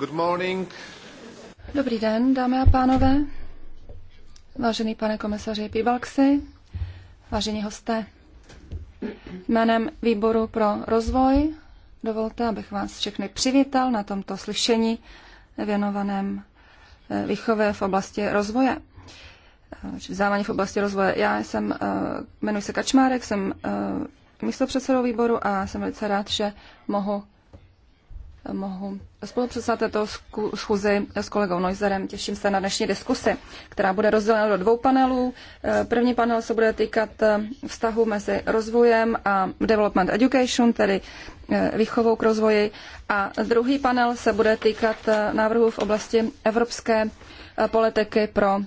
Good morning. Dobrý den, dámy a pánové. Vážený pane komisaři Pibalksi, vážení hosté. Jménem Výboru pro rozvoj dovolte, abych vás všechny přivítal na tomto slyšení věnovaném eh, výchově v oblasti rozvoje eh, vzdělávání v oblasti rozvoje. Já jsem, eh, jmenuji se Kačmárek, jsem místopředsedou výboru a jsem velice rád, že mohu mohu spolupředsat této schůzi s kolegou Noizerem. Těším se na dnešní diskusi, která bude rozdělena do dvou panelů. Eh, první panel se bude týkat eh, vztahu mezi rozvojem a development education, tedy eh, výchovou k rozvoji. A druhý panel se bude týkat návrhů v oblasti evropské politiky pro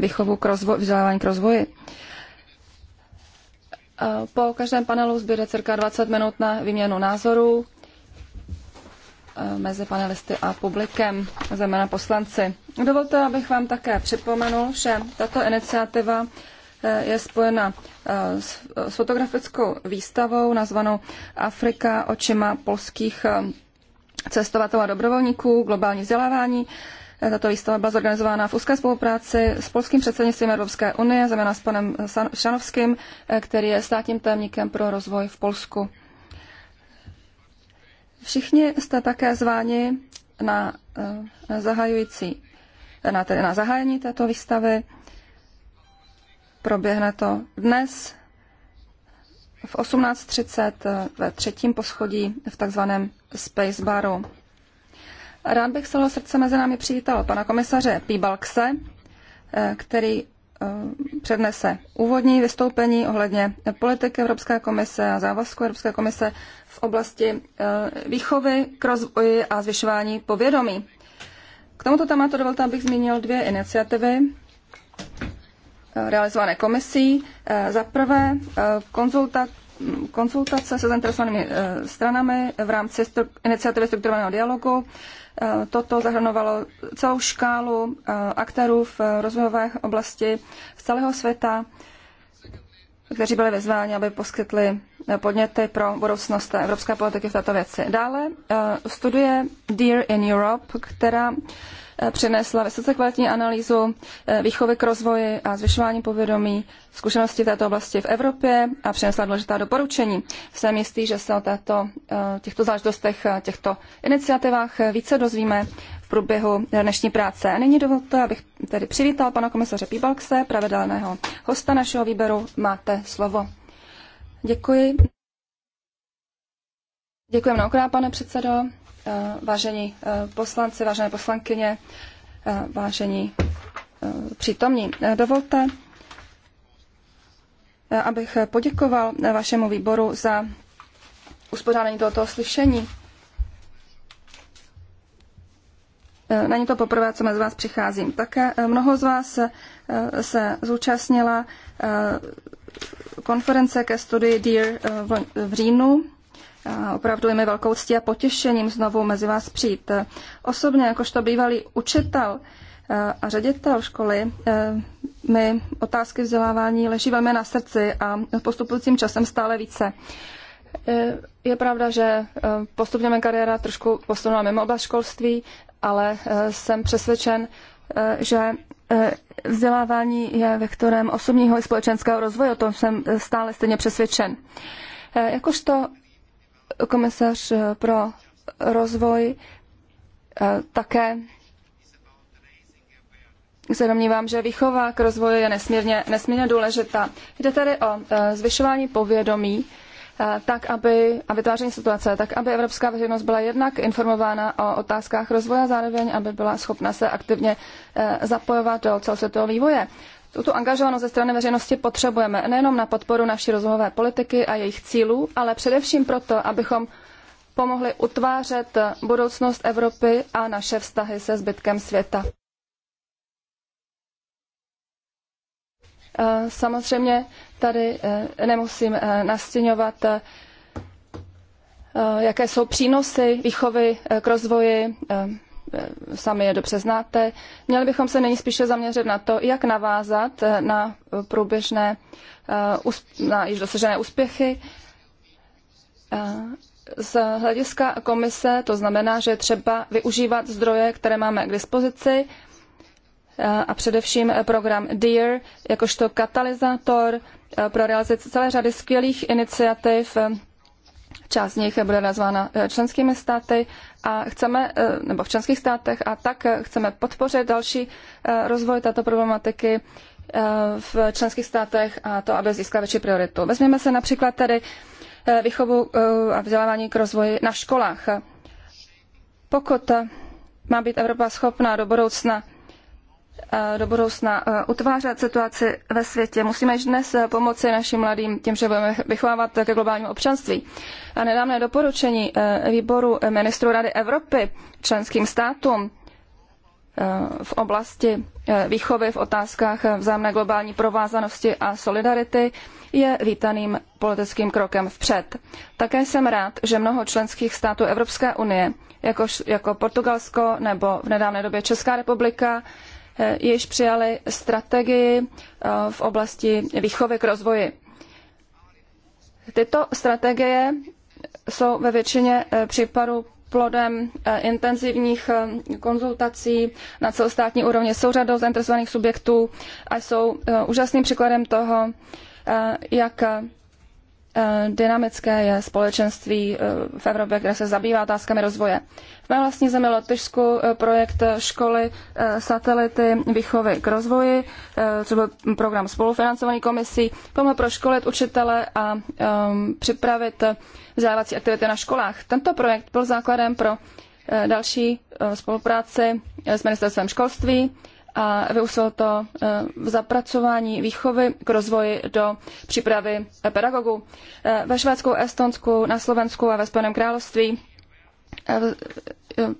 výchovu k rozvoji, vzdělávání k rozvoji. Po každém panelu zbyde cirka 20 minut na výměnu názorů mezi panelisty a publikem, zejména poslanci. Dovolte, abych vám také připomenul, že tato iniciativa eh, je spojena eh, s, s fotografickou výstavou nazvanou Afrika očima polských eh, cestovatelů a dobrovolníků, globální vzdělávání. Tato výstava byla zorganizována v úzké spolupráci s polským předsednictvím Evropské unie, zejména s panem Šanovským, který je státním témníkem pro rozvoj v Polsku. Všichni jste také zváni na eh, zahajující, na, tedy na zahájení této výstavy. Proběhne to dnes v 18.30 eh, ve třetím poschodí v takzvaném Space Baru. Rád bych celého srdce mezi námi přivítal pana komisaře Píbalkse, eh, který Eh, přednese úvodní vystoupení ohledně politiky Evropské komise a závazku Evropské komise v oblasti eh, výchovy k rozvoji a zvyšování povědomí. K tomuto tématu dovolte, abych zmínil dvě iniciativy eh, realizované komisí. Za prvé konzultace konzultace se zainteresovanými stranami v rámci iniciativy strukturovaného dialogu Eh, toto zahrnovalo celou škálu eh, aktérů v rozvojové oblasti z celého světa, kteří byli vyzváni, aby poskytli eh, podněty pro budoucnost evropské politiky v této věci. Dále studie Dear in Europe, která Eh, přinesla vysoce kvalitní analýzu eh, výchovy k rozvoji a zvyšování povědomí zkušenosti v této oblasti v Evropě a přinesla důležitá doporučení. Jsem jistý, že se o této, eh, těchto záležitostech, těchto iniciativách více dozvíme v průběhu dnešní práce. A nyní dovolte, abych tedy přivítal pana komisaře Pibalkse, pravidelného hosta našeho výběru. Máte slovo. Děkuji. Děkuji mnohokrát, pane předsedo. Eh, vážení eh, poslanci, vážené poslankyně, eh, vážení přítomní. Dovolte, abych poděkoval vašemu výboru za uspořádání tohoto slyšení. Není to poprvé, co mezi vás přicházím. Také mnoho z vás se zúčastnila konference ke studii DEAR v říjnu Opravdu je mi velkou ctí a potěšením znovu mezi vás přijít. Osobně, jakožto bývalý učitel eh, a ředitel školy, eh, mi otázky vzdělávání leží velmi na srdci a postupujícím časem stále více. Eh, je pravda, že postupně mé kariéra trošku posunula mimo oblast školství, ale jsem přesvědčen, že vzdělávání je vektorem osobního i společenského rozvoje, o tom jsem stále stejně přesvědčen. Jakožto komisař eh, pro rozvoj eh, také se domnívám, že výchova k rozvoji je nesmírně, nesmírně důležitá. Jde tedy o eh, zvyšování povědomí, tak aby, a vytváření situace, tak aby evropská veřejnost byla jednak informována o otázkách rozvoje a zároveň, aby byla schopna se aktivně zapojovat do celosvětového vývoje tuto angažovanost ze strany veřejnosti potřebujeme nejenom na podporu naší rozvojové politiky a jejich cílů, ale především proto, abychom pomohli utvářet budoucnost Evropy a naše vztahy se zbytkem světa. Eh, samozřejmě tady eh, nemusím eh, nastěňovat, jaké jsou přínosy výchovy k rozvoji Eh, sami je dobře znáte. Měli bychom se nyní spíše zaměřit na to, jak navázat eh, na průběžné, eh, na již dosažené úspěchy. Z hlediska komise to znamená, že je třeba využívat zdroje, které máme k dispozici a především program DEAR jakožto katalyzátor pro realizaci celé řady skvělých iniciativ Část z nich bude nazvána e, členskými státy a chceme, e, nebo v členských státech, a tak chceme podpořit další e, rozvoj této problematiky v členských státech a to, aby získala větší prioritu. Vezměme se například tedy výchovu a vzdělávání k rozvoji na školách. Pokud má být Evropa schopná do budoucna Eh, do budoucna eh, utvářet situaci ve světě. Musíme již dnes eh, pomoci našim mladým tím, že budeme vychovávat ke globálnímu občanství. A nedávné doporučení výboru ministrů Rady Evropy členským státům v oblasti výchovy v otázkách vzájemné globální provázanosti a solidarity je vítaným politickým krokem vpřed. Také jsem rád, že mnoho členských států Evropské unie, jako, jako Portugalsko nebo v nedávné době Česká republika, Eh, již přijali strategii eh, v oblasti výchovy k rozvoji. Tyto strategie jsou ve většině eh, případů plodem intenzivních konzultací na celostátní úrovni s řadou zainteresovaných subjektů a jsou úžasným příkladem toho, jak dynamické je společenství v Evropě, které se zabývá otázkami rozvoje. Ve vlastní zemi Lotyšsku eh, projekt eh, školy eh, satelity výchovy k rozvoji, co byl program spolufinancovaný komisí, pomohl proškolit učitele a um, připravit vzdělávací aktivity na školách. Tento projekt byl základem pro další spolupráci s ministerstvem školství a vyústilo to v zapracování výchovy k rozvoji do přípravy pedagogů. Ve Švédsku, Estonsku, na Slovensku a ve Spojeném království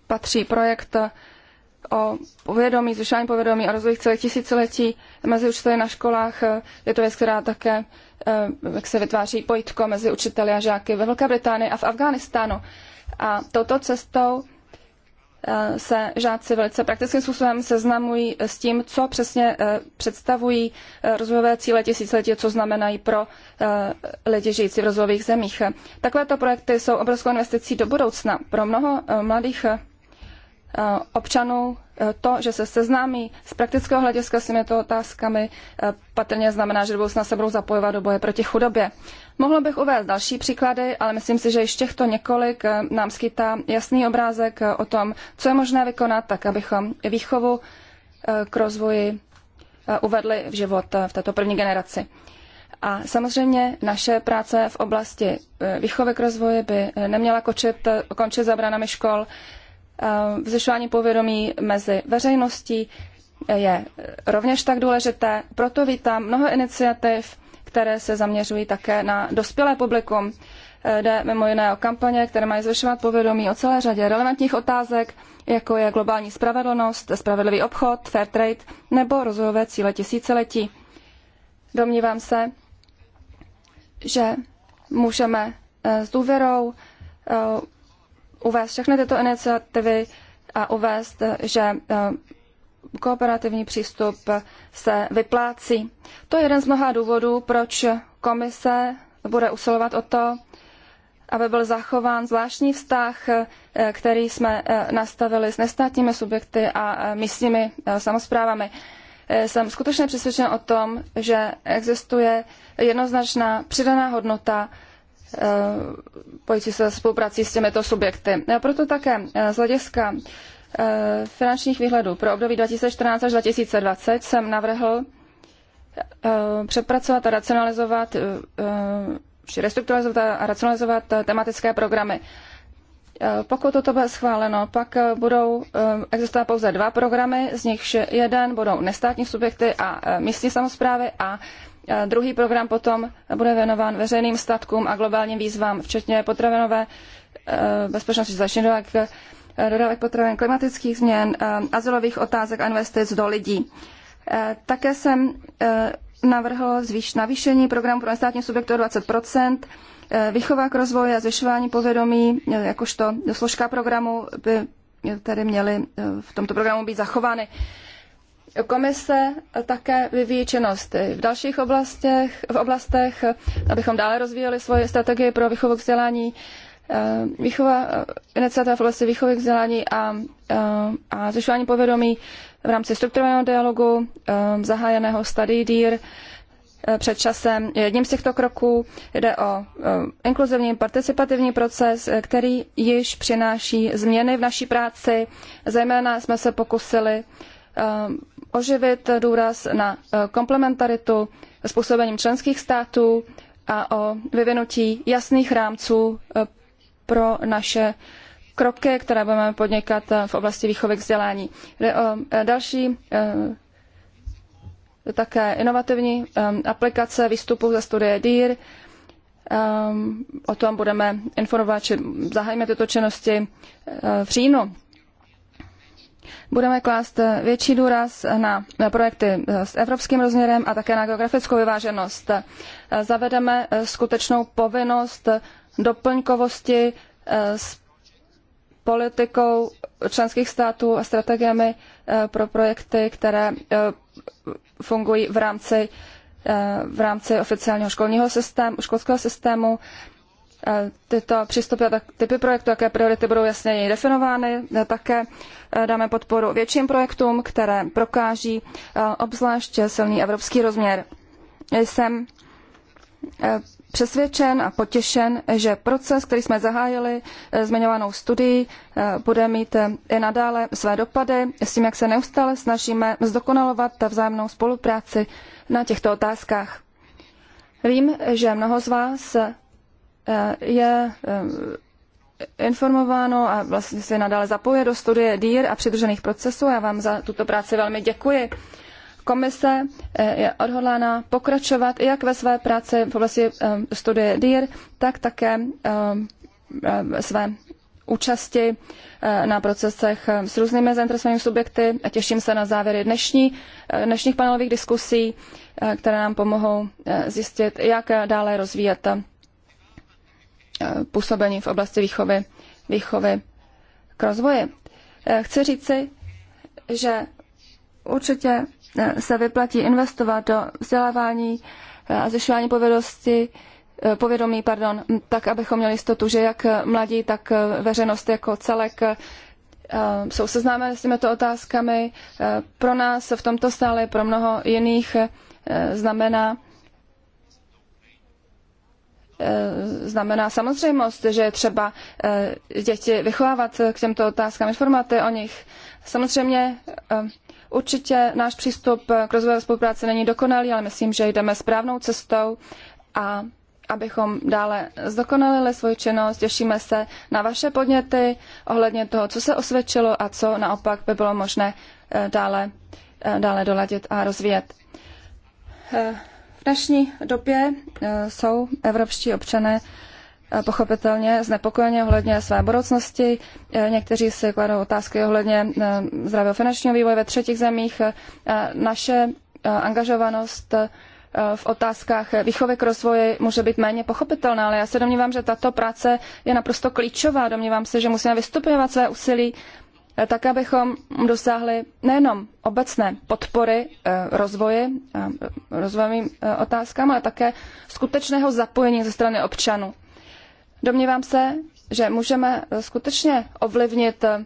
patří projekt o povědomí, zvyšování povědomí a rozvoji celých tisíciletí mezi učiteli na školách. Je to věc, která také eh, jak se vytváří pojitko mezi učiteli a žáky ve Velké Británii a v Afghánistánu. A touto cestou Eh, se žáci velice praktickým způsobem seznamují s tím, co přesně eh, představují eh, rozvojové cíle tisíciletí, co znamenají pro lidi žijící v rozvojových zemích. Takovéto projekty jsou obrovskou investicí do budoucna. Pro mnoho mladých občanů to, že se seznámí z praktického hlediska s těmito otázkami, patrně znamená, že do budoucna se budou zapojovat do boje proti chudobě. Mohla bych uvést další příklady, ale myslím si, že již těchto několik eh, nám skytá jasný obrázek eh, o tom, co je možné vykonat, tak abychom výchovu eh, k rozvoji uvedli v život v této první generaci. A samozřejmě naše práce v oblasti výchovy k rozvoji by neměla kočit, končit za branami škol. Vzešování povědomí mezi veřejností je rovněž tak důležité, proto vítám mnoho iniciativ, které se zaměřují také na dospělé publikum. Eh, jde mimo jiné o kampaně, které mají zvyšovat povědomí o celé řadě relevantních otázek, jako je globální spravedlnost, spravedlivý obchod, fair trade nebo rozvojové cíle tisíciletí. Domnívám se, že můžeme eh, s důvěrou eh, uvést všechny tyto iniciativy a uvést, že kooperativní přístup se vyplácí. To je jeden z mnoha důvodů, proč komise bude usilovat o to, aby byl zachován zvláštní vztah, eh, který jsme eh, nastavili s nestátními subjekty a eh, místními samozprávami. Jsem skutečně přesvědčen o tom, že existuje jednoznačná přidaná hodnota pojící se spoluprací s těmito subjekty. Proto také z hlediska Eh, finančních výhledů pro období 2014 až 2020 jsem navrhl eh, přepracovat a racionalizovat či eh, restrukturalizovat a racionalizovat tematické programy. Pokud toto bude schváleno, pak budou existovat pouze dva programy, z nichž jeden budou nestátní subjekty a místní samozprávy a druhý program potom bude věnován veřejným statkům a globálním výzvám, včetně potravinové bezpečnosti zašinilek, dodávek potravin, klimatických změn, eh, azylových otázek a investic do lidí. Eh, také jsem eh, navrhl zvýš, navýšení programu pro nestátní subjekty o 20 Výchova k rozvoji a zvyšování povědomí, jakožto složka programu, by tedy měly v tomto programu být zachovány. Komise také vyvíjí činnost v dalších oblastech, v oblastech, abychom dále rozvíjeli svoji strategii pro výchovu vzdělání, Eh, výchova, eh, iniciativa v oblasti výchovy, vzdělání a, eh, a zvyšování povědomí v rámci strukturovaného dialogu, zahájeného study DIR před časem. Jedním z těchto kroků jde o inkluzivní participativní proces, který již přináší změny v naší práci. Zejména jsme se pokusili oživit důraz na komplementaritu způsobením členských států a o vyvinutí jasných rámců pro naše kroky, které budeme podnikat eh, v oblasti výchovy k vzdělání. Jde o eh, další eh, také inovativní aplikace výstupů ze studie DIR. Ehm, o tom budeme informovat, či zahájíme tyto činnosti v říjnu. Budeme klást větší důraz na projekty s evropským rozměrem a také na geografickou vyváženost. Zavedeme skutečnou povinnost doplňkovosti eh, s politikou členských států a strategiemi eh, pro projekty, které eh, fungují v rámci, v rámci oficiálního školního systému, školského systému. Tyto přístupy a typy projektů, jaké priority budou jasněji definovány, také dáme podporu větším projektům, které prokáží obzvlášť silný evropský rozměr. Jsem přesvědčen a potěšen, že proces, který jsme zahájili eh, zmiňovanou studií, eh, bude mít eh, i nadále své dopady s tím, jak se neustále snažíme zdokonalovat vzájemnou spolupráci na těchto otázkách. Vím, že mnoho z vás je informováno a vlastně se nadále zapoje do studie DIR a přidružených procesů. Já vám za tuto práci velmi děkuji. Komise eh, je odhodlána pokračovat jak ve své práci v oblasti eh, studie DIR, tak také eh, své účasti na procesech s různými zainteresovanými subjekty. a Těším se na závěry dnešní, dnešních panelových diskusí, které nám pomohou zjistit, jak dále rozvíjet působení v oblasti výchovy, výchovy k rozvoji. Chci říci, že určitě se vyplatí investovat do vzdělávání eh, a zvyšování povědomosti, eh, povědomí, pardon, tak, abychom měli jistotu, že jak mladí, tak eh, veřejnost jako celek jsou seznámeni s těmito otázkami. Pro nás v tomto stále, pro mnoho jiných znamená znamená samozřejmost, že je třeba děti vychovávat k těmto otázkám, informovat o nich. Samozřejmě Určitě náš přístup k rozvojové spolupráci není dokonalý, ale myslím, že jdeme správnou cestou a abychom dále zdokonalili svoji činnost. Těšíme se na vaše podněty ohledně toho, co se osvědčilo a co naopak by bylo možné eh, dále, eh, dále doladit a rozvíjet. Eh, v dnešní době jsou evropští občané Eh, pochopitelně znepokojeně ohledně své budoucnosti. Eh, někteří si kladou otázky ohledně eh, zdravého finančního vývoje ve třetích zemích. Naše angažovanost v otázkách výchovy k rozvoji může být méně pochopitelná, ale já se domnívám, že tato práce je naprosto klíčová. Domnívám se, že musíme vystupňovat své úsilí tak, abychom dosáhli nejenom obecné podpory rozvoje, rozvojovým otázkám, ale také skutečného zapojení ze strany občanů. Domnívám se, že můžeme eh, skutečně ovlivnit eh,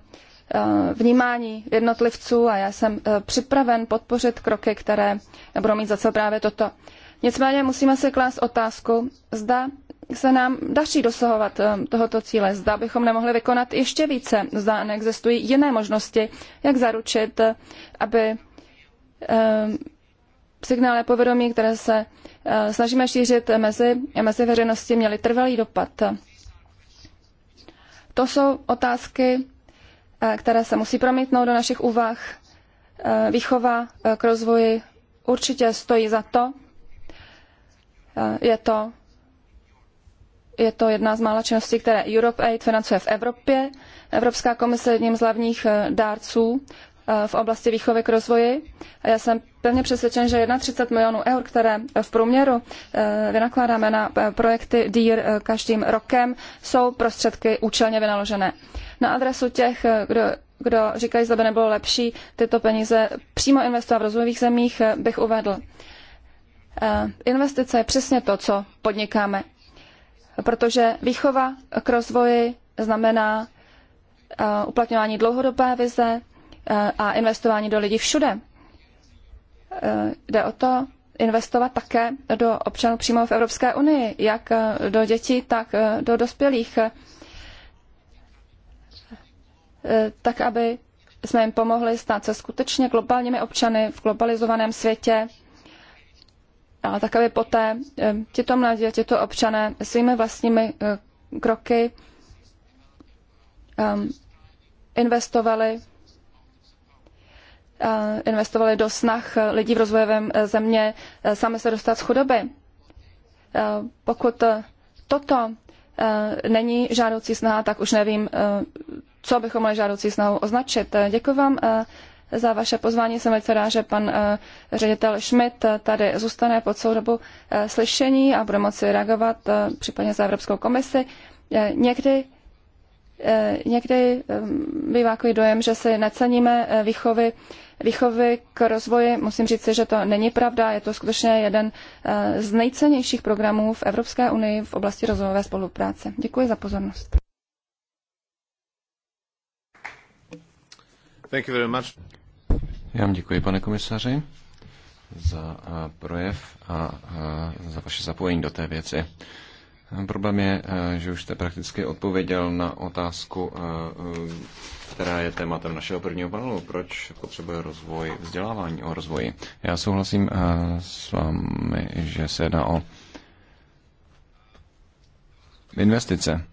vnímání jednotlivců a já jsem eh, připraven podpořit kroky, které budou mít za cel právě toto. Nicméně musíme si klást otázku, zda se nám daří dosahovat tohoto cíle, zda bychom nemohli vykonat ještě více, zda neexistují jiné možnosti, jak zaručit, aby signály povědomí, které se eh, snažíme šířit mezi, mezi veřejností, měly trvalý dopad. To jsou otázky, eh, které se musí promítnout do našich úvah. Eh, výchova k rozvoji určitě stojí za to. Je to, je to jedna z mála činností, které Europe Aid financuje v Evropě. Evropská komise je jedním z hlavních dárců v oblasti výchovy k rozvoji. Já jsem pevně přesvědčen, že 31 milionů eur, které v průměru eh, vynakládáme na eh, projekty DIR e eh, každým rokem, jsou prostředky účelně vynaložené. Na adresu těch, kdo kdo říkají, zda by nebylo lepší tyto peníze přímo investovat v rozvojových zemích, bych uvedl. Investice je přesně to, co podnikáme, protože výchova k rozvoji znamená uplatňování dlouhodobé vize, Eh, a investování do lidí všude. Eh, jde o to investovat také do občanů přímo v Evropské unii, jak eh, do dětí, tak do dospělých, tak aby jsme jim pomohli stát se skutečně globálními občany v globalizovaném světě, a tak aby poté tito mladí, tito občané svými vlastními kroky ehm, investovali Eh, investovali do snah lidí v rozvojovém eh, země eh, sami se dostat z chudoby. Pokud toto není žádoucí snaha, tak už nevím, co bychom mohli žádoucí snahu označit. Děkuji vám za vaše pozvání. Jsem velice rád, že pan ředitel Schmidt tady zůstane po celou dobu slyšení a bude moci reagovat případně za Evropskou komisi. Někdy někdy bývá takový dojem, že si neceníme výchovy výchovy k rozvoji. Musím říct, že to není pravda. Je to skutečně jeden eh, z nejcennějších programů v Evropské unii v oblasti rozvojové spolupráce. Děkuji za pozornost. Thank you very much. Já vám děkuji, pane komisaři, za eh, projev a eh, za vaše zapojení do té věci. Problém je, eh, že už jste prakticky odpověděl na otázku, eh, která je tématem našeho prvního panelu. Proč potřebuje rozvoj vzdělávání o rozvoji? Já souhlasím eh, s vámi, že se jedná o investice.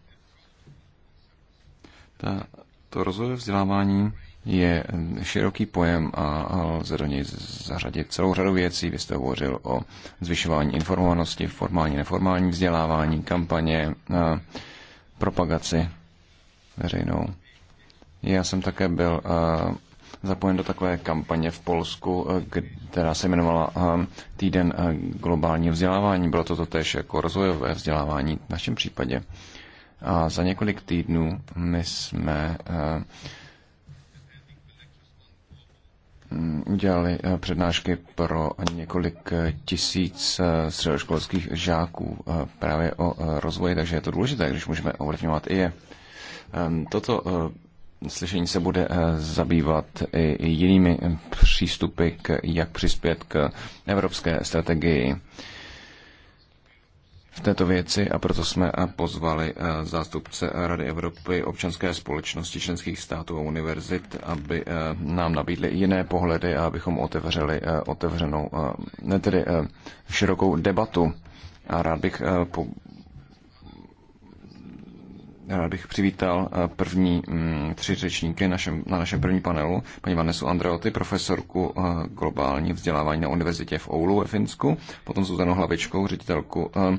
Ta, to rozvoje vzdělávání je široký pojem a lze do něj zařadit celou řadu věcí. Vy jste hovořil o zvyšování informovanosti, formální, neformální vzdělávání, kampaně, propagaci veřejnou. Já jsem také byl zapojen do takové kampaně v Polsku, která se jmenovala Týden globálního vzdělávání. Bylo to totéž jako rozvojové vzdělávání v našem případě. A za několik týdnů my jsme udělali eh, přednášky pro několik eh, tisíc eh, středoškolských žáků právě o rozvoji, takže je to důležité, když můžeme ovlivňovat i je. Ehm, toto slyšení se bude zabývat i jinými přístupy, k, jak přispět k evropské strategii v této věci a proto jsme eh, pozvali eh, zástupce Rady Evropy, občanské společnosti členských států a univerzit, aby eh, nám nabídli jiné pohledy a abychom otevřeli otevřenou, ne tedy širokou debatu. A rád bych Rád bych přivítal eh, první mm, tři řečníky na našem první panelu, paní Vanesu Andreoty, profesorku eh, globální vzdělávání na univerzitě v Oulu ve Finsku, potom Zuzanu Hlavičkou, ředitelku eh,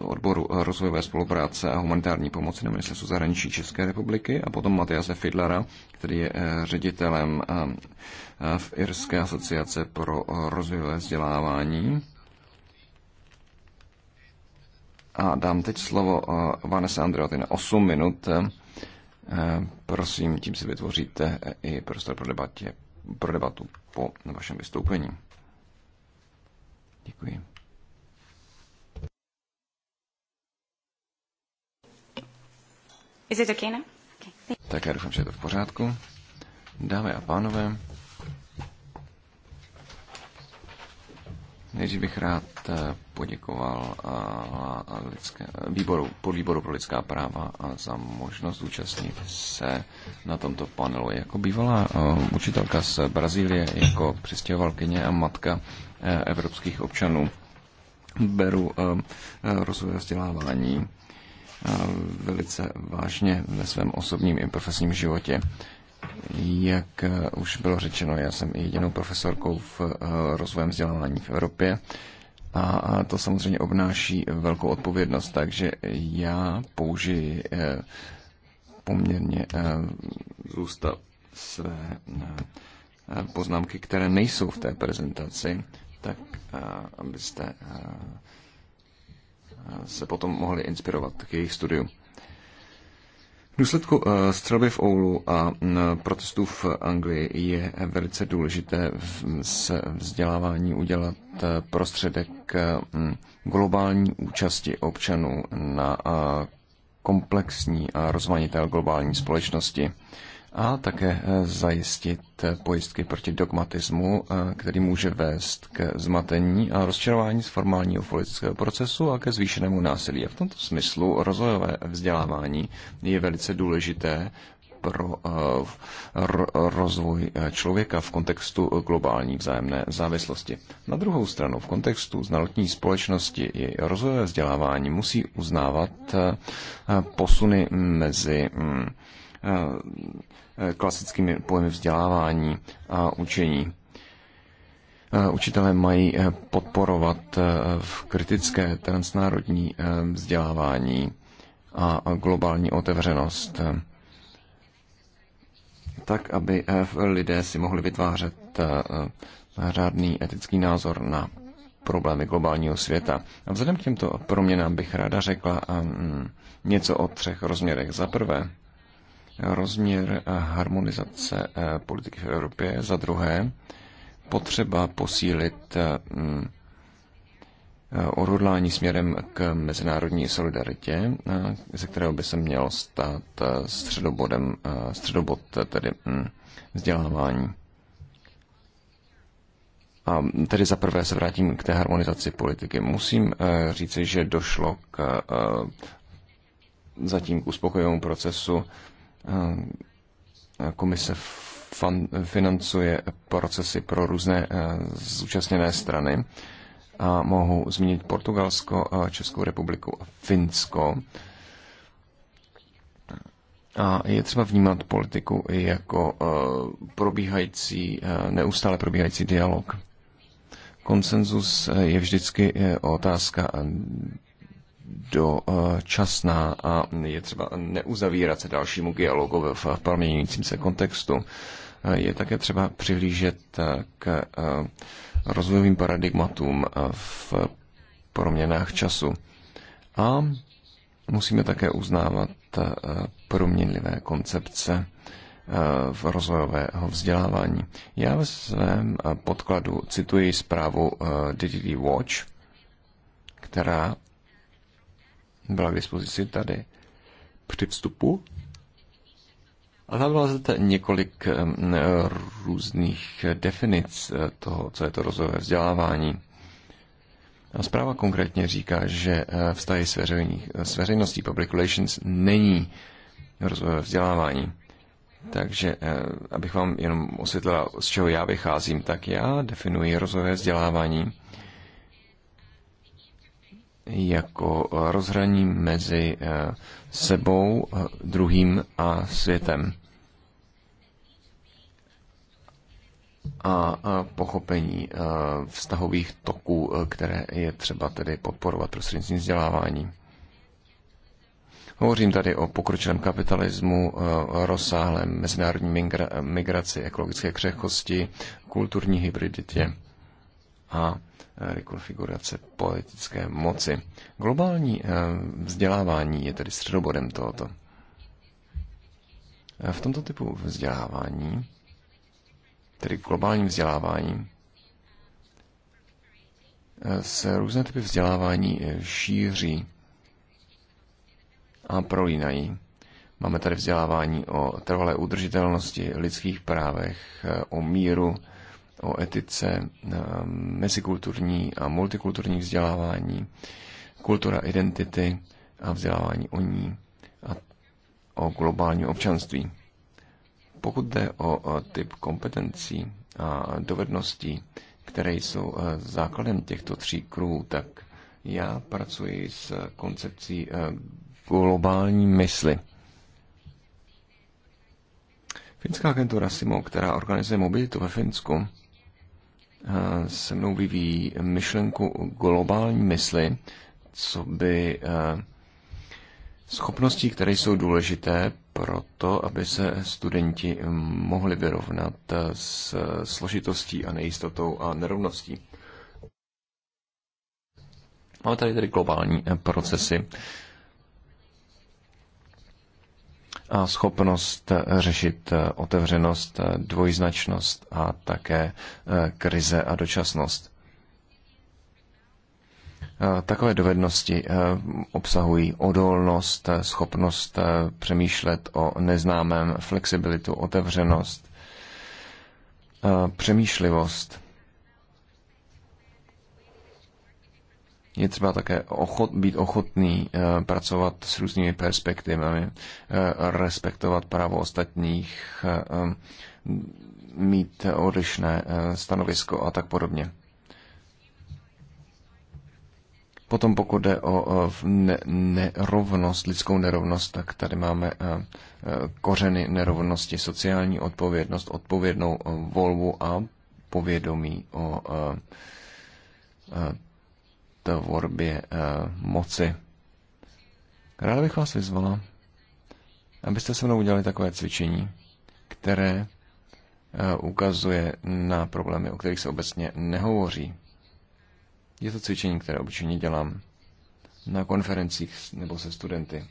odboru rozvojové spolupráce a humanitární pomoci na ministerstvu zahraničí České republiky a potom Matiase Fidlera, který je ředitelem v Irské asociace pro rozvojové vzdělávání a dám teď slovo eh, Vanessa Andreoty na 8 minut. Eh, prosím, tím si vytvoříte eh, i prostor pro, debatě, pro debatu po vašem vystoupení. Děkuji. Is it okay now? Okay. Tak já doufám, že je to v pořádku. Dámy a pánové, Nejdřív bych rád eh, poděkoval eh, lidské, výboru, podvýboru pro lidská práva za možnost účastnit se na tomto panelu. Jako bývalá eh, učitelka z Brazílie, jako přistěhovalkyně a matka evropských občanů, beru rozvoj vzdělávání velice vážně ve svém osobním i profesním životě. Jak eh, už bylo řečeno, já jsem jedinou profesorkou v eh, rozvojem vzdělávání v Evropě a to samozřejmě obnáší velkou odpovědnost, takže já použiji eh, poměrně zůstat své poznámky, které nejsou v té prezentaci, tak abyste se potom mohli inspirovat k jejich studiu. V důsledku eh, střelby v Oulu a mm, protestů v Anglii je velice důležité z vzdělávání udělat eh, prostředek eh, mm, globální účasti občanů na komplexní a rozmanité globální společnosti a také eh, zajistit eh, pojistky proti dogmatismu, eh, který může vést k zmatení a rozčarování z formálního politického procesu a ke zvýšenému násilí. A v tomto smyslu rozvojové vzdělávání je velice důležité pro rozvoj člověka v kontextu globální vzájemné závislosti. Na druhou stranu, v kontextu znalostní společnosti i rozvojové vzdělávání musí uznávat posuny mezi mm, Eh, klasickými pojmy vzdělávání a učení. Eh, učitelé mají eh, podporovat v kritické transnárodní vzdělávání a globální otevřenost, tak aby lidé si mohli vytvářet řádný etický názor na problémy globálního světa. A vzhledem k těmto proměnám bych ráda řekla ehm, něco o třech rozměrech. Za prvé, rozměr harmonizace eh, politiky v Evropě, za druhé potřeba posílit eh, mm, eh, odhodlání směrem k mezinárodní solidaritě, ze kterého by se měl stát středobodem, středobod tedy mm, vzdělávání. A tedy za prvé se vrátím k té harmonizaci politiky. Musím říci, že došlo k zatím k uspokojivému procesu komise fan, financuje procesy pro různé eh, zúčastněné strany. A mohu zmínit Portugalsko, eh, Českou republiku a Finsko. A je třeba vnímat politiku i jako eh, probíhající, neustále probíhající dialog. Konsenzus je vždycky otázka dočasná eh, a je třeba neuzavírat se dalšímu dialogu v proměňujícím se kontextu. Eh, je také třeba přihlížet eh, k rozvojovým paradigmatům v proměnách času. A musíme také uznávat proměnlivé koncepce v rozvojového vzdělávání. Já ve svém podkladu cituji zprávu DDD Watch, která byla k dispozici tady při vstupu. A tam zde několik různých definic eh, toho, co je to rozvojové vzdělávání. A zpráva konkrétně říká, že eh, vztahy s veřejností public relations není rozvojové vzdělávání. Takže eh, abych vám jenom osvětlila, z čeho já vycházím, tak já definuji rozvojové vzdělávání jako rozhraní mezi eh, sebou, eh, druhým a světem. a pochopení eh, vztahových toků, které je třeba tedy podporovat prostřednictvím vzdělávání. Hovořím tady o pokročilém kapitalismu, rozsáhlém mezinárodní migraci, ekologické křehkosti, kulturní hybriditě a Eh, rekonfigurace politické moci. Globální eh, vzdělávání je tedy středobodem tohoto. Eh, v tomto typu vzdělávání, tedy globálním vzdělávání, se různé typy vzdělávání šíří a prolínají. Máme tady vzdělávání o trvalé udržitelnosti, lidských právech, o míru, o etice, mezikulturní a multikulturní vzdělávání, kultura identity a vzdělávání o ní a o globálním občanství. Pokud jde o typ kompetencí a dovedností, které jsou e, základem těchto tří kruhů, tak já pracuji s koncepcí e, globální mysli. Finská agentura SIMO, která organizuje mobilitu ve Finsku, Eh, se mnou vyvíjí myšlenku globální mysli, co by eh, schopností, které jsou důležité pro to, aby se studenti mohli vyrovnat eh, s složitostí a nejistotou a nerovností. Máme tady tedy globální procesy, a schopnost eh, řešit eh, otevřenost, eh, dvojznačnost a také krize a dočasnost. Takové dovednosti obsahují odolnost, schopnost přemýšlet o neznámém, flexibilitu, otevřenost, přemýšlivost, je třeba také ochot, být ochotný eh, pracovat s různými perspektivami, eh, respektovat právo ostatních, eh, mít odlišné stanovisko a tak podobně. Potom pokud jde o nerovnost, lidskou nerovnost, tak tady máme kořeny nerovnosti, sociální odpovědnost, odpovědnou volbu a povědomí o tvorbě eh, moci. Ráda bych vás vyzvala, abyste se mnou udělali takové cvičení, které eh, ukazuje na problémy, o kterých se obecně nehovoří. Je to cvičení, které obyčejně dělám na konferencích nebo se studenty.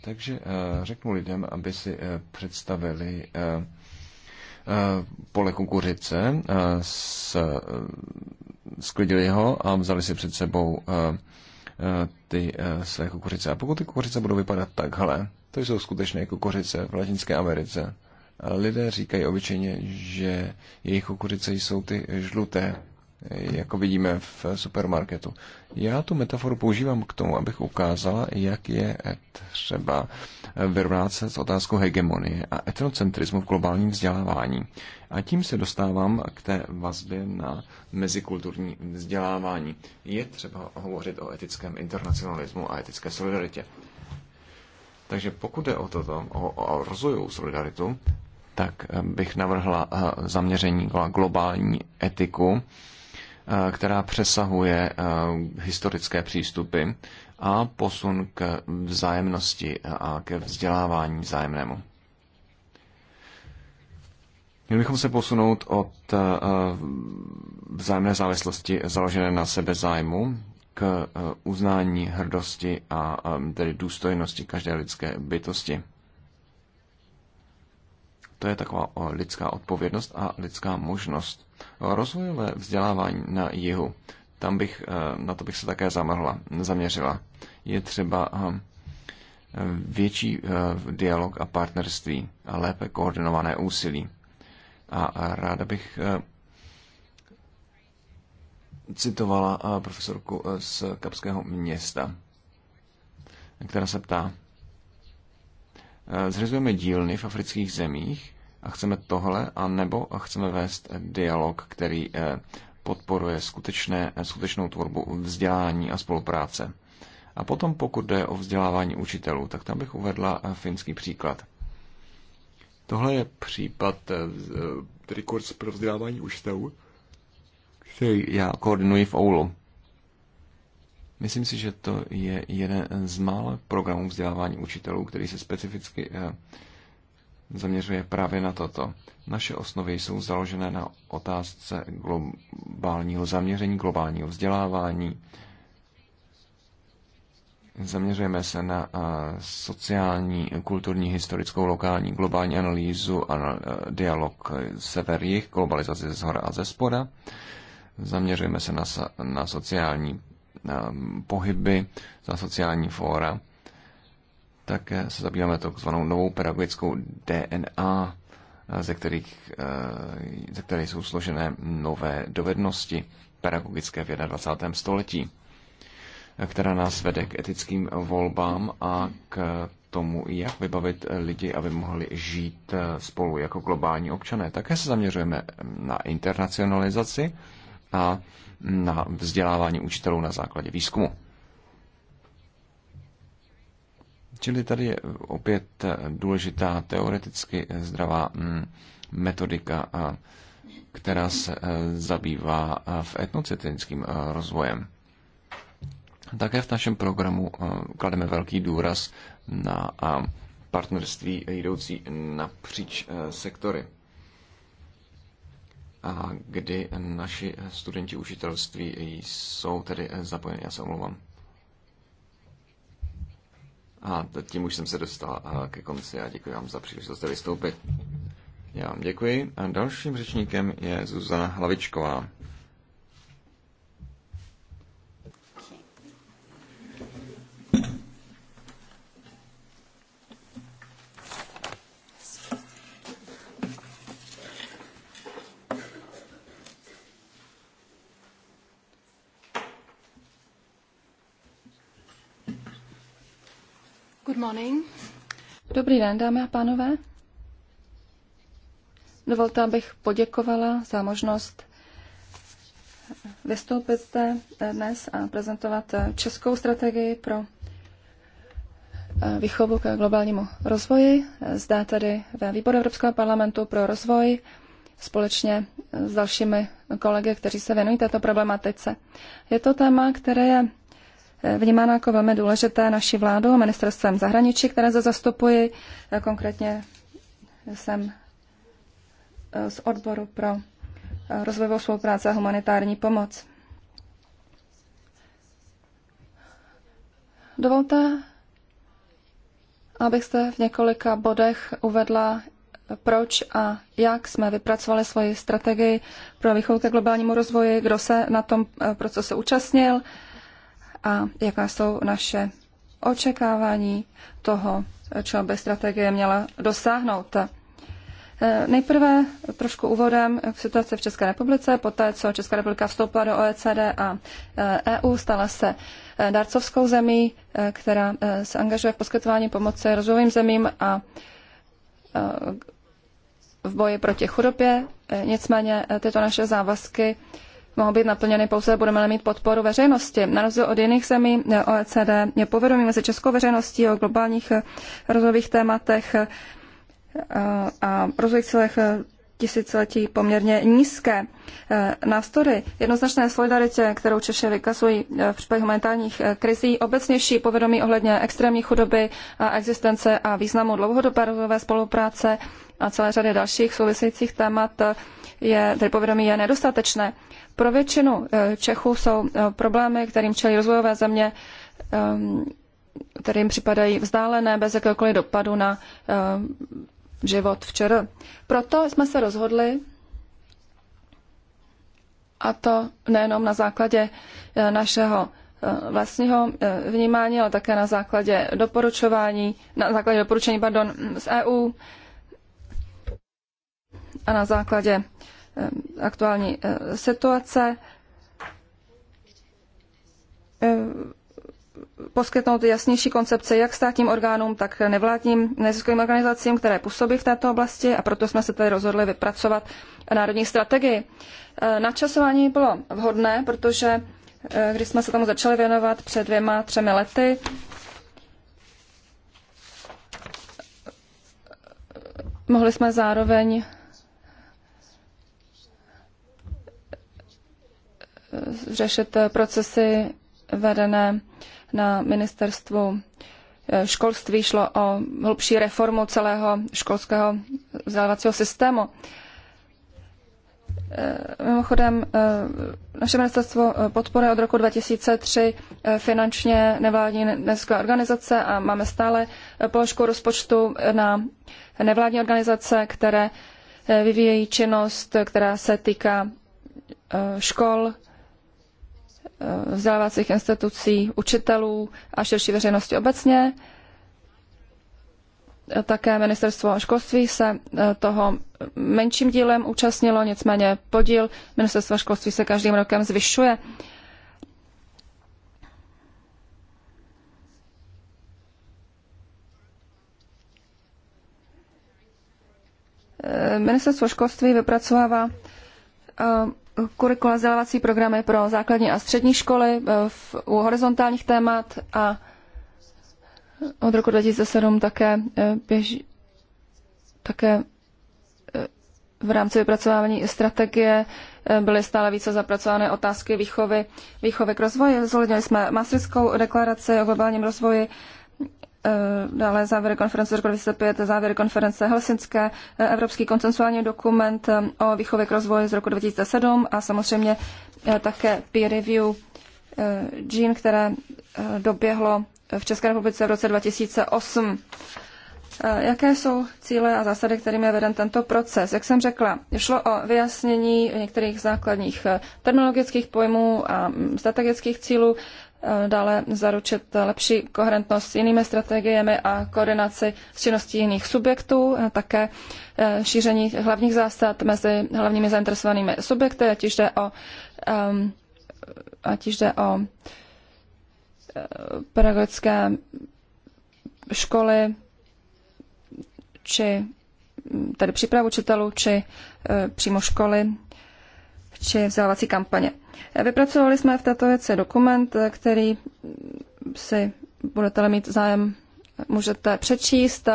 Takže eh, řeknu lidem, aby si představili Eh, pole kukuřice, eh, eh, sklidili ho a vzali si před sebou ty své kukuřice. A pokud ty kukuřice budou vypadat takhle, to jsou skutečné kukuřice v Latinské Americe. lidé říkají obyčejně, že jejich kukuřice jsou ty žluté jako vidíme v supermarketu. Já tu metaforu používám k tomu, abych ukázala, jak je třeba vyrovnat se s otázkou hegemonie a etnocentrismu v globálním vzdělávání. A tím se dostávám k té vazbě na mezikulturní vzdělávání. Je třeba hovořit o etickém internacionalismu a etické solidaritě. Takže pokud jde o toto, o, o rozvojovou solidaritu, tak bych navrhla eh, zaměření na globální etiku Eh, která přesahuje eh, historické přístupy a posun k vzájemnosti a ke vzdělávání vzájemnému. Měli bychom se posunout od eh, vzájemné závislosti založené na sebezájmu k uznání hrdosti a tedy důstojnosti každé lidské bytosti. To je taková lidská odpovědnost a lidská možnost. Rozvojové vzdělávání na jihu. Tam bych, e, na to bych se také zamrhla, zaměřila. Je třeba e, větší e, dialog a partnerství a lépe koordinované úsilí. A ráda bych citovala profesorku z Kapského města, která se ptá, Eh, zřizujeme dílny v afrických zemích a chceme tohle, anebo chceme vést dialog, který eh, podporuje skutečné, skutečnou tvorbu vzdělání a spolupráce. A potom, pokud jde o vzdělávání učitelů, tak tam bych uvedla eh, finský příklad. Tohle je případ, tedy kurz pro vzdělávání učitelů, který já koordinuji v Oulu. Myslím si, že to je jeden z mála programů vzdělávání učitelů, který se specificky eh, zaměřuje právě na toto. Naše osnovy jsou založené na otázce globálního zaměření, globálního vzdělávání. Zaměřujeme se na eh, sociální, kulturní, historickou, lokální, globální analýzu, eh, dialog sever-jih, globalizaci ze zhora a ze spoda. Zaměřujeme se na, na sociální Um, pohyby, za sociální fóra. tak eh, se zabýváme takzvanou novou pedagogickou DNA, eh, ze, kterých, eh, ze které jsou složené nové dovednosti pedagogické v 21. století, která nás vede k etickým volbám a k tomu, jak vybavit lidi, aby mohli žít spolu jako globální občané. Také se zaměřujeme na internacionalizaci a na vzdělávání učitelů na základě výzkumu. Čili tady je opět důležitá teoreticky zdravá mm, metodika, která se e, zabývá e, v etnocitrinským e, rozvojem. Také v našem programu klademe velký důraz na partnerství jdoucí napříč sektory a kdy naši studenti učitelství jsou tedy zapojeni. Já se omlouvám. A tím už jsem se dostal ke konci a děkuji vám za příležitost vystoupit. Já vám děkuji. A dalším řečníkem je Zuzana Hlavičková. Good morning. Dobrý den, dámy a pánové. Dovolte, abych poděkovala za možnost vystoupit zde dnes a prezentovat českou strategii pro výchovu k globálnímu rozvoji. Zdá tedy ve výboru Evropského parlamentu pro rozvoj společně s dalšími kolegy, kteří se věnují této problematice. Je to téma, které je vnímána jako velmi důležité naší vládou a ministerstvem zahraničí, které zde zastupuji. Eh, konkrétně jsem eh, z odboru pro eh, rozvojovou spolupráce a humanitární pomoc. Dovolte, abych se v několika bodech uvedla, proč a jak jsme vypracovali svoji strategii pro výchovu ke globálnímu rozvoji, kdo se na tom procesu účastnil, a jaká jsou naše očekávání toho, čeho by strategie měla dosáhnout. E, nejprve trošku úvodem k situaci v České republice. Poté, co Česká republika vstoupila do OECD a EU, e stala se e, darcovskou zemí, která se angažuje v poskytování pomoci rozvojovým zemím a v boji proti chudobě. Nicméně tyto naše závazky mohou být naplněny pouze, budeme mít podporu veřejnosti. Na rozdíl od jiných zemí eh, OECD je povědomí mezi českou veřejností o globálních eh, rozvojových tématech eh, a rozvojových cílech tisíciletí poměrně nízké. Nástory jednoznačné solidaritě, kterou Češi vykazují v případě humanitárních krizí, obecnější povědomí ohledně extrémní chudoby a existence a významu dlouhodobé rozvojové spolupráce a celé řady dalších souvisejících témat je, tedy povědomí je nedostatečné. Pro většinu eh, Čechů jsou eh, problémy, kterým čelí rozvojové země, eh, kterým připadají vzdálené bez jakéhokoliv dopadu na život včera. Proto jsme se rozhodli, a to nejenom na základě našeho vlastního vnímání, ale také na základě doporučování, na základě doporučení pardon, z EU a na základě Eh, aktuální eh, situace, eh, poskytnout jasnější koncepce jak státním orgánům, tak nevládním neziskovým organizacím, které působí v této oblasti a proto jsme se tady rozhodli vypracovat národní strategii. Načasování bylo vhodné, protože když jsme se tomu začali věnovat před dvěma, třemi lety, mohli jsme zároveň řešit procesy vedené na ministerstvu školství. Šlo o hlubší reformu celého školského vzdělávacího systému. Mimochodem, naše ministerstvo podporuje od roku 2003 finančně nevládní neziskové organizace a máme stále položku rozpočtu na nevládní organizace, které vyvíjejí činnost, která se týká škol, vzdělávacích institucí, učitelů a širší veřejnosti obecně. Také ministerstvo školství se eh, toho menším dílem účastnilo, nicméně podíl ministerstva školství se každým rokem zvyšuje. Eh, ministerstvo školství vypracovává eh, kurikula vzdělávací programy pro základní a střední školy eh, v, u horizontálních témat a od roku 2007 také eh, běž, také eh, v rámci vypracování strategie byly stále více zapracované otázky výchovy, výchovy k rozvoji. Zvolili jsme Maastrichtskou deklaraci o globálním rozvoji, Eh, dále závěry konference z roku 2005, závěry konference Helsinské, eh, Evropský konsensuální dokument eh, o výchově k rozvoji z roku 2007 a samozřejmě také peer review Jean, které doběhlo v České republice v roce 2008. Jaké jsou cíle a zásady, kterými je veden tento proces? Jak jsem řekla, šlo o vyjasnění některých základních terminologických pojmů a mm, strategických cílů, Eh, dále zaručit lepší koherentnost s jinými strategiemi a koordinaci s činností jiných subjektů, eh, také eh, šíření hlavních zásad mezi hlavními zainteresovanými subjekty, ať již jde o, ehm, ať jde o pedagogické školy či tedy přípravu učitelů či přímo školy či vzdělávací kampaně. Vypracovali jsme v této věci dokument, který si budete mít zájem můžete přečíst.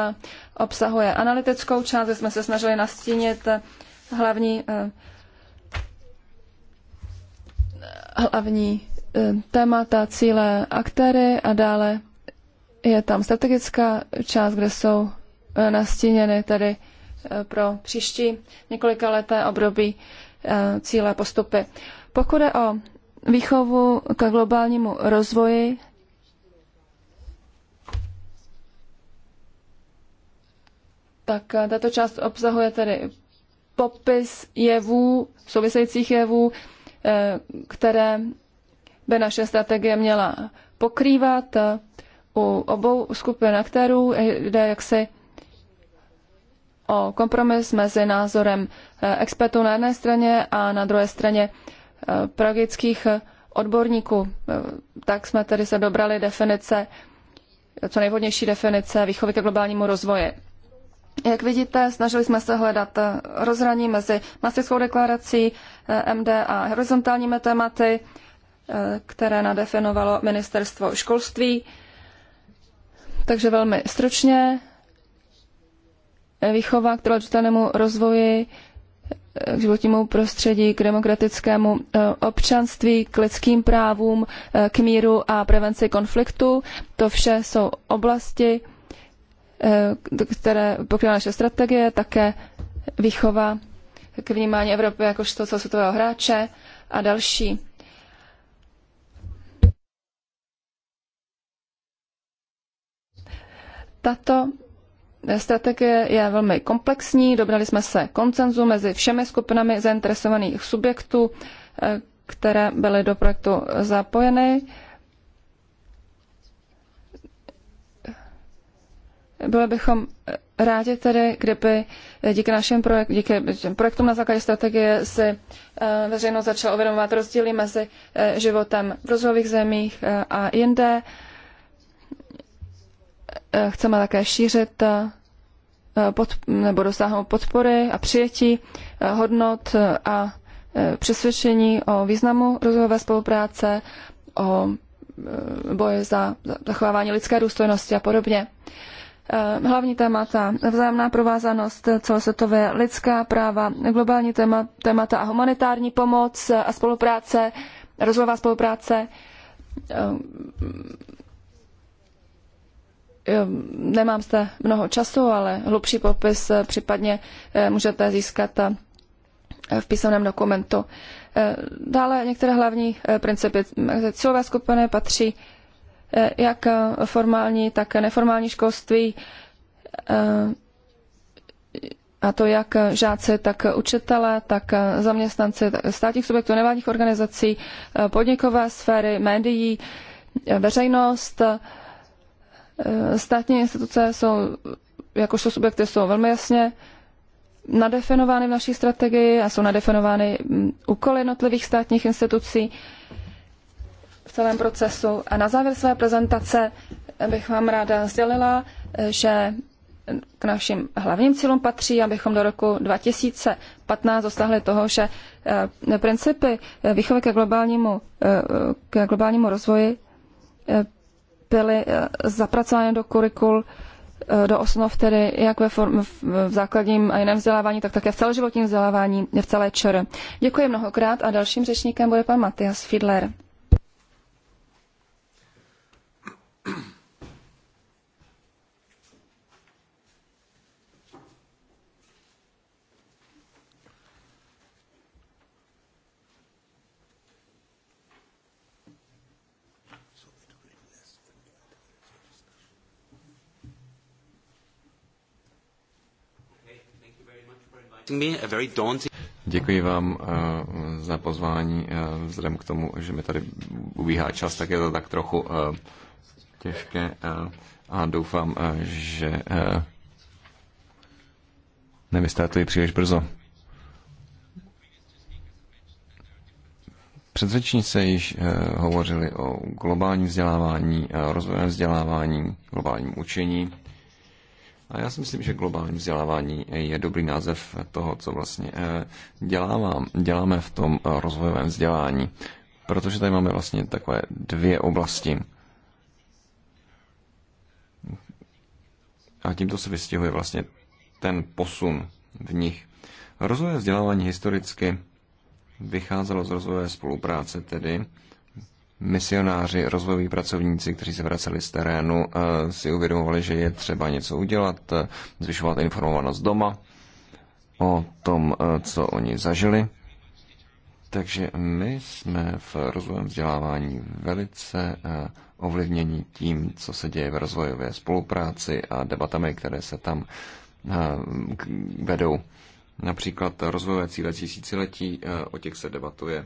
Obsahuje analytickou část, kde jsme se snažili nastínit hlavní, eh, hlavní eh, témata, cíle, aktéry a dále je tam strategická část, kde jsou eh, nastíněny tedy pro příští několika leté období Eh, cíle a postupy. Pokud jde o výchovu k globálnímu rozvoji, tak eh, tato část obsahuje tedy popis jevů, souvisejících jevů, eh, které by naše strategie měla pokrývat u obou skupin aktérů, jde jaksi o kompromis mezi názorem eh, expertů na jedné straně a na druhé straně eh, pragických eh, odborníků. Tak jsme tedy se dobrali definice, co nejvhodnější definice výchovy ke globálnímu rozvoji. Jak vidíte, snažili jsme se hledat rozhraní mezi Maastrichtskou deklarací MD a horizontálními tématy, které nadefinovalo ministerstvo školství. Takže velmi stručně výchova k udržitelnému rozvoji, eh, k životnímu prostředí, k demokratickému eh, občanství, k lidským právům, eh, k míru a prevenci konfliktu. To vše jsou oblasti, které pokrývá naše strategie, také výchova k vnímání Evropy jakožto celosvětového hráče a další. Tato strategie je velmi komplexní. Dobrali jsme se koncenzu mezi všemi skupinami zainteresovaných subjektů, eh, které byly do projektu zapojeny. Byli bychom rádi tedy, kdyby díky našim projek- díky projektům na základě strategie si eh, veřejnost začala uvědomovat rozdíly mezi eh, životem v rozvojových zemích a jinde Eh, chceme také šířit eh, pod, nebo dosáhnout podpory a přijetí eh, hodnot a přesvědčení o významu rozvojové spolupráce, o boji za zachovávání lidské důstojnosti a podobně. Hlavní témata, vzájemná provázanost celosvětové lidská práva, globální téma, témata a humanitární pomoc a spolupráce, rozvojová spolupráce, Ehm, nemám zde mnoho času, ale hlubší popis eh, případně eh, můžete získat eh, v písemném dokumentu. Dále některé hlavní principy. Cílové skupiny patří jak formální, tak neformální školství, a to jak žáci, tak učitele, tak zaměstnanci státních subjektů, nevládních organizací, podnikové sféry, médií, veřejnost, Eh, státní instituce jsou, jakožto subjekty, jsou velmi jasně nadefinovány v naší strategii a jsou nadefinovány mm, úkoly jednotlivých státních institucí v celém procesu. A na závěr své prezentace bych vám ráda sdělila, eh, že k našim hlavním cílům patří, abychom do roku 2015 dosáhli toho, že eh, principy výchovy ke globálnímu, ke globálnímu rozvoji byly eh, zapracovány do kurikul, eh, do osnov, tedy jak ve form, v základním a jiném vzdělávání, tak také v celoživotním vzdělávání v celé ČR. Děkuji mnohokrát a dalším řečníkem bude pan Matias Fiedler. Děkuji vám eh, za pozvání. Eh, vzhledem k tomu, že mi tady ubíhá čas, tak je to tak trochu eh, těžké a doufám, že nevystartuji příliš brzo. se již hovořili o globálním vzdělávání, rozvojem vzdělávání, globálním učení a já si myslím, že globální vzdělávání je dobrý název toho, co vlastně eh, dělávám, děláme v tom eh, rozvojovém vzdělání. Protože tady máme vlastně takové dvě oblasti. A tímto se vystihuje vlastně ten posun v nich. Rozvojové vzdělávání historicky vycházelo z rozvojové spolupráce tedy, misionáři, rozvojoví pracovníci, kteří se vraceli z terénu, eh, si uvědomovali, že je třeba něco udělat, eh, zvyšovat informovanost doma o tom, eh, co oni zažili. Takže my jsme v rozvojem vzdělávání velice ovlivněni tím, co se děje v rozvojové spolupráci a debatami, které se tam vedou. Například rozvojové cíle tisíciletí, o těch se debatuje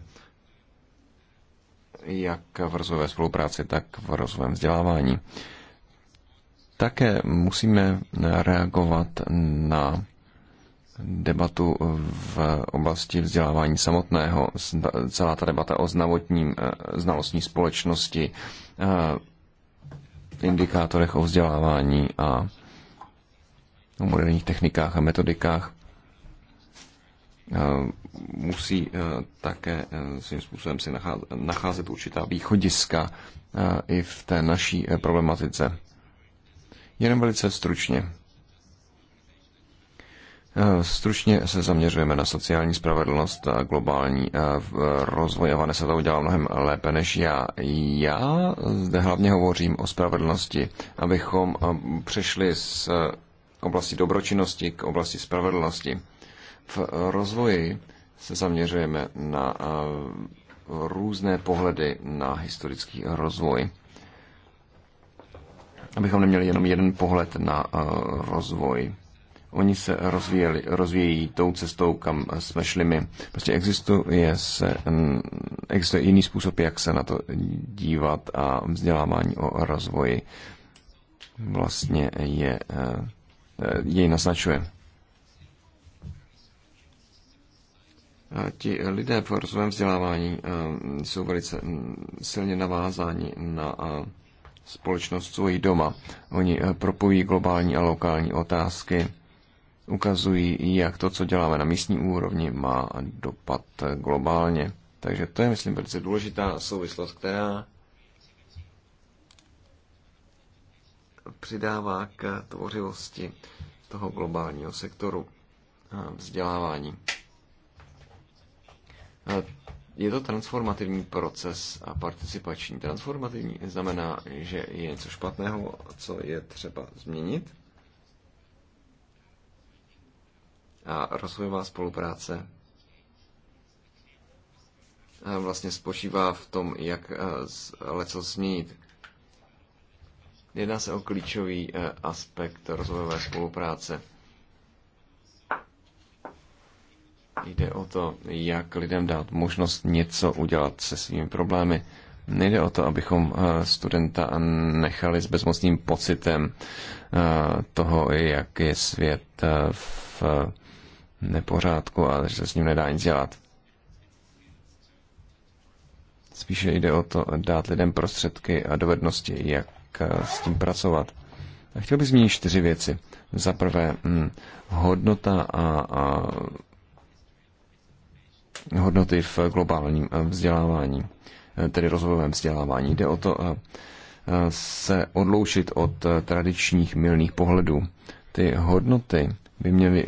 jak v rozvojové spolupráci, tak v rozvojem vzdělávání. Také musíme reagovat na debatu v oblasti vzdělávání samotného. Celá ta debata o znavotním, eh, znalostní společnosti, eh, indikátorech o vzdělávání a o moderních technikách a metodikách. Eh, musí eh, také eh, svým způsobem si nacházet určitá východiska i v té naší problematice. Jenom velice stručně. Stručně se zaměřujeme na sociální spravedlnost a globální rozvoj. A Vanessa to udělala mnohem lépe než já. Já zde hlavně hovořím o spravedlnosti, abychom přešli z oblasti dobročinnosti k oblasti spravedlnosti v rozvoji se zaměřujeme na eh, různé pohledy na historický rozvoj, abychom neměli jenom jeden pohled na eh, rozvoj. Oni se rozvíjeli, rozvíjí tou cestou, kam jsme šli my. Prostě existuje, se, existuje jiný způsob, jak se na to dívat a vzdělávání o rozvoji vlastně je, eh, jej naznačuje. ti lidé v rozvojem vzdělávání eh, jsou velice mm, silně navázáni na eh, společnost svojí doma. Oni eh, propojí globální a lokální otázky, ukazují, jak to, co děláme na místní úrovni, má dopad globálně. Takže to je, myslím, velice důležitá souvislost, která přidává k tvořivosti toho globálního sektoru vzdělávání. Je to transformativní proces a participační. Transformativní znamená, že je něco špatného, co je třeba změnit. A rozvojová spolupráce vlastně spočívá v tom, jak e, leco změnit. Jedná se o klíčový e, aspekt rozvojové spolupráce. Jde o to, jak lidem dát možnost něco udělat se svými problémy. Nejde o to, abychom eh, studenta nechali s bezmocným pocitem eh, toho, jak je svět eh, v nepořádku a že se s ním nedá nic dělat. Spíše jde o to dát lidem prostředky a dovednosti, jak s tím pracovat. A chtěl bych zmínit čtyři věci. Za prvé, hm, hodnota a, a hodnoty v globálním eh, vzdělávání, eh, tedy rozvojovém vzdělávání. Jde o to eh, se odloučit od tradičních milných pohledů. Ty hodnoty by měly,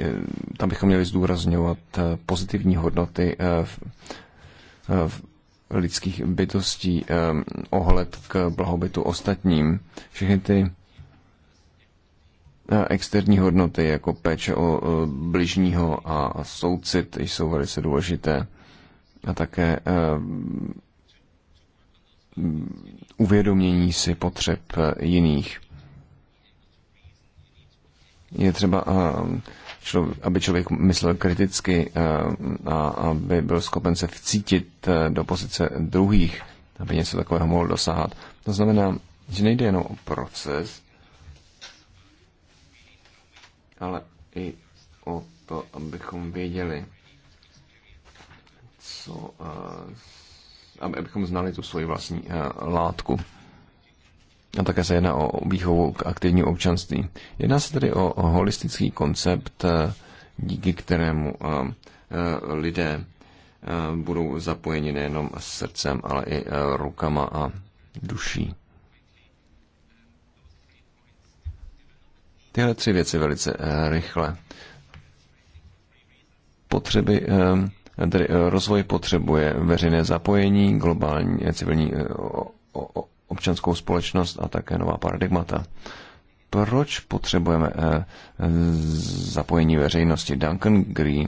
tam bychom měli zdůrazňovat pozitivní hodnoty v, v lidských bytostí, ohled k blahobytu ostatním. Všechny ty externí hodnoty jako péče o bližního a soucit jsou velice důležité. A také e, uvědomění si potřeb e, jiných. Je třeba, e, aby člověk myslel kriticky a aby byl schopen se vcítit do pozice druhých, aby něco takového mohl dosáhat. To znamená, že nejde jenom o proces, ale i o to, abychom věděli, co, eh, abychom znali tu svoji vlastní eh, látku. A také se jedná o výchovu k aktivní občanství. Jedná se tedy o holistický koncept, eh, díky kterému lidé budou zapojeni nejenom srdcem, ale i rukama a duší. Tyhle tři věci velice eh, rychle. Potřeby, eh, tedy eh, rozvoj potřebuje veřejné zapojení, globální civilní občanskou společnost a také nová paradigmata. Proč potřebujeme zapojení veřejnosti? Duncan Gree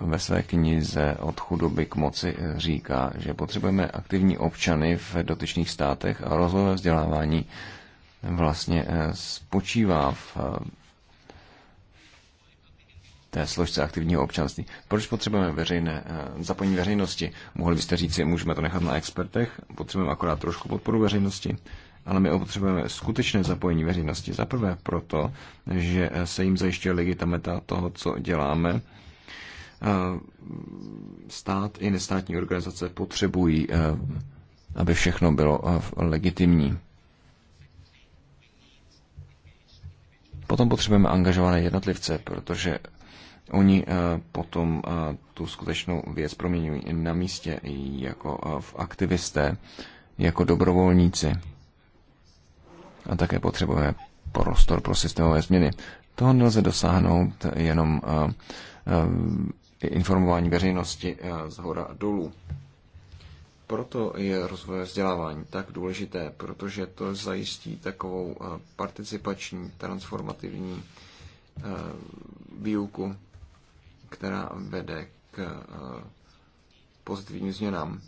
ve své knize Od chudoby k moci říká, že potřebujeme aktivní občany v dotyčných státech a rozvojové vzdělávání vlastně eh, spočívá v eh, té složce aktivního občanství. Proč potřebujeme veřejné, eh, zapojení veřejnosti? Mohli byste že můžeme to nechat na expertech, potřebujeme akorát trošku podporu veřejnosti, ale my potřebujeme skutečné zapojení veřejnosti. Za prvé proto, že se jim zajišťuje legitimita toho, co děláme. Stát i nestátní organizace potřebují, aby všechno bylo legitimní. Potom potřebujeme angažované jednotlivce, protože oni eh, potom eh, tu skutečnou věc proměňují na místě jako eh, v aktivisté, jako dobrovolníci. A také potřebujeme prostor pro systémové změny. Toho nelze dosáhnout jenom informování veřejnosti z hora dolů proto je rozvoj vzdělávání tak důležité, protože to zajistí takovou eh, participační, transformativní eh, výuku, která vede k eh, pozitivním změnám.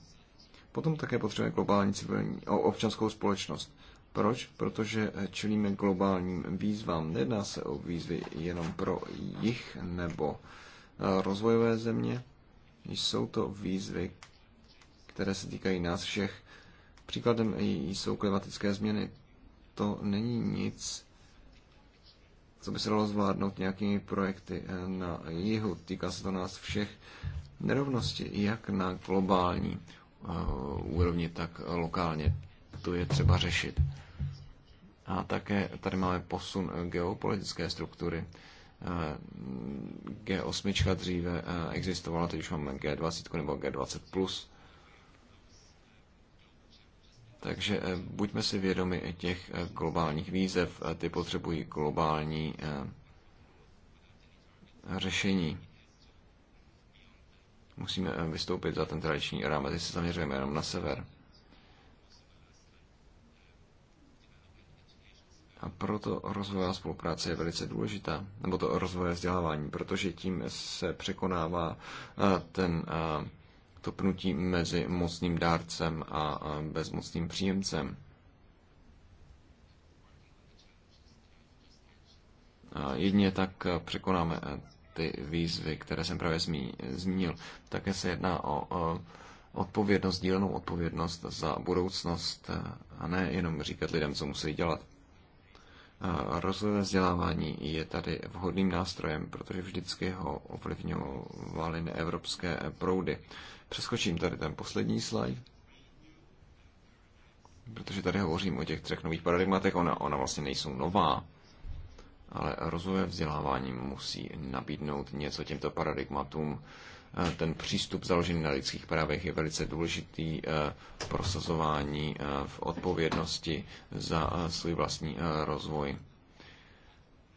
Potom také potřebujeme globální civilní občanskou společnost. Proč? Protože čelíme globálním výzvám. Nejedná se o výzvy jenom pro jich nebo rozvojové země. Jsou to výzvy, které se týkají nás všech. Příkladem jsou klimatické změny. To není nic, co by se dalo zvládnout nějakými projekty na jihu. Týká se to nás všech nerovnosti, jak na globální eh, úrovni, tak lokálně. To je třeba řešit. A také tady máme posun geopolitické struktury. Eh, G8 dříve eh, existovala, teď už máme G20 nebo G20+. Takže eh, buďme si vědomi těch eh, globálních výzev, eh, ty potřebují globální řešení. Musíme vystoupit za ten tradiční rámec, jestli se zaměřujeme jenom na sever. A proto rozvojová spolupráce je velice důležitá, nebo to rozvoje vzdělávání, protože tím se překonává ten to pnutí mezi mocným dárcem a bezmocným příjemcem. A jedině tak překonáme eh, ty výzvy, které jsem právě zmínil. Také se jedná o odpovědnost, dílenou odpovědnost za budoucnost eh, a ne jenom říkat lidem, co musí dělat. Rozvojové vzdělávání je tady vhodným nástrojem, protože vždycky ho ovlivňovaly neevropské proudy. Přeskočím tady ten poslední slide, protože tady hovořím o těch třech nových paradigmatech, ona, ona vlastně nejsou nová, ale rozvoje vzdělávání musí nabídnout něco těmto paradigmatům. Eh, ten přístup založený na lidských právech je velice důležitý eh, prosazování eh, v odpovědnosti za svůj vlastní rozvoj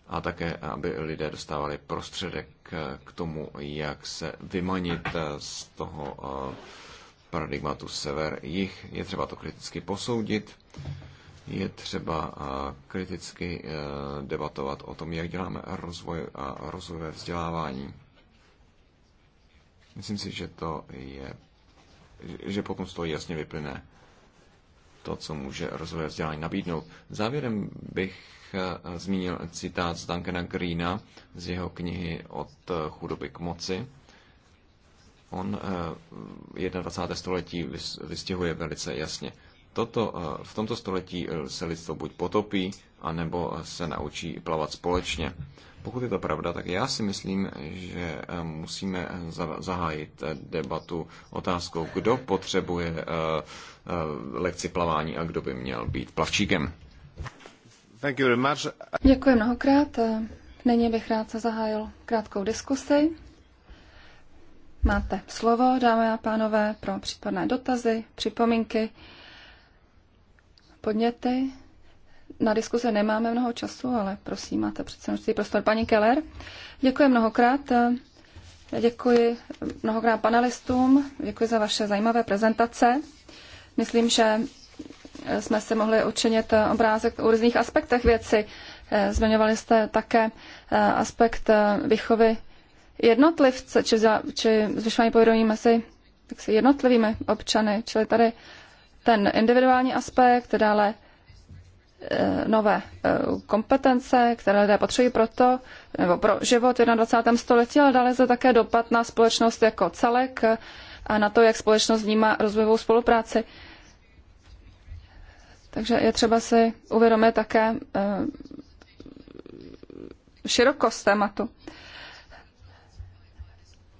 a také, aby lidé dostávali prostředek k tomu, jak se vymanit eh, z toho eh, paradigmatu sever-jich. Je třeba to kriticky posoudit, je třeba eh, kriticky debatovat o tom, jak děláme rozvoj a rozvojové vzdělávání. Myslím si, že to je, že potom z toho jasně vyplyne to, co může rozvoj vzdělání nabídnout. Závěrem bych bych eh, zmínil citát z Duncana Greena z jeho knihy Od eh, chudoby k moci. On 21. Eh, století vystihuje velice jasně. Toto, v tomto století se lidstvo buď potopí, anebo se naučí plavat společně. Pokud je to pravda, tak já si myslím, že musíme zahájit debatu otázkou, kdo potřebuje lekci plavání a kdo by měl být plavčíkem. Děkuji mnohokrát. Nyní bych rád zahájil krátkou diskusi. Máte slovo, dámy a pánové, pro případné dotazy, připomínky, podněty. Na diskuse nemáme mnoho času, ale prosím, máte přece prostor. Paní Keller, děkuji mnohokrát. Děkuji mnohokrát panelistům, děkuji za vaše zajímavé prezentace. Myslím, že jsme si mohli učinit obrázek o různých aspektech věci. Eh, zmiňovali jste také eh, aspekt eh, výchovy jednotlivce, či, vzala, či zvyšování povědomí mezi jednotlivými občany, čili tady ten individuální aspekt, dále nové kompetence, které lidé potřebují pro to, nebo pro život v 21. století, ale dále se také dopad na společnost jako celek a na to, jak společnost vnímá rozvojovou spolupráci. Takže je třeba si uvědomit také eh, širokost tématu.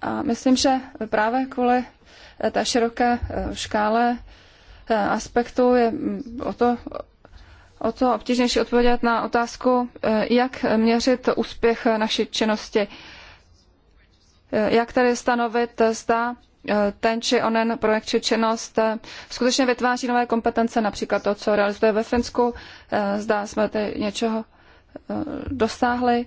A myslím, že právě kvůli eh, té široké eh, škále aspektů je mm, o to, o to obtížnější odpovědět na otázku, jak měřit úspěch naší činnosti. Jak tedy stanovit, zda Eh, ten či onen projekt či činnost eh, skutečně vytváří nové kompetence, například to, co realizuje ve Finsku. Eh, zdá jsme tedy něčeho dosáhli,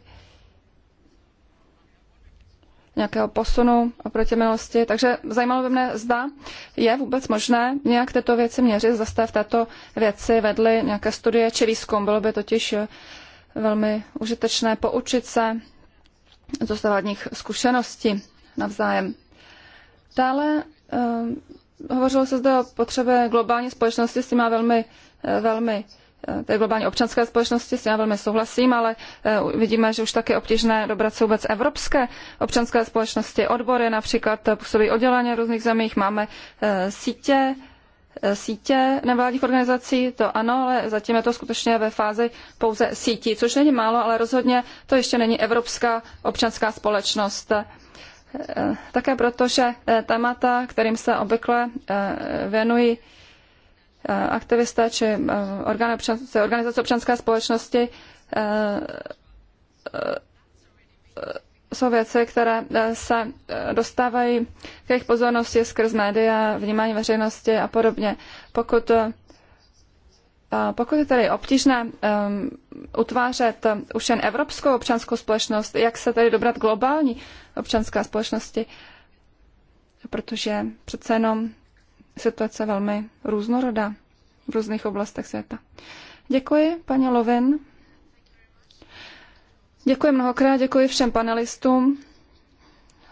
nějakého posunu oproti minulosti. Takže zajímalo by mě, zda je vůbec možné nějak tyto věci měřit, zda jste v této věci vedli nějaké studie či výzkum. Bylo by totiž velmi užitečné poučit se z dosavadních zkušeností navzájem. Dále ehm, hovořilo se zde o potřebě globální společnosti, s tím má velmi, eh, velmi eh, té globální občanské společnosti, s tím já velmi souhlasím, ale eh, vidíme, že už také obtížné dobrat se vůbec evropské občanské společnosti. Odbory například působí odděleně v různých zemích, máme sítě, sítě nevládních organizací, to ano, ale zatím je to skutečně ve fázi pouze sítí, což není málo, ale rozhodně to ještě není evropská občanská společnost. Eh, také proto, že eh, témata, kterým se obvykle eh, věnují aktivisté či organizace občanské společnosti, jsou věci, které se dostávají k jejich pozornosti skrz média, vnímání veřejnosti a podobně. Pokud pokud je tedy obtížné um, utvářet už jen evropskou občanskou společnost, jak se tedy dobrat globální občanské společnosti, protože přece jenom situace velmi různorodá v různých oblastech světa. Děkuji, paní Lovin. Děkuji mnohokrát, děkuji všem panelistům.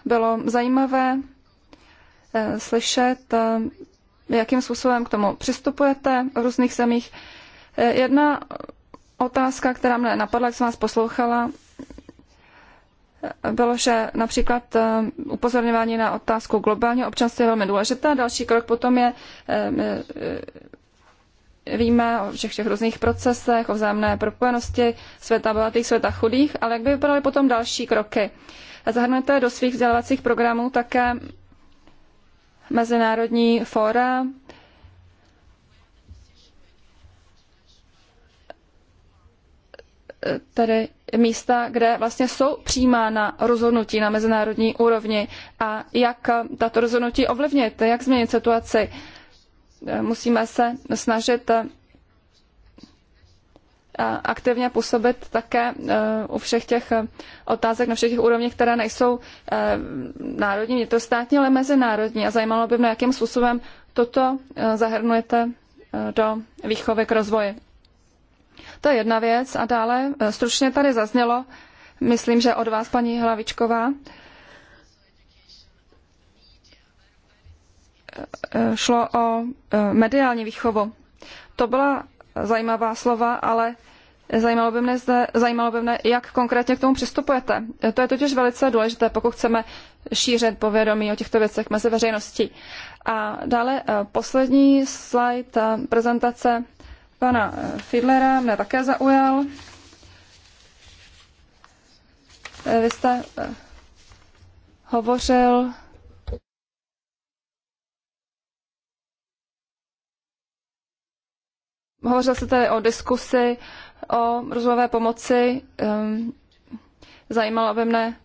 Bylo zajímavé eh, slyšet eh, jakým způsobem k tomu přistupujete v různých zemích. Eh, jedna otázka, která mě napadla, jak jsem vás poslouchala, eh, bylo, že například eh, upozorňování na otázku globálního občanství je velmi důležité. Další krok potom je, víme o všech těch různých procesech, o vzájemné propojenosti světa bohatých, světa chudých, ale jak by vypadaly potom další kroky? Zahrnete do svých vzdělávacích programů také mezinárodní fóra, tedy místa, kde vlastně jsou přijímána rozhodnutí na mezinárodní úrovni a jak tato rozhodnutí ovlivnit, jak změnit situaci. Musíme se snažit aktivně působit také eh, u všech těch eh, otázek na všech těch úrovních, které nejsou eh, národní, vnitrostátní, ale mezinárodní. A zajímalo by mě, jakým způsobem toto zahrnujete do výchovy k rozvoji. To je jedna věc. A dále stručně tady zaznělo, myslím, že od vás, paní Hlavičková, šlo o mediální výchovu. To byla zajímavá slova, ale zajímalo by mne, zde, zajímalo by mne jak konkrétně k tomu přistupujete. To je totiž velice důležité, pokud chceme šířit povědomí o těchto věcech mezi veřejností. A dále eh, poslední slide eh, prezentace pana eh, Fiedlera mě také zaujal. Vy jste hovořil Hovořil se tady o diskusi o rozvojové pomoci. Ehm, zajímalo by mne,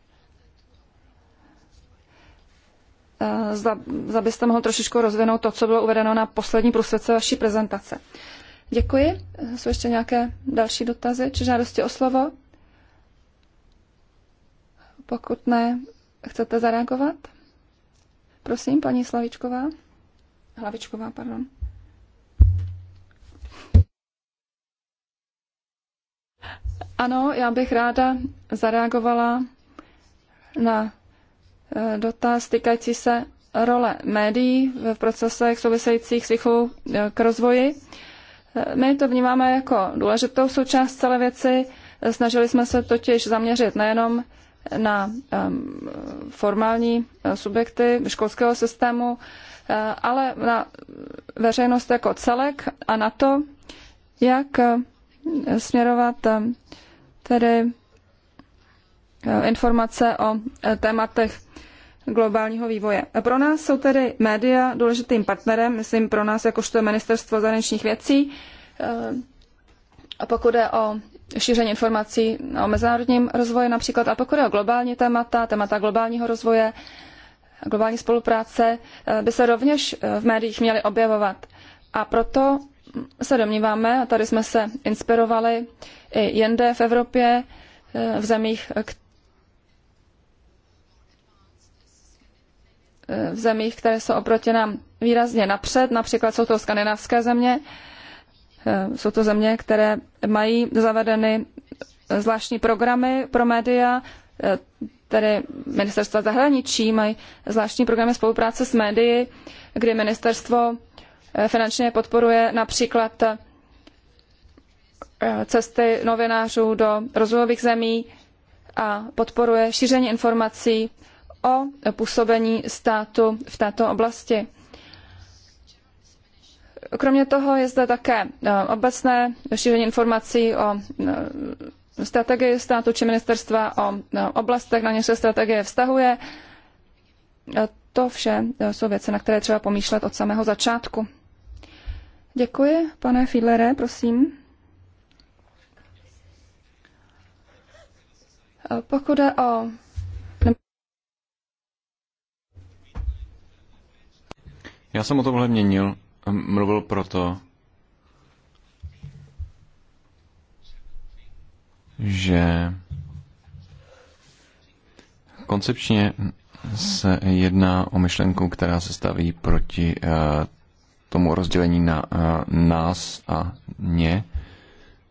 eh, zda, zda byste mohl trošičku rozvinout to, co bylo uvedeno na poslední průsvědce vaší prezentace. Děkuji. Jsou ještě nějaké další dotazy či žádosti o slovo? Pokud ne, chcete zareagovat? Prosím, paní Slavičková. Hlavičková, pardon. Ano, já bych ráda zareagovala na eh, dotaz týkající se role médií v procesech souvisejících s výchovou eh, k rozvoji. Eh, my to vnímáme jako důležitou součást celé věci. Snažili jsme se totiž zaměřit nejenom na ehm, formální subjekty školského systému, ale na veřejnost jako celek a na to, jak směrovat tedy eh, informace o eh, tématech globálního vývoje. Pro nás jsou tedy média důležitým partnerem, myslím pro nás jakožto ministerstvo zahraničních věcí. Eh, a pokud je o šíření informací o mezinárodním rozvoji například, a pokud je o globální témata, témata globálního rozvoje, globální spolupráce, by se rovněž v médiích měly objevovat. A proto se domníváme, a tady jsme se inspirovali i jinde v Evropě, eh, v zemích, eh, v zemích, které jsou oproti nám výrazně napřed, například jsou to skandinávské země, eh, jsou to země, které mají zavedeny zvláštní programy pro média, tedy ministerstva zahraničí mají zvláštní programy spolupráce s médii, kdy ministerstvo finančně podporuje například Eh, cesty novinářů do rozvojových zemí a podporuje šíření informací o působení státu v této oblasti. Kromě toho je zde také eh, obecné šíření informací o eh, strategii státu či ministerstva, o oblastech, na ně se strategie vztahuje. To vše jsou věci, na které třeba pomýšlet od samého začátku. Děkuji, pane Fiedlere, prosím. Eh, pokud je o Já jsem o tomhle měnil, mluvil proto, že koncepčně se jedná o myšlenku, která se staví proti eh, tomu rozdělení na eh, nás a ně,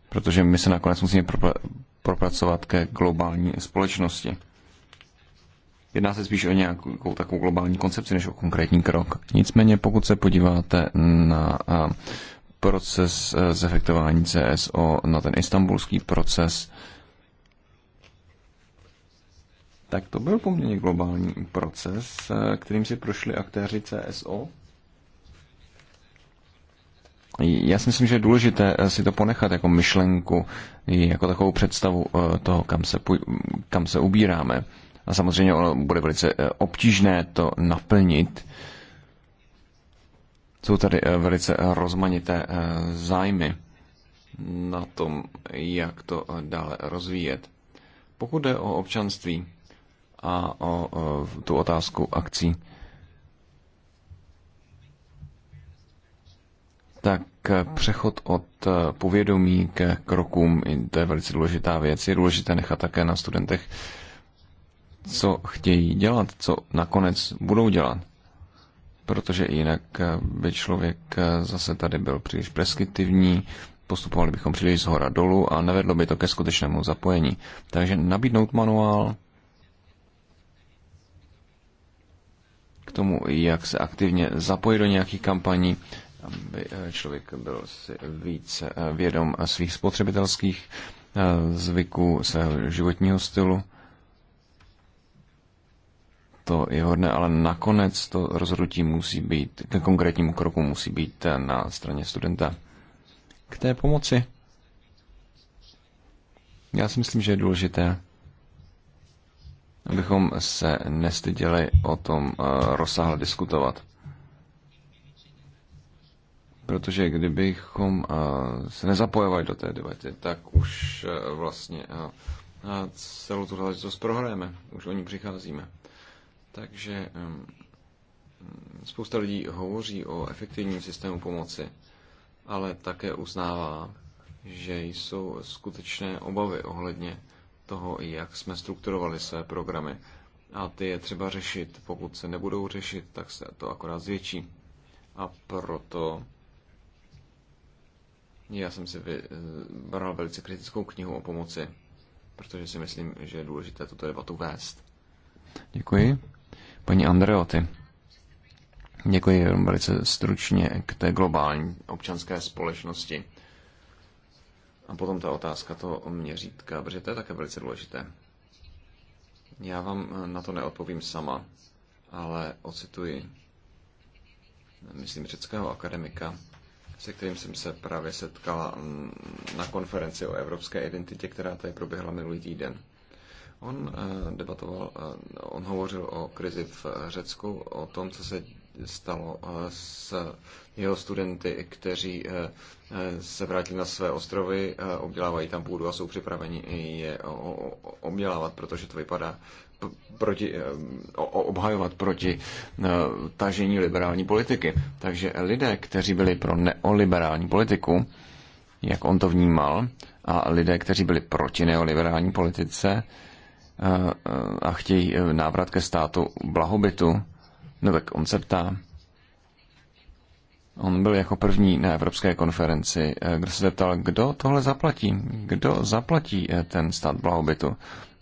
protože my se nakonec musíme propracovat ke globální společnosti. Jedná se spíš o nějakou takovou globální koncepci než o konkrétní krok. Nicméně, pokud se podíváte na proces e, zefektování CSO, na ten istambulský proces, tak to byl poměrně globální proces, e, kterým si prošli aktéři CSO. Já si myslím, že je důležité eh, si to ponechat jako myšlenku, jako takovou představu eh, toho, kam se, kam se ubíráme. A samozřejmě ono bude velice eh, obtížné to naplnit. Jsou tady velice rozmanité zájmy na tom, jak to dále rozvíjet. Pokud jde o občanství a o tu otázku akcí, tak přechod od eh, povědomí ke krokům, to je velice důležitá věc. Je důležité nechat také na studentech, co chtějí dělat, co nakonec budou dělat. Protože jinak eh, by člověk eh, zase tady byl příliš preskriptivní, postupovali bychom příliš z hora dolů a nevedlo by to ke skutečnému zapojení. Takže nabídnout manuál k tomu, jak se aktivně zapojit do nějakých kampaní, aby eh, člověk byl si více eh, vědom svých spotřebitelských eh, zvyků, svého životního stylu. To je hodné, ale nakonec to rozhodnutí musí být, k konkrétnímu kroku musí být na straně studenta. K té pomoci. Já si myslím, že je důležité, abychom se nestyděli o tom rozsáhle diskutovat. Protože kdybychom eh, se nezapojovali do té debaty, tak už eh, vlastně eh, celou tu záležitost prohrajeme. Už o ní přicházíme. Takže spousta lidí hovoří o efektivním systému pomoci, ale také uznává, že jsou skutečné obavy ohledně toho, jak jsme strukturovali své programy. A ty je třeba řešit. Pokud se nebudou řešit, tak se to akorát zvětší. A proto já jsem si vybral eh, velice kritickou knihu o pomoci, protože si myslím, že je důležité tuto debatu vést. Děkuji. Paní Andreoty. Děkuji velice stručně k té globální občanské společnosti. A potom ta otázka to měřítka, protože to je také velice důležité. Já vám eh, na to neodpovím sama, ale ocituji, myslím, řeckého akademika, se kterým jsem se právě setkala mm, na konferenci o evropské identitě, která tady proběhla minulý týden. On eh, debatoval, eh, on hovořil o krizi v Řecku, o tom, co se stalo eh, s jeho studenty, kteří se vrátili na své ostrovy, obdělávají tam půdu a jsou připraveni je obdělávat, protože to vypadá, proti, eh, obhajovat proti eh, tažení liberální politiky. Takže lidé, kteří byli pro neoliberální politiku, jak on to vnímal, a lidé, kteří byli proti neoliberální politice eh, a chtějí návrat ke státu blahobytu, no tak on se ptá, On byl jako první na Evropské konferenci, kdo se zeptal, kdo tohle zaplatí, kdo zaplatí ten stát blahobytu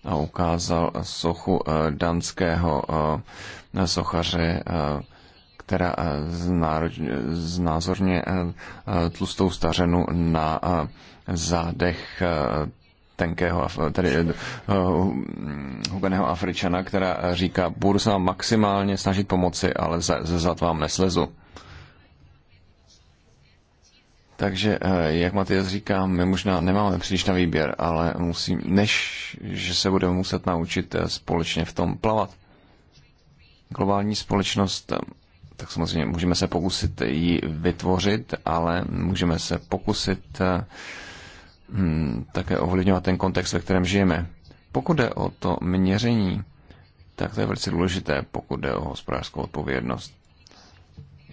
a ukázal sochu eh, danského eh, sochaře, eh, která znázorně tlustou stařenu na zádech tenkého, tedy hubeného Afričana, která říká, budu se vám maximálně snažit pomoci, ale ze zad vám neslezu. Takže, eh, jak Matias říká, my možná nemáme příliš na výběr, ale musím, než že se budeme muset naučit eh, společně v tom plavat. Globální společnost, eh, tak samozřejmě můžeme se pokusit ji vytvořit, ale můžeme se pokusit hmm, také ovlivňovat ten kontext, ve kterém žijeme. Pokud jde o to měření, tak to je velice důležité, pokud jde o hospodářskou odpovědnost.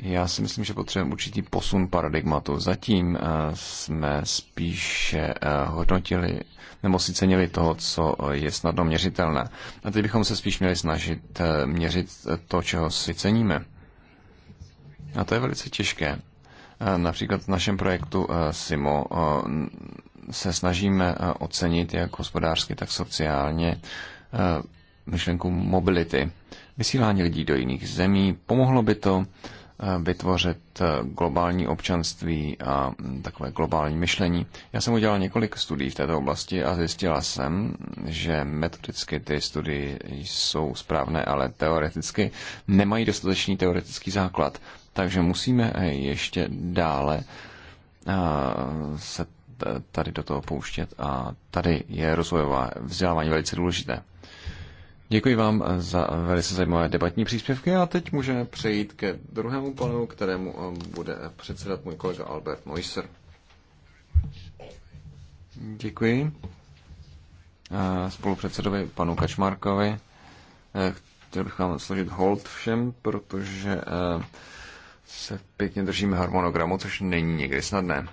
Já si myslím, že potřebujeme určitý posun paradigmatu. Zatím eh, jsme spíše eh, hodnotili nebo si cenili toho, co je snadno měřitelné. A teď bychom se spíš měli snažit eh, měřit to, čeho si ceníme. A to je velice těžké. Například v našem projektu SIMO se snažíme ocenit jak hospodářsky, tak sociálně myšlenku mobility. Vysílání lidí do jiných zemí, pomohlo by to vytvořit eh, globální občanství a mm, takové globální myšlení. Já jsem udělal několik studií v této oblasti a zjistila jsem, že metodicky ty studie jsou správné, ale teoreticky nemají dostatečný teoretický základ. Takže musíme eh, ještě dále eh, se tady do toho pouštět a tady je rozvojové vzdělávání velice důležité. Děkuji vám za velice zajímavé debatní příspěvky a teď můžeme přejít ke druhému panu, kterému eh, bude předsedat můj kolega Albert Moiser. Děkuji eh, spolupředsedovi panu Kačmarkovi. Eh, chtěl bych vám složit hold všem, protože se pěkně držíme harmonogramu, což není někdy snadné.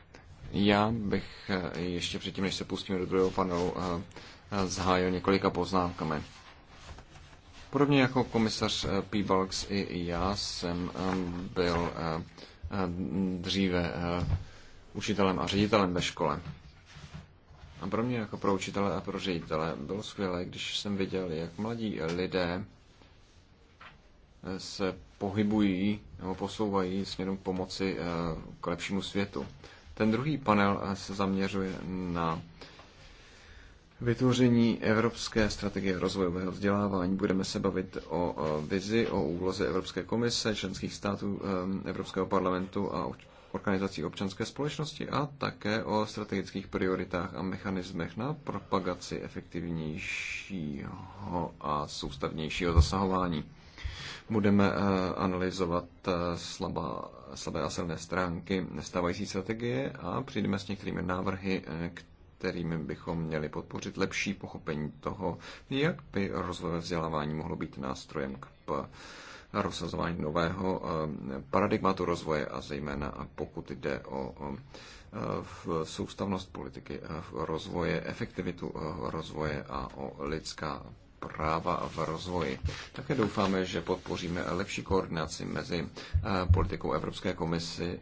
Já bych ještě předtím, než se pustíme do druhého panelu, zahájil několika poznámkami. Podobně jako komisař eh, Peebalks i já jsem eh, byl eh, dříve učitelem a ředitelem ve škole. A pro mě jako pro učitele a pro ředitele bylo skvělé, když jsem viděl, jak mladí lidé se pohybují nebo posouvají směrem k pomoci k lepšímu světu. Ten druhý panel se zaměřuje na vytvoření Evropské strategie rozvojového vzdělávání. Budeme se bavit o vizi, o úloze Evropské komise, členských států Evropského parlamentu a organizací občanské společnosti a také o strategických prioritách a mechanismech na propagaci efektivnějšího a soustavnějšího zasahování. Budeme eh, analyzovat eh, slabá, slabé a silné stránky stávající strategie a přijdeme s některými návrhy, které eh, kterými bychom měli podpořit lepší pochopení toho, jak by rozvoj vzdělávání mohlo být nástrojem k rozsazování nového eh, paradigmatu rozvoje a zejména pokud jde o eh, soustavnost politiky eh, rozvoje, efektivitu rozvoje a o lidská práva v rozvoji. Také doufáme, že podpoříme lepší koordinaci mezi politikou Evropské komisi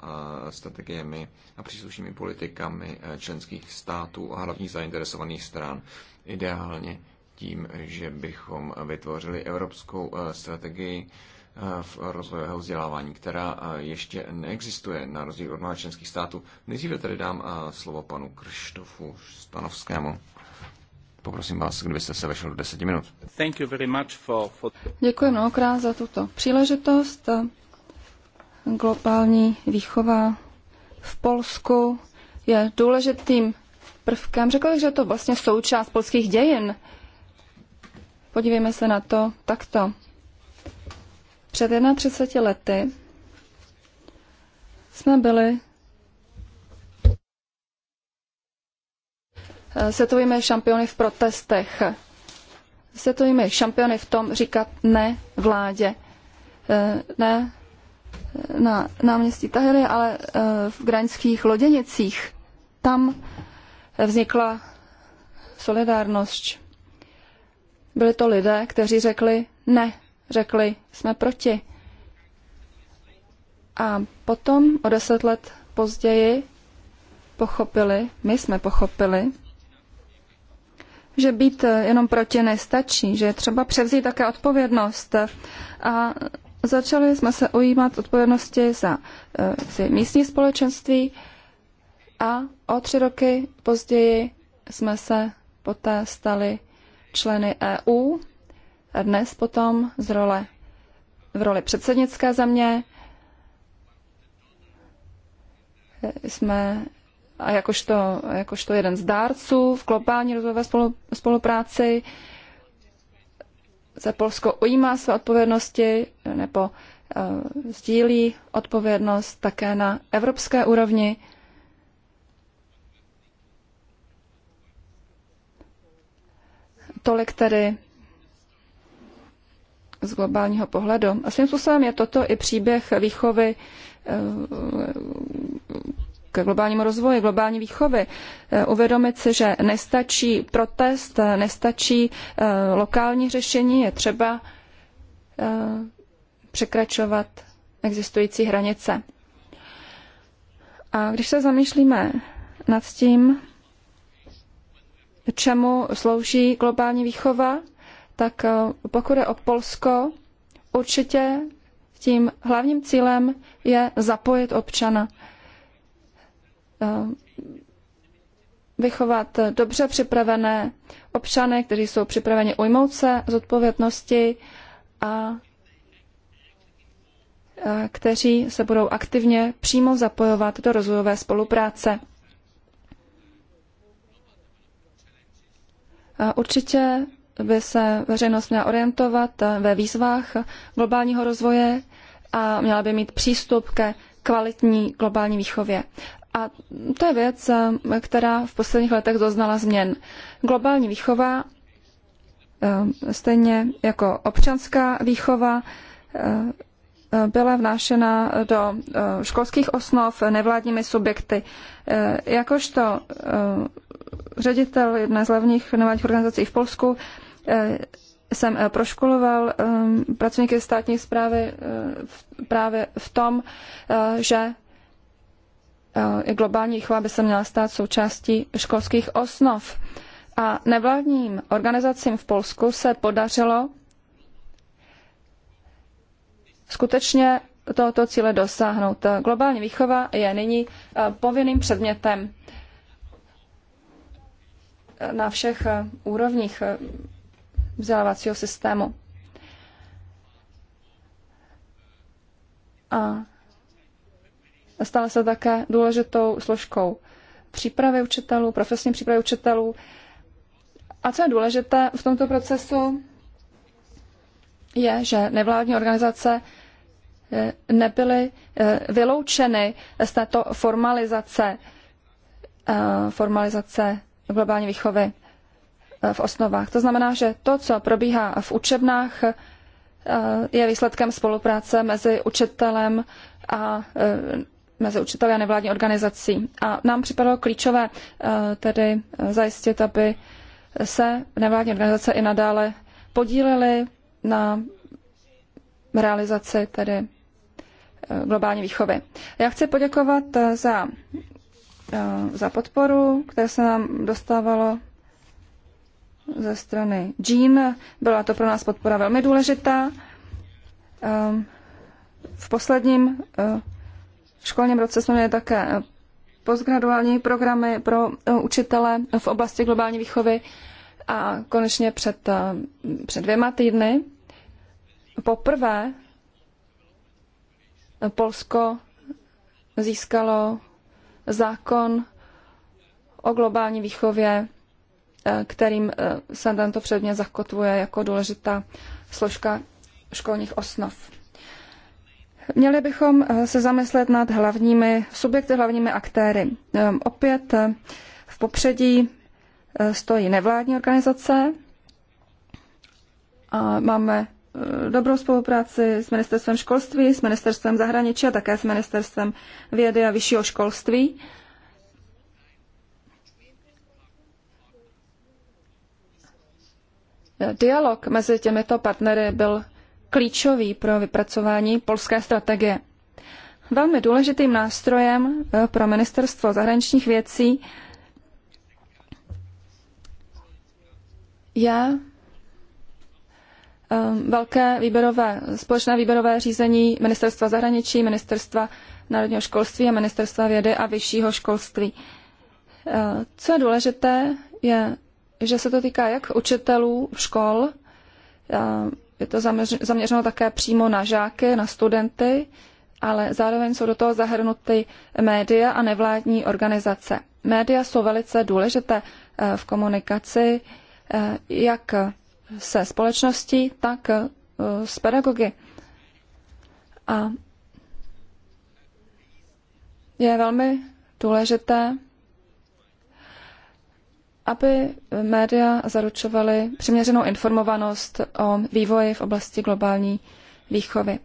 a strategiemi a příslušnými politikami eh, členských států a hlavních zainteresovaných stran. Ideálně tím, že bychom vytvořili evropskou eh, strategii eh, v rozvojového vzdělávání, která ještě neexistuje na rozdíl od členských států. Nejdříve tedy dám slovo panu Krštofu Stanovskému. Poprosím vás, kdybyste se vešel do deseti minut. Děkuji mnohokrát za tuto příležitost globální výchova v Polsku je důležitým prvkem. Řekl bych, že je to vlastně součást polských dějin. Podívejme se na to takto. Před 31 lety jsme byli světovými šampiony v protestech. Světovými šampiony v tom říkat ne vládě, ne na náměstí Tahiry, ale eh, v graňských loděnicích. Tam vznikla solidárnost. Byli to lidé, kteří řekli ne, řekli jsme proti. A potom o deset let později pochopili, my jsme pochopili, že být eh, jenom proti nestačí, že je třeba převzít také odpovědnost a Začali jsme se ujímat odpovědnosti za e, místní společenství a o tři roky později jsme se poté stali členy EU a dnes potom z role, v roli předsednické země eh, jsme a jakožto, jakožto jeden z dárců v globální rozvojové spolupráci se Polsko ujímá své odpovědnosti nebo eh, sdílí odpovědnost také na evropské úrovni. Tolik tedy z globálního pohledu. A svým způsobem je toto i příběh výchovy eh, k globálnímu rozvoji, globální výchovy. Eh, uvědomit si, že nestačí protest, eh, nestačí eh, lokální řešení, je třeba překračovat existující hranice. A když se zamýšlíme nad tím, čemu slouží globální výchova, tak pokud je o Polsko, určitě tím hlavním cílem je zapojit občana Eh, vychovat dobře připravené občany, kteří jsou připraveni ujmout se z odpovědnosti a eh, kteří se budou aktivně přímo zapojovat do rozvojové spolupráce. Eh, určitě by se veřejnost měla orientovat ve výzvách globálního rozvoje a měla by mít přístup ke kvalitní globální výchově. A to je věc, eh, která v posledních letech doznala změn. Globální výchova, eh, stejně jako občanská výchova, eh, byla vnášena do školských osnov nevládními subjekty. Jakožto ředitel jedné z hlavních nevládních organizací v Polsku jsem proškoloval pracovníky státní zprávy právě v tom, že Eh, globální výchova by se měla stát součástí školských osnov. A nevládním organizacím v Polsku se podařilo skutečně tohoto cíle dosáhnout. Globální výchova je nyní eh, povinným předmětem eh, na všech úrovních vzdělávacího systému. A stala se také důležitou složkou přípravy učitelů, profesní přípravy učitelů. A co je důležité v tomto procesu, je, že nevládní organizace eh, nebyly eh, vyloučeny z této formalizace, eh, formalizace globální výchovy v osnovách. To znamená, že to, co probíhá v učebnách, je výsledkem spolupráce mezi učitelem a mezi učiteli a nevládní organizací. A nám připadalo klíčové eh, tedy eh, zajistit, aby se nevládní organizace i nadále podílely na realizaci tedy eh, globální výchovy. Já chci poděkovat za, za podporu, které se nám dostávalo ze strany Jean. Byla to pro nás podpora velmi důležitá. Ehm, v posledním školním roce jsme měli také eh, postgraduální programy pro eh, učitele v oblasti globální výchovy a konečně před, eh, před dvěma týdny poprvé Polsko získalo zákon o globální výchově, kterým se tento předmět zakotvuje jako důležitá složka školních osnov. Měli bychom eh, se zamyslet nad hlavními subjekty, hlavními aktéry. Ehm, opět eh, v popředí eh, stojí nevládní organizace. A máme dobrou spolupráci s ministerstvem školství, s ministerstvem zahraničí a také s ministerstvem vědy a vyššího školství. Dialog mezi těmito partnery byl klíčový pro vypracování polské strategie. Velmi důležitým nástrojem eh, pro ministerstvo zahraničních věcí je eh, velké výběrové, společné výběrové řízení ministerstva zahraničí, ministerstva národního školství a ministerstva vědy a vyššího školství. Eh, co je důležité, je, že se to týká jak učitelů škol, je to zaměřeno také přímo na žáky, na studenty, ale zároveň jsou do toho zahrnuty média a nevládní organizace. Média jsou velice důležité eh, v komunikaci eh, jak se společností, tak eh, s pedagogy. A je velmi důležité, aby média zaručovaly přiměřenou informovanost o vývoji v oblasti globální výchovy.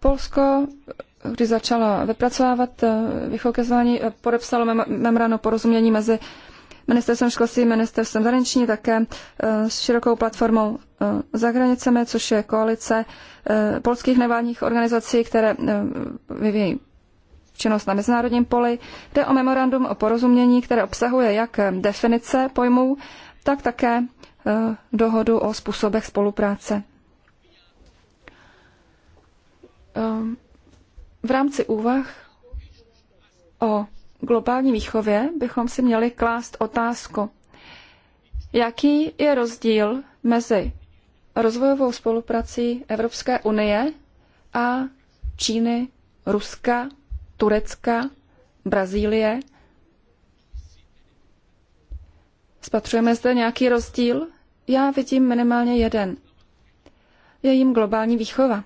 Polsko, když začalo vypracovávat eh, výchovky eh, podepsalo memorandum porozumění mezi ministerstvem školství, ministerstvem zahraniční, také eh, s širokou platformou Eh, za hranicemi, což je koalice eh, polských nevládních organizací, které eh, vyvíjí činnost na mezinárodním poli. Jde o memorandum o porozumění, které obsahuje jak definice pojmů, tak také dohodu o způsobech spolupráce. V rámci úvah o globální výchově bychom si měli klást otázku, jaký je rozdíl mezi rozvojovou spoluprací Evropské unie a Číny, Ruska, Turecka, Brazílie. Spatřujeme zde nějaký rozdíl? Já vidím minimálně jeden. Je jim globální výchova.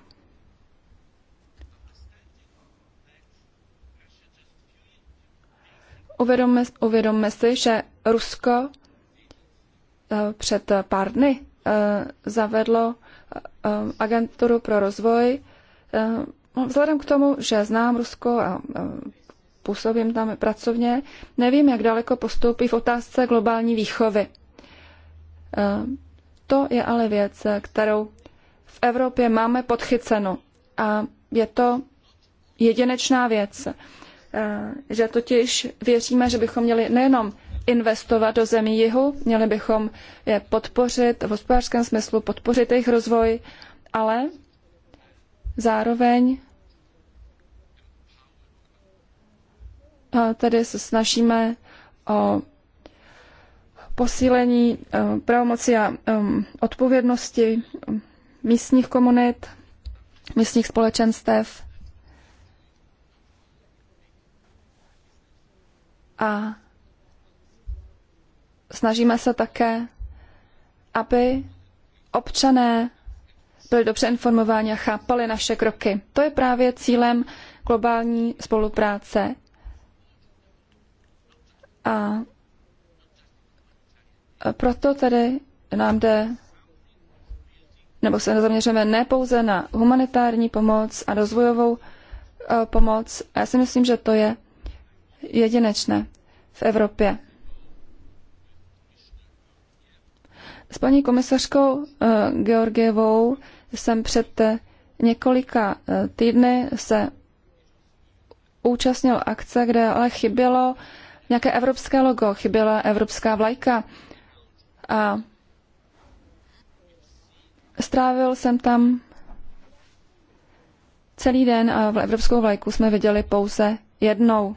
Uvědomme, uvědomme si, že Rusko eh, před pár dny Eh, zavedlo eh, agenturu pro rozvoj. Eh, no, vzhledem k tomu, že znám Rusko a působím tam pracovně, nevím, jak daleko postoupí v otázce globální výchovy. To je ale věc, kterou v Evropě máme podchycenu. a je to jedinečná věc, že totiž věříme, že bychom měli nejenom investovat do zemí jihu, měli bychom je podpořit v hospodářském smyslu, podpořit jejich rozvoj, ale zároveň tedy se snažíme o posílení e, pravomoci a e, odpovědnosti e, místních komunit, místních společenstev a snažíme se také, aby občané byli dobře informováni a chápali naše kroky. To je právě cílem globální spolupráce. A proto tedy nám jde, nebo se zaměřujeme ne pouze na humanitární pomoc a rozvojovou eh, pomoc. Já si myslím, že to je jedinečné v Evropě. S paní komisařkou eh, Georgievou jsem před eh, několika eh, týdny se účastnil akce, kde ale chybělo nějaké evropské logo, chyběla evropská vlajka. A strávil jsem tam celý den a v evropskou vlajku jsme viděli pouze jednou.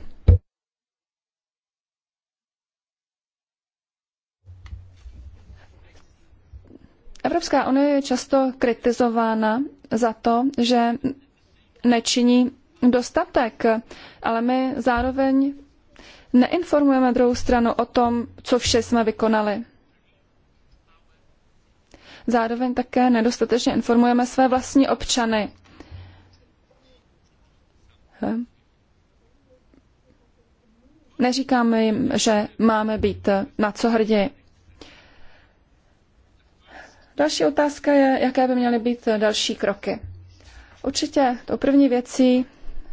Evropská unie je často kritizována za to, že nečiní dostatek, ale my zároveň neinformujeme druhou stranu o tom, co vše jsme vykonali. Zároveň také nedostatečně informujeme své vlastní občany. Neříkáme jim, že máme být na co hrdí. Další otázka je, jaké by měly být další kroky. Určitě to první věcí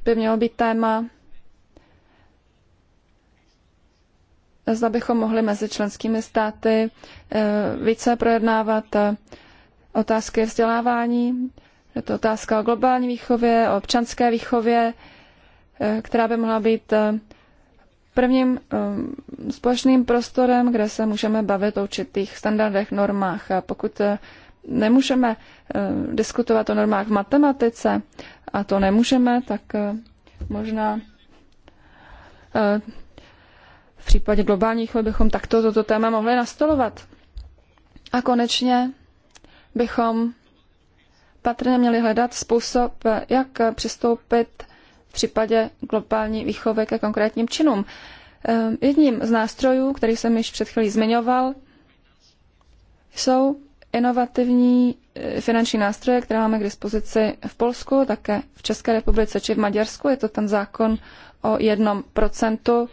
by mělo být téma, zda bychom mohli mezi členskými státy eh, více projednávat eh, otázky vzdělávání. Je to otázka o globální výchově, o občanské výchově, eh, která by mohla být prvním um, společným prostorem, kde se můžeme bavit o určitých standardech, normách. A pokud eh, nemůžeme eh, diskutovat o normách v matematice, a to nemůžeme, tak eh, možná v případě globálních bychom takto toto téma mohli nastolovat. A konečně bychom patrně měli hledat způsob, jak přistoupit v případě globální výchovy ke konkrétním činům. Ehm, jedním z nástrojů, který jsem již před chvílí zmiňoval, jsou inovativní eh, finanční nástroje, které máme k dispozici v Polsku, také v České republice či v Maďarsku. Je to ten zákon o jednom procentu,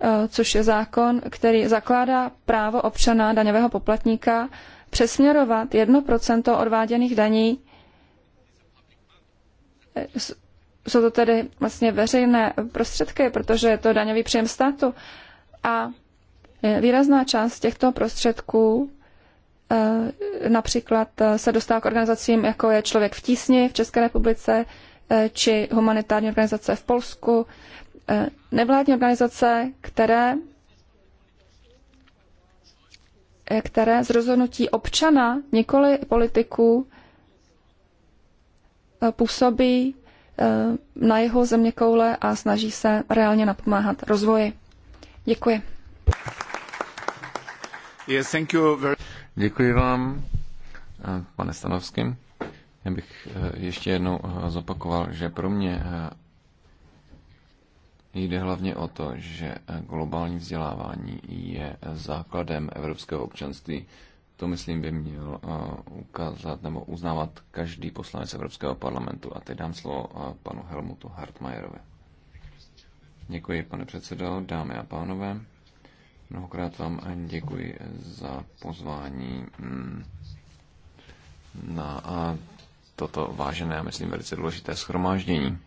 eh, což je zákon, který zakládá právo občana daňového poplatníka přesměrovat jedno procento odváděných daní eh, jsou to tedy vlastně veřejné prostředky, protože je to daňový příjem státu. A e, výrazná část těchto prostředků e, například e, se dostává k organizacím, jako je Člověk v tísni v České republice, či humanitární organizace v Polsku, nevládní organizace, které, které z rozhodnutí občana, nikoli politiků, působí Eh, na jeho země koule a snaží se reálně napomáhat rozvoji. Děkuji. Yes, thank you very... Děkuji vám, eh, pane Stanovský. Já bych eh, ještě jednou zopakoval, že pro mě Jde hlavně o to, že globální vzdělávání je základem evropského občanství to, myslím, by měl ukázat nebo uznávat každý poslanec Evropského parlamentu. A teď dám slovo panu Helmutu Hartmajerovi. Děkuji, pane předsedo, dámy a pánové. Mnohokrát vám děkuji za pozvání mm, na toto vážené a myslím velice důležité schromáždění.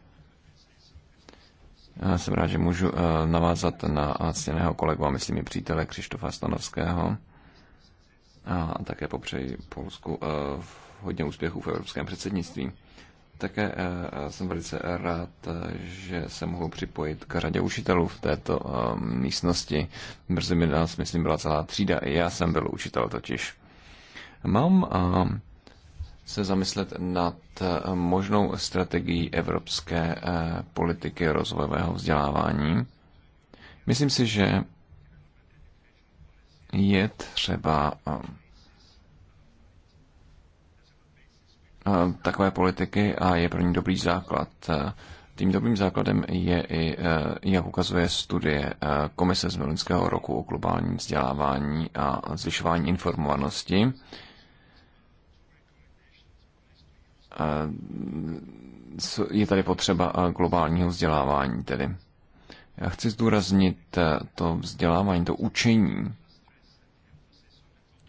Já jsem rád, že můžu e, navázat na ctěného kolegu a myslím i přítele Křištofa Stanovského a také popřeji Polsku eh, hodně úspěchů v evropském předsednictví. Také eh, jsem velice rád, eh, že se mohu připojit k řadě učitelů v této místnosti. Brzy mi nás, myslím, byla celá třída. I já jsem byl učitel totiž. Mám se zamyslet nad možnou strategií evropské politiky rozvojového vzdělávání. Myslím si, že je třeba um, um, takové politiky a je pro ní dobrý základ. Tím dobrým základem je i, eh, jak ukazuje studie eh, Komise z loňského roku o globálním vzdělávání a zvyšování informovanosti, eh, je tady potřeba globálního vzdělávání tedy. Já chci zdůraznit to vzdělávání, to učení,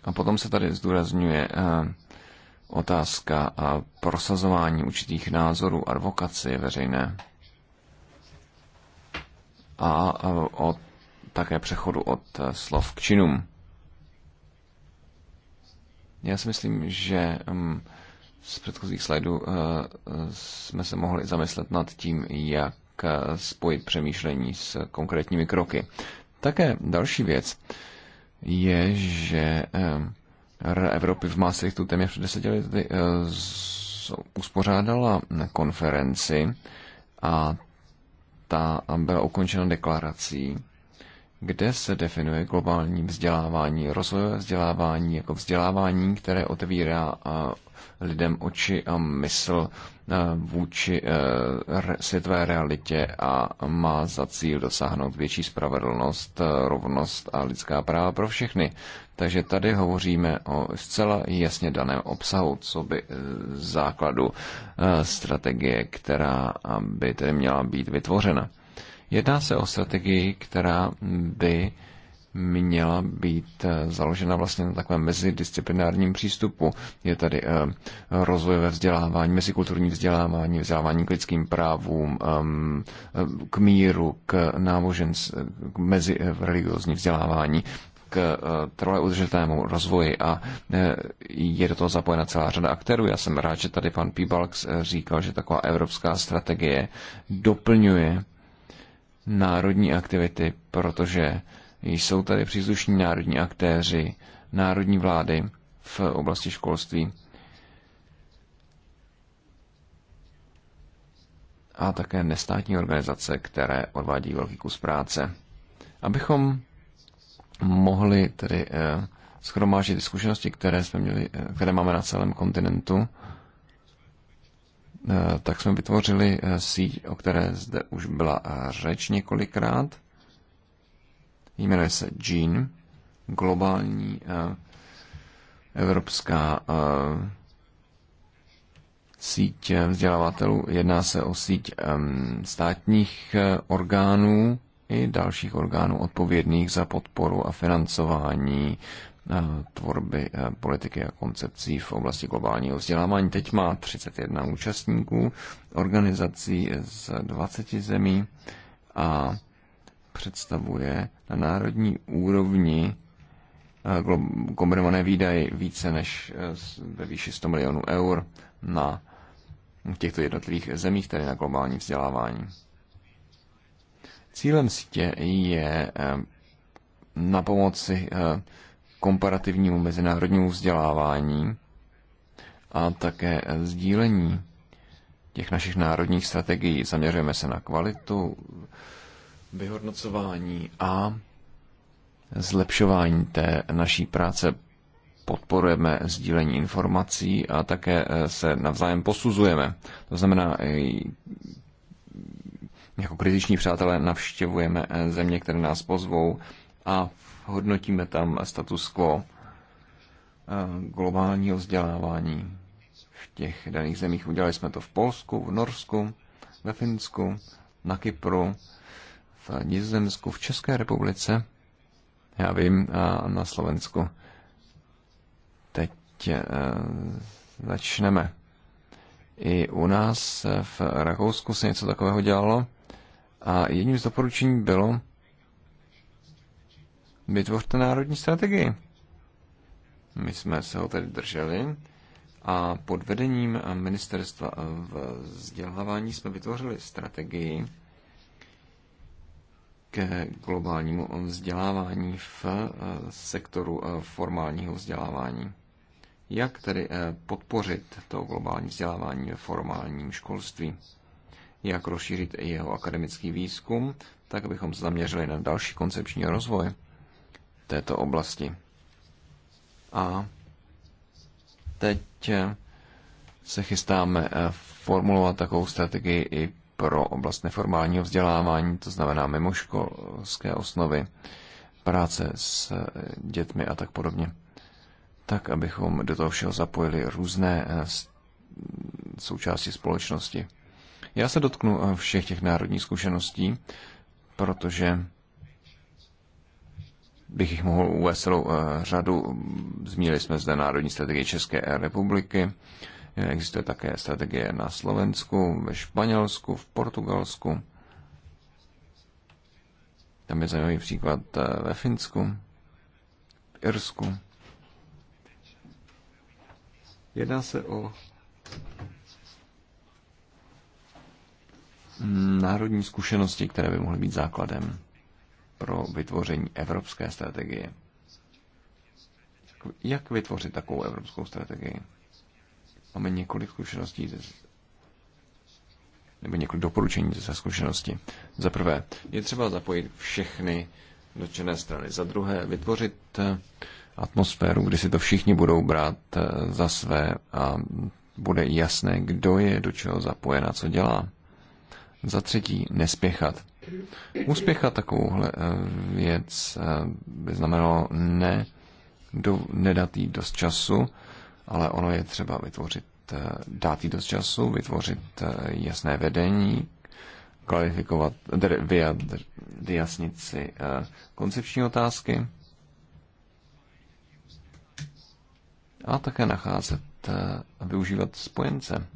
a potom se tady zdůrazňuje eh, otázka a prosazování určitých názorů, advokaci veřejné a od, také přechodu od eh, slov k činům. Já si myslím, že mm, z předchozích slajdů eh, jsme se mohli zamyslet nad tím, jak spojit přemýšlení s konkrétními kroky. Také další věc, je, že Rada Evropy v Maastrichtu téměř před deseti lety eh, uspořádala konferenci a ta byla ukončena deklarací, kde se definuje globální vzdělávání, rozvojové vzdělávání jako vzdělávání, které otevírá lidem oči a mysl vůči e, světové realitě a má za cíl dosáhnout větší spravedlnost, e, rovnost a lidská práva pro všechny. Takže tady hovoříme o zcela jasně daném obsahu, co by e, základu strategie, která by tedy měla být vytvořena. Jedná se o strategii, která by měla být eh, založena vlastně na takovém mezidisciplinárním přístupu. Je tady eh, rozvojové vzdělávání, mezikulturní vzdělávání, vzdělávání k lidským právům, ehm, eh, k míru, k náboženství, k mezireligiozní vzdělávání k trvalé udržitému rozvoji a je do toho zapojena celá řada aktérů. Já jsem rád, že tady pan Pibalks říkal, že taková evropská strategie doplňuje národní aktivity, protože jsou tady příslušní národní aktéři, národní vlády v oblasti školství. A také nestátní organizace, které odvádí velký kus práce. Abychom mohli tedy eh, schromážit zkušenosti, které, jsme měli, eh, které máme na celém kontinentu, Eh, tak jsme vytvořili eh, síť, o které zde už byla eh, řeč několikrát. Jmenuje se Gene, globální evropská síť vzdělavatelů. Jedná se o síť státních orgánů i dalších orgánů odpovědných za podporu a financování Eh, tvorby eh, politiky a koncepcí v oblasti globálního vzdělávání. Teď má 31 účastníků, organizací z 20 zemí a představuje na národní úrovni eh, kombinované výdaje více než ve výši 100 milionů eur na těchto jednotlivých zemích, tedy na globální vzdělávání. Cílem sítě je na pomoci komparativnímu mezinárodnímu vzdělávání a také sdílení těch našich národních strategií. Zaměřujeme se na kvalitu, vyhodnocování a zlepšování té naší práce. Podporujeme sdílení informací a také eh, se navzájem posuzujeme. To znamená, eh, jako kritiční přátelé navštěvujeme eh, země, které nás pozvou a hodnotíme tam status quo eh, globálního vzdělávání v těch daných zemích. Udělali jsme to v Polsku, v Norsku, ve Finsku, na Kypru, v Nizozemsku, v České republice, já vím, a na Slovensku. Teď eh, začneme. I u nás v Rakousku se něco takového dělalo a jedním z doporučení bylo, vytvořte národní strategii. My jsme se ho tady drželi a pod vedením ministerstva v vzdělávání jsme vytvořili strategii ke globálnímu vzdělávání v eh, sektoru eh, formálního vzdělávání. Jak tedy eh, podpořit to globální vzdělávání ve formálním školství? Jak rozšířit jeho akademický výzkum, tak abychom se zaměřili na další koncepční rozvoj? této oblasti. A teď eh, se chystáme eh, formulovat takovou strategii i pro oblast neformálního vzdělávání, to znamená mimoškolské osnovy, práce s eh, dětmi a tak podobně. Tak, abychom do toho všeho zapojili různé součásti společnosti. Já se dotknu všech těch národních zkušeností, protože bych jich mohl uvést celou eh, řadu. Zmínili jsme zde Národní strategii České republiky, eh, existuje také strategie na Slovensku, ve Španělsku, v Portugalsku. Tam je zajímavý příklad eh, ve Finsku, v Irsku. Jedná se o národní zkušenosti, které by mohly být základem pro vytvoření evropské strategie. Jak vytvořit takovou evropskou strategii? Máme několik zkušeností ze, nebo několik doporučení ze zkušenosti. Za prvé, je třeba zapojit všechny dotčené strany. Za druhé, vytvořit eh, atmosféru, kdy si to všichni budou brát eh, za své a bude jasné, kdo je do čeho zapojen a co dělá. Za třetí, nespěchat. Úspěcha takovouhle eh, věc eh, by znamenalo ne do, nedat jí dost času, ale ono je třeba vytvořit, eh, dát jí dost času, vytvořit jasné vedení, kvalifikovat, vyjasnit si koncepční otázky a také nacházet a využívat spojence.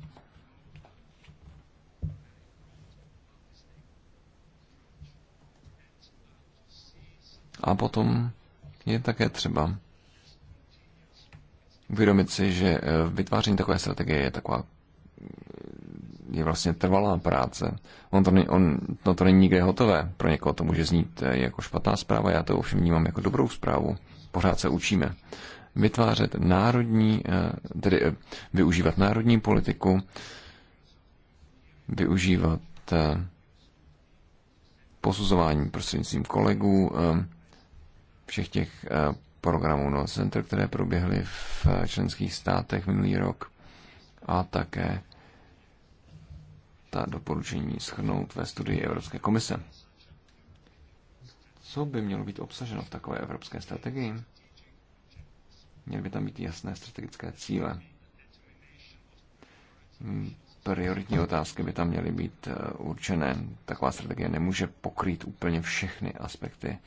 A potom je také třeba uvědomit si, že eh, vytváření takové strategie je taková je vlastně trvalá práce. On to, on, no to není nikde hotové. Pro někoho to může znít eh, jako špatná zpráva, já to ovšem vnímám jako dobrou zprávu. Pořád se učíme. Vytvářet národní, eh, tedy využívat národní politiku, využívat posuzování prostřednictvím kolegů, všech těch eh, programů no, Center, které proběhly v eh, členských státech minulý rok a také ta doporučení schrnout ve studii Evropské komise. Co by mělo být obsaženo v takové evropské strategii? Měly by tam být jasné strategické cíle. Hmm, prioritní otázky by tam měly být eh, určené. Taková strategie nemůže pokrýt úplně všechny aspekty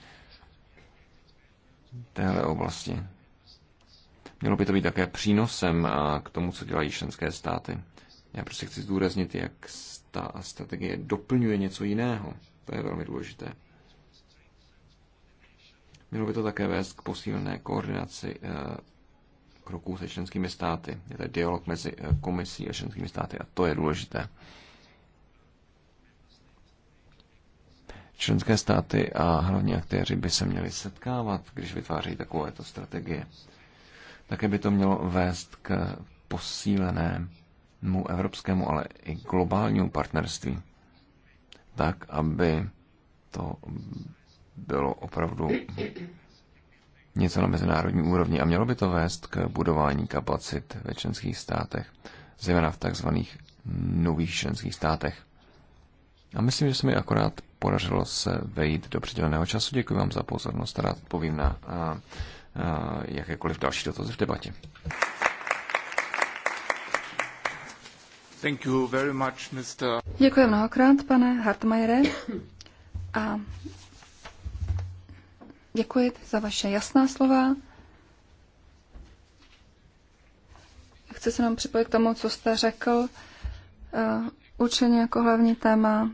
téhle oblasti. Mělo by to být také přínosem k tomu, co dělají členské státy. Já prostě chci zdůraznit, jak ta strategie doplňuje něco jiného. To je velmi důležité. Mělo by to také vést k posílené koordinaci eh, kroků se členskými státy. Je to dialog mezi eh, komisí a členskými státy a to je důležité. Členské státy a hlavní aktéři by se měli setkávat, když vytváří takovéto strategie. Také by to mělo vést k posílenému evropskému, ale i globálnímu partnerství. Tak, aby to bylo opravdu něco na mezinárodní úrovni a mělo by to vést k budování kapacit ve členských státech, zejména v takzvaných nových členských státech. A myslím, že se mi akorát podařilo se vejít do předěleného času. Děkuji vám za pozornost a rád povím na a, a, jakékoliv další dotazy v debatě. Thank you very much, Mr. Děkuji mnohokrát, pane Hartmajere. A děkuji za vaše jasná slova. Chci se nám připojit k tomu, co jste řekl. Eh, učení jako hlavní téma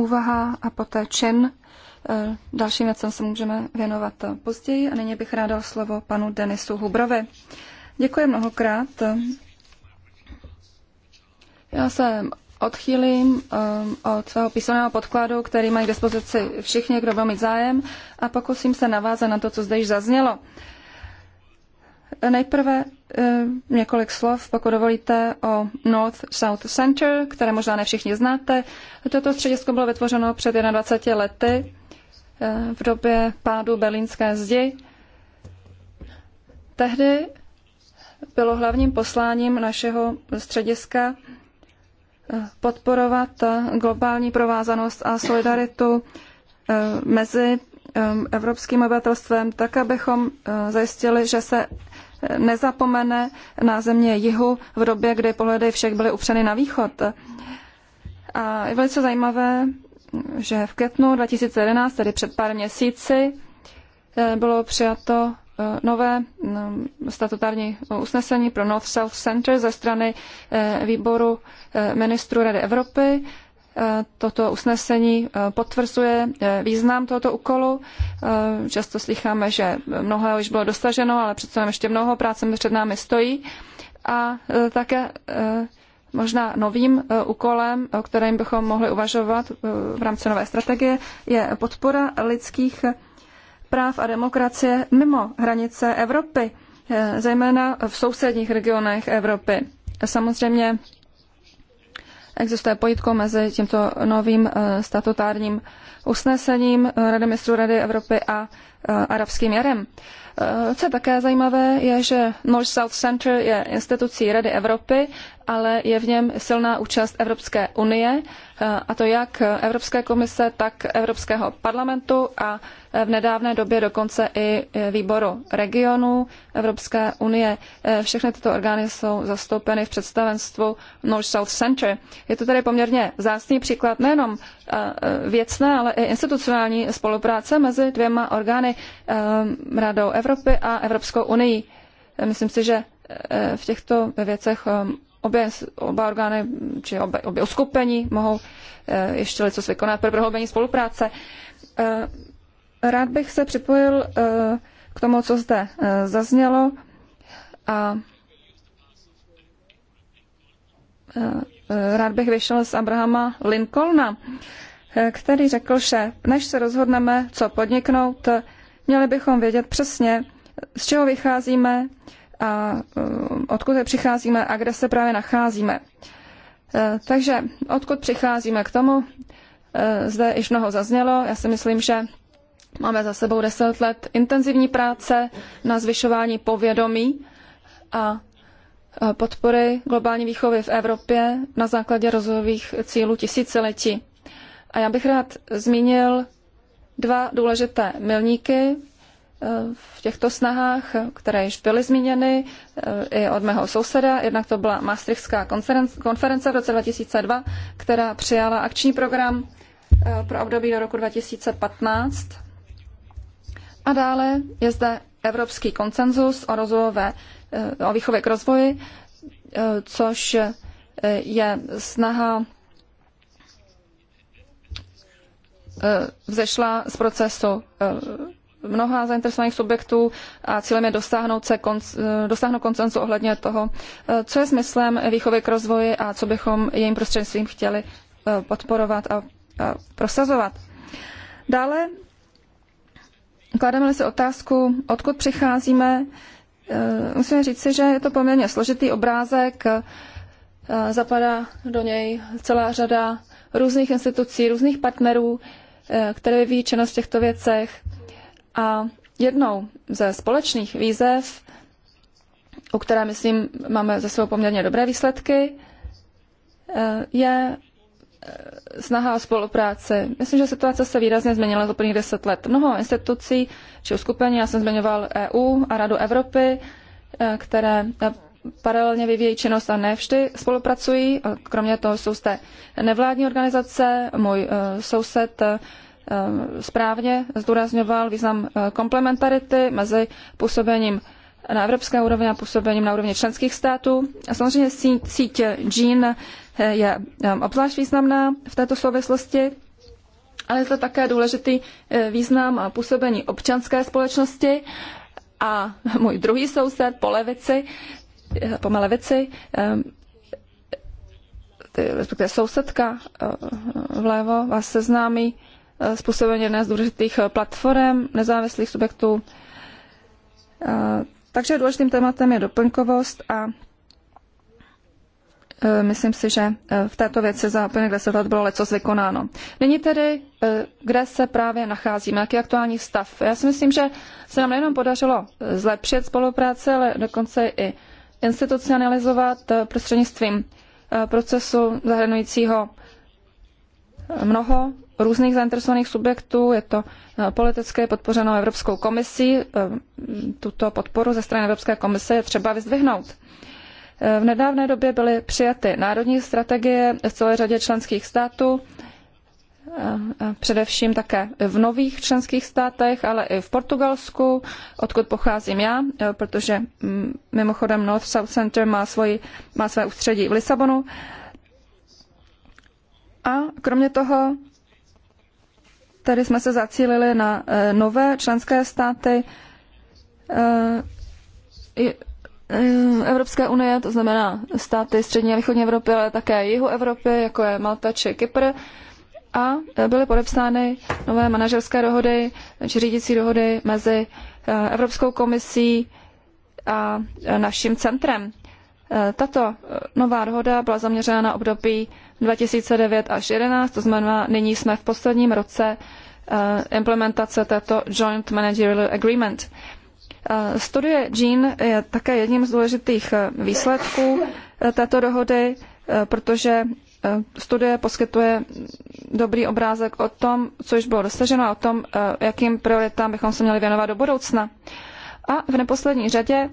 úvaha a poté čin. E, dalším věcem se můžeme věnovat později a nyní bych ráda slovo panu Denisu Hubrovi. Děkuji mnohokrát. Já se odchýlím e, od svého písemného podkladu, který mají k dispozici všichni, kdo budou mít zájem a pokusím se navázat na to, co zde již zaznělo. Nejprve eh, několik slov, pokud dovolíte, o North South Center, které možná ne všichni znáte. Toto středisko bylo vytvořeno před 21 lety eh, v době pádu berlínské zdi. Tehdy bylo hlavním posláním našeho střediska eh, podporovat globální provázanost a solidaritu mezi evropským obyvatelstvem, tak abychom zajistili, že se nezapomene na země jihu v době, kdy pohledy všech byly upřeny na východ. A je velice zajímavé, že v květnu 2011, tedy před pár měsíci, eh, bylo přijato eh, nové mm, statutární usnesení pro North South Center ze strany eh, výboru ministrů Rady Evropy, Eh, toto usnesení eh, potvrzuje eh, význam tohoto úkolu. Často slycháme, že mnoho už bylo dosaženo, ale přece ještě mnoho práce před námi stojí. A také možná novým úkolem, o kterém bychom mohli uvažovat v rámci nové strategie, je podpora lidských práv a demokracie mimo hranice Evropy, zejména v sousedních regionech Evropy. Samozřejmě Existuje pojitko mezi tímto novým eh, statutárním usnesením eh, Rady mistrů Rady Evropy a eh, arabským jarem. Eh, co je také zajímavé, je, že North South Center je institucí Rady Evropy, ale je v něm silná účast Evropské unie, eh, a to jak Evropské komise, tak Evropského parlamentu a eh, v nedávné době dokonce i výboru regionů Evropské unie. Všechny tyto orgány jsou zastoupeny v představenstvu North South Center. Je to tedy poměrně vzácný příklad nejenom věcné, ale i institucionální spolupráce mezi dvěma orgány Radou Evropy Evropy a Evropskou unii. Myslím si, že eh, v těchto věcech eh, obě, oba orgány či obě, obě uskupení mohou eh, ještě něco vykonat pro prohloubení spolupráce. Rád bych se připojil k tomu, co zde zaznělo a rád bych vyšel z Abrahama Lincolna, který řekl, že než se rozhodneme, co podniknout, Měli bychom vědět přesně, z čeho vycházíme a eh, odkud přicházíme a kde se právě nacházíme. Eh, takže odkud přicházíme k tomu, eh, zde již mnoho zaznělo. Já si myslím, že máme za sebou deset let intenzivní práce na zvyšování povědomí a podpory globální výchovy v Evropě na základě rozvojových cílů tisíciletí. A já bych rád zmínil dva důležité milníky eh, v těchto snahách, které již byly zmíněny eh, i od mého souseda. Jednak to byla Maastrichtská konference v roce 2002, která přijala akční program eh, pro období do roku 2015. A dále je zde Evropský koncenzus o, rozvojové, o výchově k rozvoji, což je snaha Eh, vzešla z procesu eh, mnoha zainteresovaných subjektů a cílem je dosáhnout, se konc, eh, dosáhnout koncenzu ohledně toho, co je smyslem výchovy k rozvoji a co bychom jejím prostřednictvím chtěli podporovat a prosazovat. Dále klademe si otázku, odkud přicházíme. Musíme si, že je to poměrně složitý obrázek, zapadá do něj celá řada různých institucí, různých partnerů, Eh, které vyvíjí činnost v těchto věcech. A jednou ze společných výzev, u které, myslím, máme za svou poměrně dobré výsledky, eh, je eh, snaha o spolupráci. Myslím, že situace se výrazně změnila za prvních deset let. Mnoho institucí či uskupení, já jsem zmiňoval EU a Radu Evropy, které paralelně vyvíjejí činnost a ne vždy spolupracují. Kromě toho jsou zde nevládní organizace. Můj eh, soused eh, správně zdůrazňoval význam eh, komplementarity mezi působením na evropské úrovni a působením na úrovni členských států. A samozřejmě síť GEAN je obzvlášť významná v této souvislosti, ale je to také důležitý význam a působení občanské společnosti. A můj druhý soused po levici po věci, ehm, respektive sousedka eh, vlevo vás seznámí způsobem eh, jedné z důležitých eh, platform nezávislých subjektů. Takže důležitým tématem je doplňkovost a myslím si, že v této věci za úplně 10 let bylo leco vykonáno. Nyní tedy, kde se právě nacházíme, jaký je aktuální stav. Já si myslím, že se nám nejenom podařilo zlepšit spolupráce, ale dokonce i institucionalizovat eh, prostřednictvím eh, procesu zahrnujícího eh, mnoho různých zainteresovaných subjektů. Je to politické podpořeno Evropskou komisí. Tuto podporu ze strany Evropské komise je třeba vyzdvihnout. V nedávné době byly přijaty národní strategie v celé řadě členských států především také v nových členských státech, ale i v Portugalsku, odkud pocházím já, protože mm, mimochodem North South Center má, svoji, má své ústředí v Lisabonu. A kromě toho tady jsme se zacílili na e, nové členské státy e, e, Evropské unie, to znamená státy střední a východní Evropy, ale také jihu Evropy, jako je Malta či Kypr a byly podepsány nové manažerské dohody či řídící dohody mezi eh, Evropskou komisí a eh, naším centrem. Eh, tato nová dohoda byla zaměřena na období 2009 až 2011, to znamená, nyní jsme v posledním roce implementace této Joint Managerial Agreement. Studie Jean je také jedním z důležitých výsledků této dohody, protože Eh, studie poskytuje dobrý obrázek o tom, co již bylo dosaženo, a o tom, eh, jakým prioritám bychom se měli věnovat do budoucna. A v neposlední řadě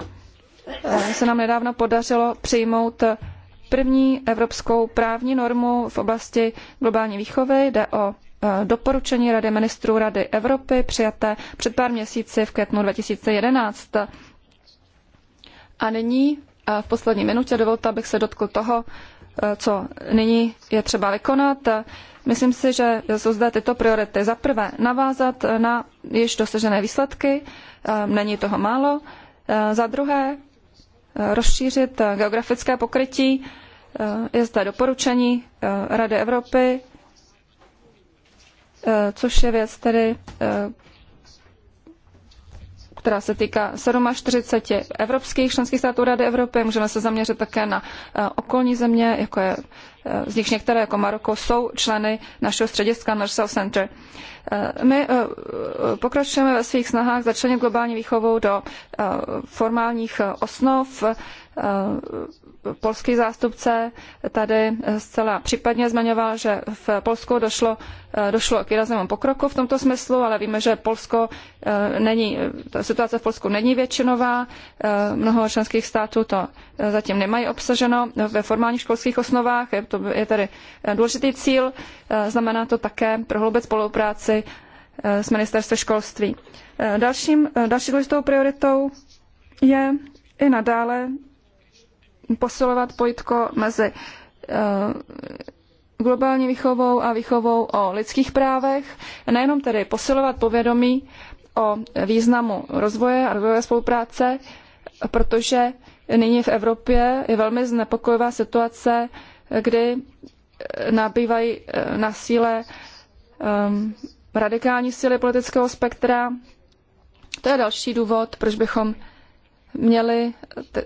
eh, se nám nedávno podařilo přijmout první evropskou právní normu v oblasti globální výchovy. Jde o doporučení Rady ministrů Rady Evropy přijaté před pár měsíci v květnu 2011. A nyní v poslední minutě dovolte, abych se dotkl toho, Eh, co nyní je třeba vykonat. Myslím si, že jsou zde tyto priority. Za prvé, navázat na již dosažené výsledky, ehm, není toho málo. Eh, za druhé, eh, rozšířit geografické pokrytí, je zde doporučení Rady Evropy, což je věc tedy, která se týká 47 evropských členských států Rady Evropy. Můžeme se zaměřit také na eh, okolní země, jako je, eh, z nich některé, jako Maroko, jsou členy našeho střediska Nursel Center. Eh, my pokračujeme ve svých snahách začlenit globální výchovu do formálních osnov polský zástupce tady zcela případně zmiňoval, že v Polsku došlo, eh, došlo k výraznému pokroku v tomto smyslu, ale víme, že Polsko eh, není, ta situace v Polsku není většinová, eh, mnoho členských států to zatím nemají obsaženo ve formálních školských osnovách, je, to, je tedy důležitý cíl, znamená to také prohloubit spolupráci s ministerstvem školství. Dalším, další důležitou prioritou je i nadále posilovat pojitko mezi eh, globální výchovou a výchovou o lidských právech, nejenom tedy posilovat povědomí o významu rozvoje a rozvojové spolupráce, protože nyní v Evropě je velmi znepokojivá situace, kdy eh, nabývají eh, na síle radikální síly politického spektra. To je další důvod, proč bychom měli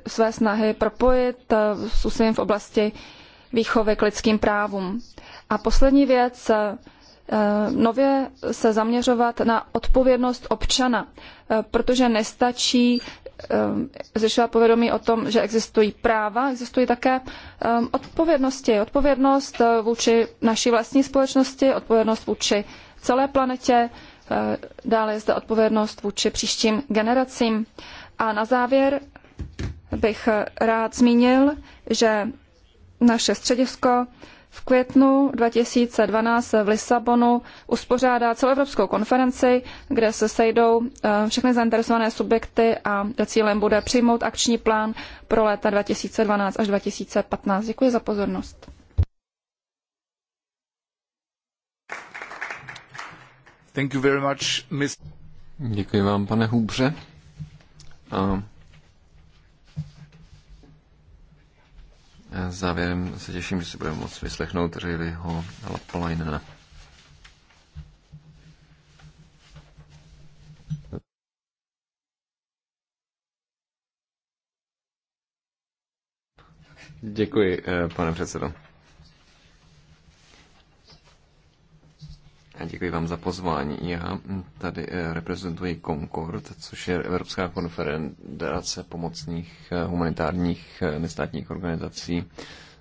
své snahy propojit eh, s úsilím v oblasti výchovy k lidským právům. A poslední věc, eh, nově se zaměřovat na odpovědnost občana, eh, protože nestačí zvyšovat povědomí o tom, že existují práva, existují také odpovědnosti. Odpovědnost vůči naší vlastní společnosti, odpovědnost vůči celé planetě, dále je zde odpovědnost vůči příštím generacím. A na závěr bych rád zmínil, že naše středisko v květnu 2012 v Lisabonu uspořádá celoevropskou konferenci, kde se sejdou eh, všechny zainteresované subjekty a cílem bude přijmout akční plán pro léta 2012 až 2015. Děkuji za pozornost. Thank you very much, miss... Děkuji vám, pane Hubře závěrem se těším, že si budeme moct vyslechnout Rilyho Lapalainena. Děkuji, eh, pane předsedo. Děkuji vám za pozvání. Já tady eh, reprezentuji Concord, což je Evropská konference pomocných eh, humanitárních eh, nestátních organizací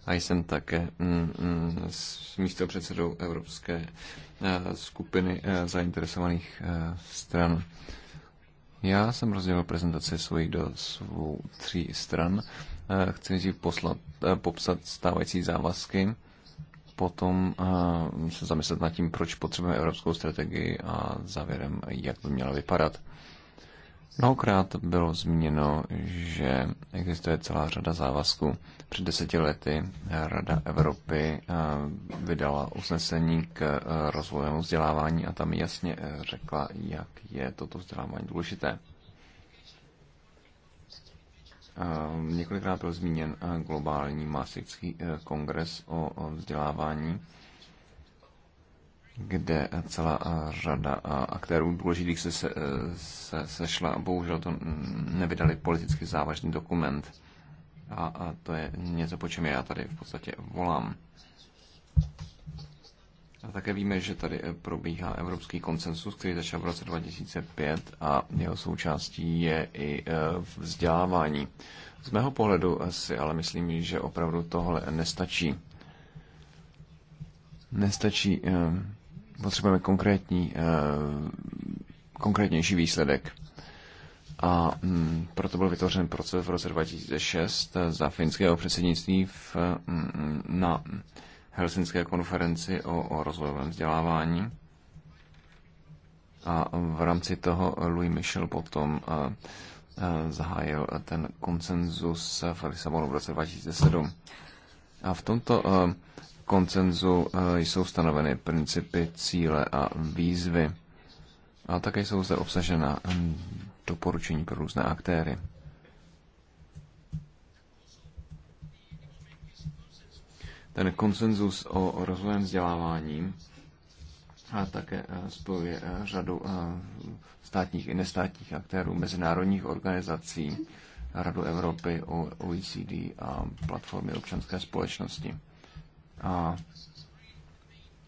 a jsem také mm, mm, s místo předsedou Evropské skupiny zainteresovaných stran. Já jsem rozdělil prezentaci svoji do svou tří stran. Chci nejdřív poslat, popsat stávající závazky, potom eh, se zamyslet nad tím, proč potřebujeme evropskou strategii a závěrem, jak by měla vypadat. Mnohokrát bylo zmíněno, že existuje celá řada závazků. Před deseti lety Rada Evropy eh, vydala usnesení k eh, rozvojovému vzdělávání a tam jasně řekla, jak je toto vzdělávání důležité. Eh, několikrát byl zmíněn eh, globální masický eh, kongres o vzdělávání, kde celá řada aktérů důležitých se, se, se sešla. Bohužel to nevydali politicky závažný dokument. A, a to je něco, po čem já tady v podstatě volám. A také víme, že tady eh, probíhá evropský konsensus, který začal v roce 2005 a jeho součástí je i eh, vzdělávání. Z mého pohledu eh, si ale myslím, že opravdu tohle nestačí. Nestačí, potřebujeme konkrétní, konkrétnější výsledek. A hm, proto byl vytvořen proces v roce 2006 za finského předsednictví v, hm, na Helsinské konferenci o, o rozvojovém vzdělávání. A v rámci toho Louis Michel potom eh, eh, zahájil ten konsenzus v Lisabonu v roce 2007. A v tomto eh, koncenzu jsou stanoveny principy, cíle a výzvy. A také jsou zde obsažena hm, doporučení pro různé aktéry. ten konsenzus o rozvojem vzdělávání a také eh, spojuje eh, řadu eh, státních i nestátních aktérů, mezinárodních organizací, Radu Evropy, OECD a platformy občanské společnosti. A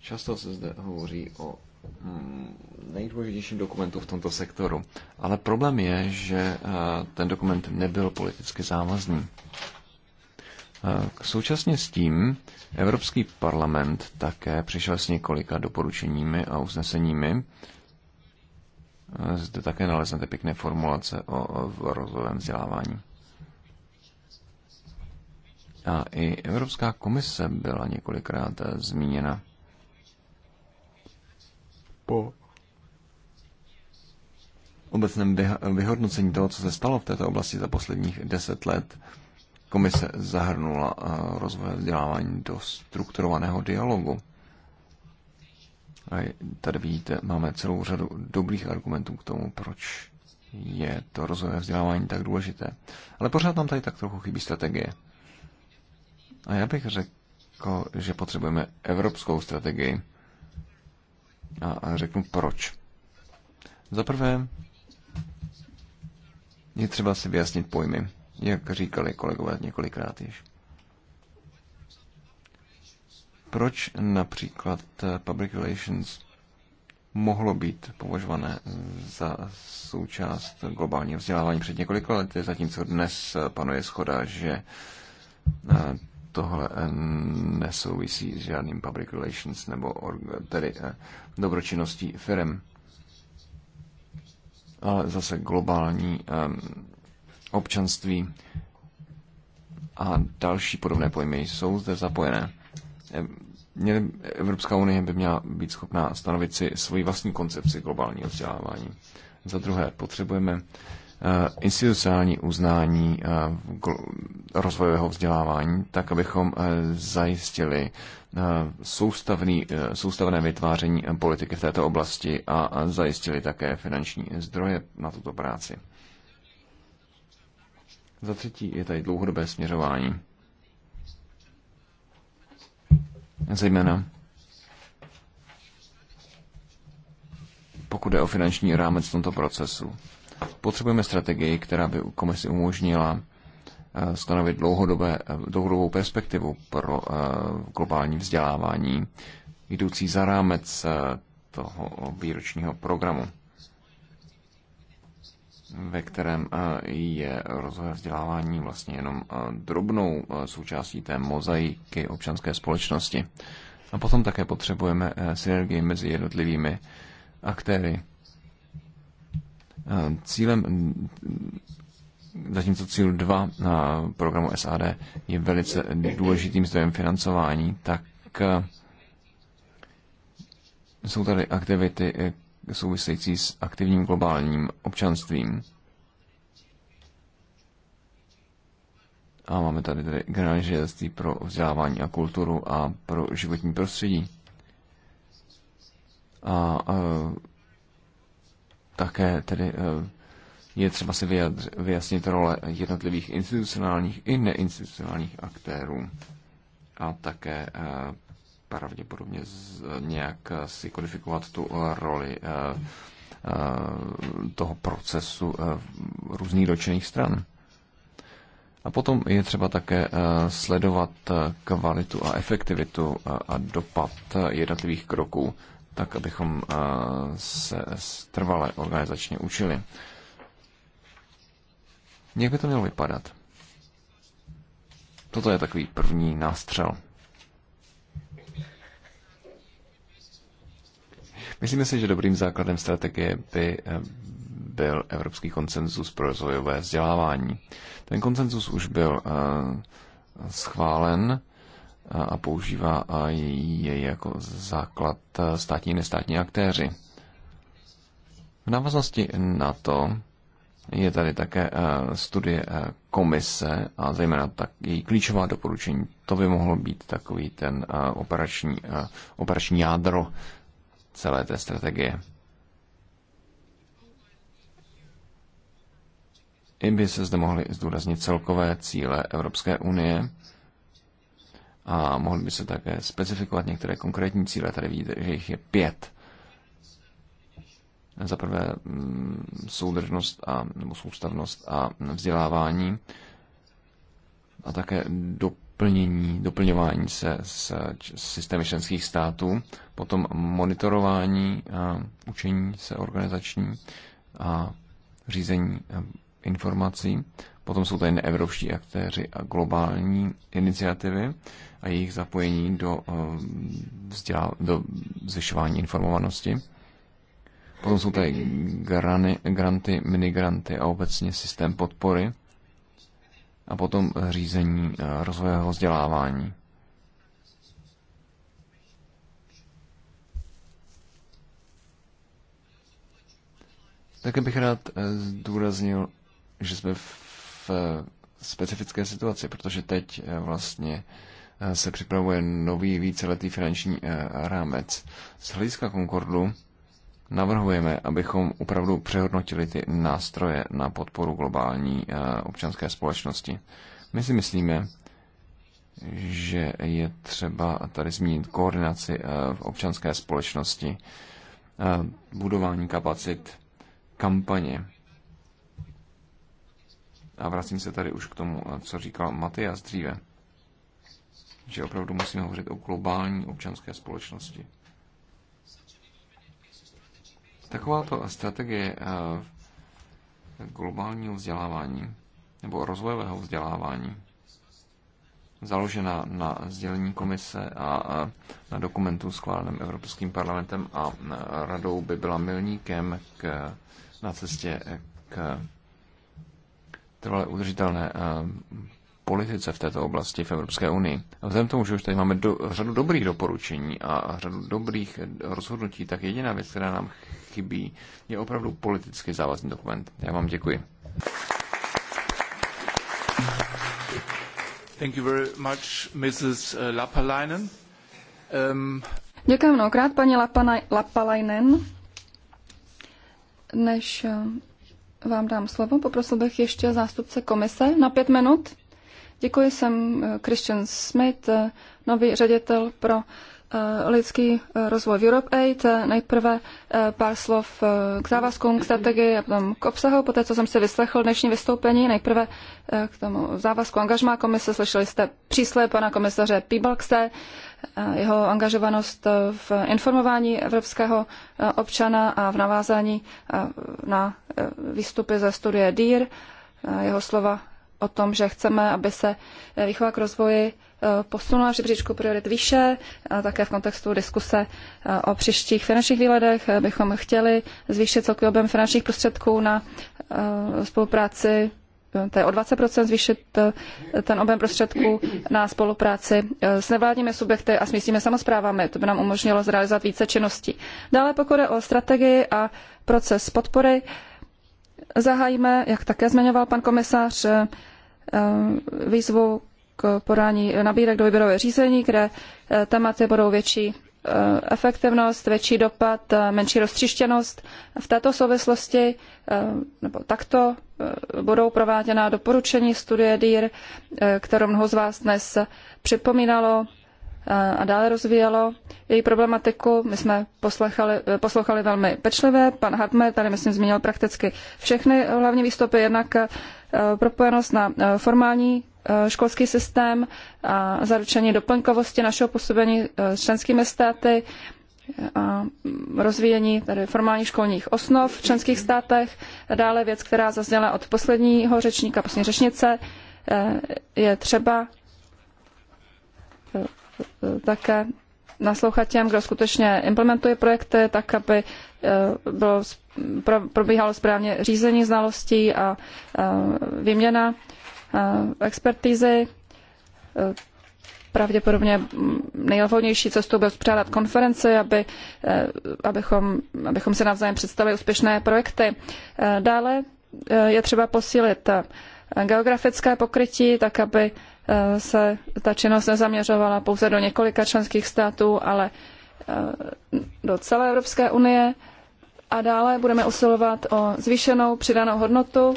často se zde hovoří o mm, nejdůležitějším dokumentu v tomto sektoru. Ale problém je, že ten dokument nebyl politicky závazný. Současně s tím Evropský parlament také přišel s několika doporučeními a usneseními. Zde také naleznete pěkné formulace o, rozvojovém vzdělávání. A i Evropská komise byla několikrát zmíněna. Po obecném vyhodnocení toho, co se stalo v této oblasti za posledních deset let, komise zahrnula eh, rozvoj vzdělávání do strukturovaného dialogu. A tady vidíte, máme celou řadu dobrých argumentů k tomu, proč je to rozvoj vzdělávání tak důležité. Ale pořád nám tady tak trochu chybí strategie. A já bych řekl, že potřebujeme evropskou strategii. A, a řeknu proč. Za prvé, je třeba si vyjasnit pojmy jak říkali kolegové několikrát již. Proč například eh, public relations mohlo být považované za součást globálního vzdělávání před několika lety, zatímco dnes panuje schoda, že eh, tohle eh, nesouvisí s žádným public relations nebo tedy dobročinností firm. Ale zase globální občanství a další podobné pojmy jsou zde zapojené. Evropská unie by měla být schopná stanovit si svoji vlastní koncepci globálního vzdělávání. Za druhé, potřebujeme eh, institucionální uznání eh, rozvojového vzdělávání, tak abychom eh, zajistili soustavný, soustavné vytváření politiky v této oblasti a zajistili také finanční zdroje na tuto práci. Za třetí je tady dlouhodobé směřování. Zejména pokud je o finanční rámec v tomto procesu. Potřebujeme strategii, která by komisi umožnila eh, stanovit dlouhodobé, eh, dlouhodobou perspektivu pro eh, globální vzdělávání, jdoucí za rámec toho výročního programu ve kterém eh, je rozvoj vzdělávání vlastně jenom eh, drobnou eh, součástí té mozaiky občanské společnosti. A potom také potřebujeme synergii mezi jednotlivými aktéry. Cílem, zatímco cíl 2 programu SAD je velice důležitým zdrojem financování, tak jsou tady aktivity, související s aktivním globálním občanstvím. A máme tady tedy generální ředitelství pro vzdělávání a kulturu a pro životní prostředí. A, a také tedy e, je třeba si vyjadř, vyjasnit role jednotlivých institucionálních i neinstitucionálních aktérů a také e, pravděpodobně z, nějak si kodifikovat tu eh, roli eh, eh, toho procesu různých dočených stran. A potom je třeba také sledovat kvalitu a efektivitu a dopad jednotlivých kroků, tak abychom se trvale organizačně učili. Jak by to mělo vypadat? Toto je takový první nástřel. Myslíme si, že dobrým základem strategie by eh, byl Evropský konsenzus pro rozvojové vzdělávání. Ten konsenzus už byl eh, schválen eh, a používá jej jako základ státní i nestátní aktéři. V návaznosti na to je tady také studie komise a zejména tak její klíčová doporučení. To by mohlo být takový ten operační, operační jádro celé té strategie. I by se zde mohly zdůraznit celkové cíle Evropské unie a mohly by se také specifikovat některé konkrétní cíle. Tady vidíte, že jich je pět. Za prvé mm, soudržnost a, nebo soustavnost a vzdělávání a také dop doplnění, doplňování se s systémy členských států, potom monitorování učení se organizační a řízení informací, potom jsou tady neevropští aktéři a globální iniciativy a jejich zapojení do, eh, vzdělá, do zvyšování informovanosti. Potom jsou tady granty, minigranty a obecně systém podpory a potom eh, řízení eh, rozvojového vzdělávání. Také bych rád eh, zdůraznil, že jsme v specifické situaci, protože teď vlastně se připravuje nový víceletý finanční rámec. Z hlediska Concordu navrhujeme, abychom opravdu přehodnotili ty nástroje na podporu globální eh, občanské společnosti. My si myslíme, že je třeba tady zmínit koordinaci eh, v občanské společnosti, eh, budování kapacit, kampaně. A vracím se tady už k tomu, co říkal Matias dříve, že opravdu musíme hovořit o globální občanské společnosti. Takováto strategie eh, globálního vzdělávání nebo rozvojového vzdělávání založena na sdělení komise a na dokumentu schváleném Evropským parlamentem a eh, radou by byla milníkem k, na cestě k trvalé udržitelné eh, politice v této oblasti v Evropské unii. A vzhledem tomu, že už tady máme do, řadu dobrých doporučení a řadu dobrých rozhodnutí, tak jediná věc, která nám chybí, je opravdu politicky závazný dokument. Já vám děkuji. Thank you very much, Mrs. Lapalainen. Um... Děkuji mnohokrát, paní Lapalainen. Než eh, vám dám slovo, poprosil bych ještě zástupce komise na pět minut. Děkuji, jsem eh, Christian Smith, eh, nový ředitel pro Eh, lidský eh, rozvoj v Europe Aid. Eh, nejprve pár slov k závazkům, k strategii a potom k obsahu. Poté, co jsem si vyslechl dnešní vystoupení, nejprve k tomu závazku angažmá komise. Slyšeli jste příslip pana komisaře Pibalkse, jeho angažovanost v informování evropského občana a v navázání na výstupy ze studie DIR. Jeho slova o tom, že chceme, aby se výchova k rozvoji Eh, posunula žebříčku priorit výše a také v kontextu diskuse eh, o příštích finančních výhledech eh, bychom chtěli zvýšit celkový objem finančních prostředků na spolupráci to je o 20 zvýšit ten objem prostředků na spolupráci s nevládními subjekty a s místními samozprávami. To by nám umožnilo zrealizovat více činností. Dále pokud je o strategii a proces podpory, zahájíme, jak také zmiňoval pan komisař, výzvu k podání nabídek do výběrové řízení, kde eh, tematy budou větší eh, efektivnost, větší dopad, eh, menší roztřištěnost. V této souvislosti nebo takto budou prováděna doporučení studie DIR, kterou mnoho z vás dnes připomínalo a dále rozvíjelo její problematiku. My jsme poslouchali, poslouchali velmi pečlivě. Pan Hartmer tady, myslím, zmínil prakticky všechny hlavní výstupy. Jednak Eh, propojenost na eh, formální eh, školský systém a zaručení doplňkovosti našeho působení s členskými státy, a rozvíjení tedy formálních školních osnov v členských státech. Dále věc, která zazněla od posledního řečníka, poslední řečnice, je třeba také naslouchat těm, kdo skutečně implementuje projekty, tak aby eh, bylo, probíhalo správně řízení znalostí a eh, výměna eh, expertízy. Pravděpodobně mm, nejvhodnější cestou byl uspořádat konferenci, aby, abychom, abychom se navzájem představili úspěšné projekty. Dále je třeba posílit geografické pokrytí, tak aby se ta činnost nezaměřovala pouze do několika členských států, ale eh, do celé Evropské unie. A dále budeme usilovat o zvýšenou přidanou hodnotu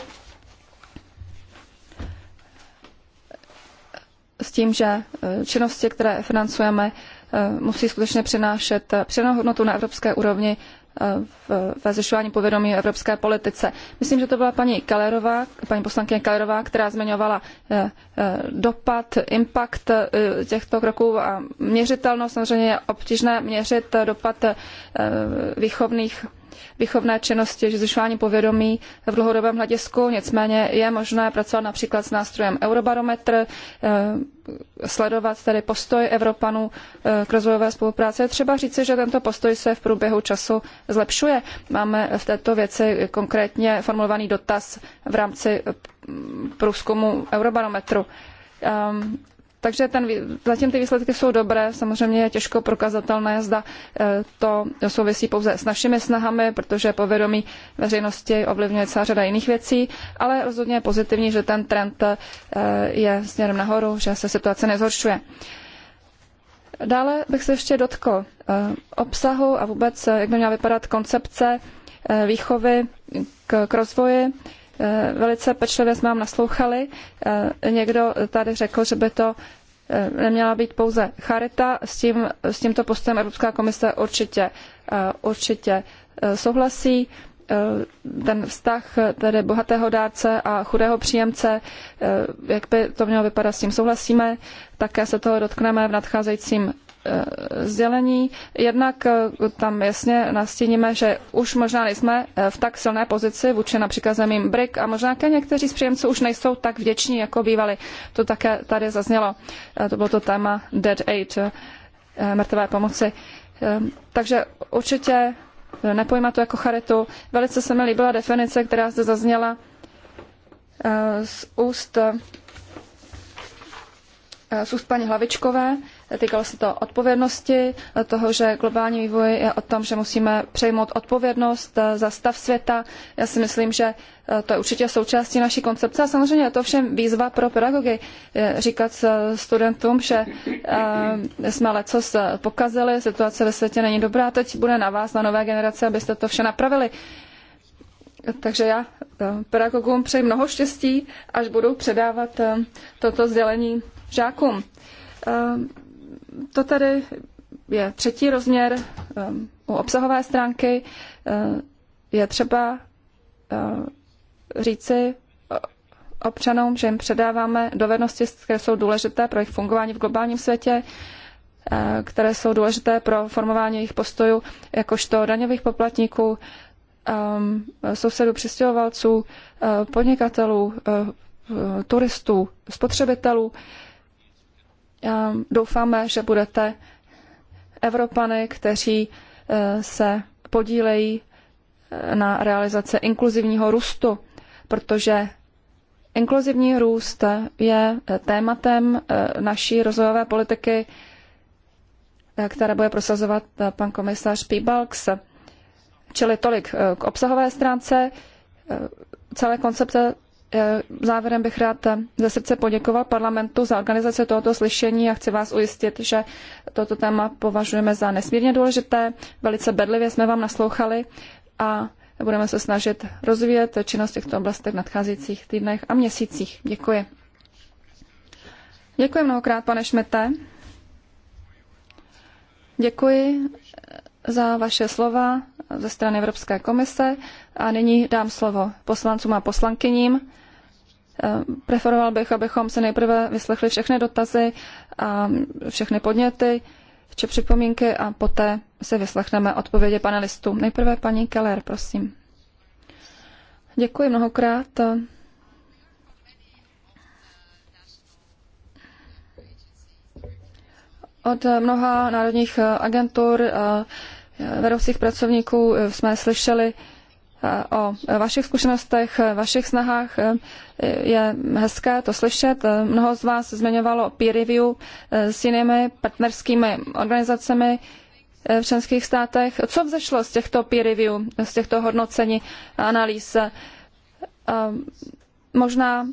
s tím, že eh, činnosti, které financujeme, eh, musí skutečně přinášet přidanou hodnotu na evropské úrovni Eh, ve zvyšování povědomí evropské politice. Myslím, že to byla paní Kalerová, paní poslankyně Kellerová, která zmiňovala eh, eh, dopad, impact těchto kroků a měřitelnost. Samozřejmě je obtížné měřit dopad výchovných výchovné činnosti, zvyšování povědomí v dlouhodobém hledisku. Nicméně je možné pracovat například s nástrojem Eurobarometr, eh, sledovat tedy postoj Evropanů eh, k rozvojové spolupráci. Je třeba říci, že tento postoj se v průběhu času zlepšuje. Máme v této věci konkrétně formulovaný dotaz v rámci eh, průzkumu Eurobarometru ehm, takže ten, zatím ty výsledky jsou dobré, samozřejmě je těžko prokazatelné, zda eh, to souvisí pouze s našimi snahami, protože povědomí veřejnosti ovlivňuje celá řada jiných věcí, ale rozhodně je pozitivní, že ten trend eh, je směrem nahoru, že se situace nezhoršuje. Dále bych se ještě dotkl eh, obsahu a vůbec, jak by měla vypadat koncepce výchovy k, k rozvoji Eh, velice pečlivě jsme vám naslouchali. Eh, někdo tady řekl, že by to eh, neměla být pouze charita. S, tím, s tímto postem Evropská komise určitě, určitě souhlasí. Ten vztah tedy bohatého dárce a chudého příjemce, jak by to mělo vypadat, s tím souhlasíme. Také se toho dotkneme v nadcházejícím Eh, sdělení. Jednak eh, tam jasně nastíníme, že už možná nejsme eh, v tak silné pozici vůči například zemím BRIC a možná ke někteří z příjemců už nejsou tak vděční, jako bývali. To také tady zaznělo. To bylo to téma Dead Aid, mrtvé pomoci. Takže určitě nepojímat to jako charitu. Velice se mi líbila definice, která zde zazněla z úst z úst paní Hlavičkové, Týkalo se to odpovědnosti, toho, že globální vývoj je o tom, že musíme přejmout odpovědnost eh, za stav světa. Já si myslím, že eh, to je určitě součástí naší koncepce. A samozřejmě je to všem výzva pro pedagogy eh, říkat studentům, že jsme lecos pokazili, situace ve světě není dobrá, teď bude na vás, na nové generace, abyste to vše napravili. Takže já pedagogům přeji mnoho štěstí, až budou předávat toto sdělení žákům to tady je třetí rozměr um, u obsahové stránky. Uh, je třeba uh, říci občanům, že jim předáváme dovednosti, které jsou důležité pro jejich fungování v globálním světě, uh, které jsou důležité pro formování jejich postojů, jakožto daňových poplatníků, um, sousedů, přistěhovalců, podnikatelů, turistů, spotřebitelů. Ehm, doufáme, že budete Evropany, kteří eh, se podílejí eh, na realizaci inkluzivního růstu, protože inkluzivní růst je eh, tématem naší rozvojové politiky, které bude prosazovat pan komisař Pibalks. Čili tolik k obsahové stránce celé koncepce Eh, závěrem bych rád ze srdce poděkoval parlamentu za organizaci tohoto slyšení a chci vás ujistit, že toto téma považujeme za nesmírně důležité. Velice bedlivě jsme vám naslouchali a budeme se snažit rozvíjet činnost v těchto oblastech v nadcházejících týdnech a měsících. Děkuji. Děkuji mnohokrát, pane Šmete. Děkuji za vaše slova ze strany Evropské komise a nyní dám slovo poslancům a poslankyním. Eh, preferoval bych, abychom se nejprve vyslechli všechny dotazy a všechny podněty či připomínky a poté se vyslechneme odpovědi panelistů. Nejprve paní Keller, prosím. Děkuji mnohokrát. Od mnoha národních agentur, eh, vedoucích pracovníků eh, jsme slyšeli, o vašich zkušenostech, vašich snahách. Je hezké to slyšet. Mnoho z vás zmiňovalo peer review s jinými partnerskými organizacemi v členských státech. Co vzešlo z těchto peer review, z těchto hodnocení a analýz? Ehm, možná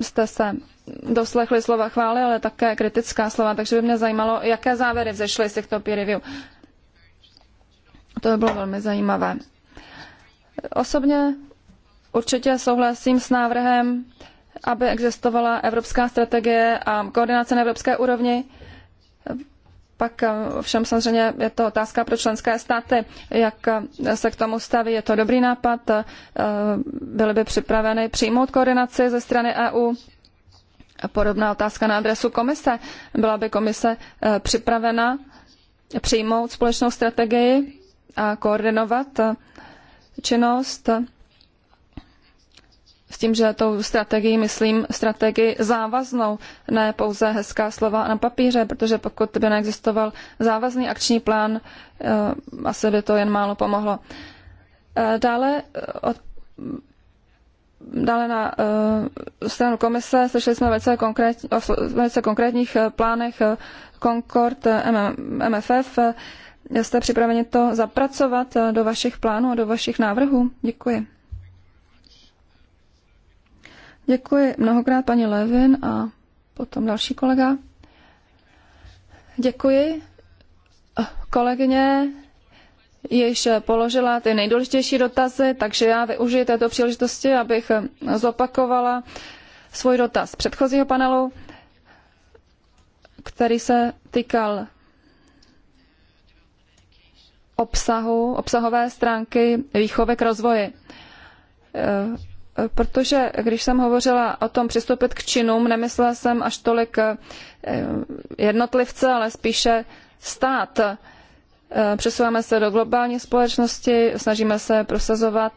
jste se doslechli slova chvály, ale také kritická slova, takže by mě zajímalo, jaké závěry vzešly z těchto peer review. To by bylo velmi zajímavé. Osobně určitě souhlasím s návrhem, aby existovala evropská strategie a koordinace na evropské úrovni. Pak eh, všem samozřejmě je to otázka pro členské státy, jak eh, se k tomu staví. Je to dobrý nápad, eh, byly by připraveny přijmout koordinaci ze strany EU. Podobná otázka na adresu komise. Byla by komise připravena přijmout společnou strategii a koordinovat činnost s tím, že tou strategií myslím strategii závaznou, ne pouze hezká slova na papíře, protože pokud by neexistoval závazný akční plán, eh, asi by to jen málo pomohlo. Eh, dále, eh, od, dále na stranu komise slyšeli jsme velice konkrétní, o velice konkrétních plánech Concord MFF. MFF, jste připraveni to zapracovat eh, do vašich plánů a do vašich návrhů? Děkuji. Děkuji mnohokrát paní Levin a potom další kolega. Děkuji. Eh, kolegyně již položila ty nejdůležitější dotazy, takže já využiju této příležitosti, abych eh, zopakovala svůj dotaz předchozího panelu, který se týkal obsahu, obsahové stránky výchovy k rozvoji. E, protože když jsem hovořila o tom přistoupit k činům, nemyslela jsem až tolik e, jednotlivce, ale spíše stát. E, přesouváme se do globální společnosti, snažíme se prosazovat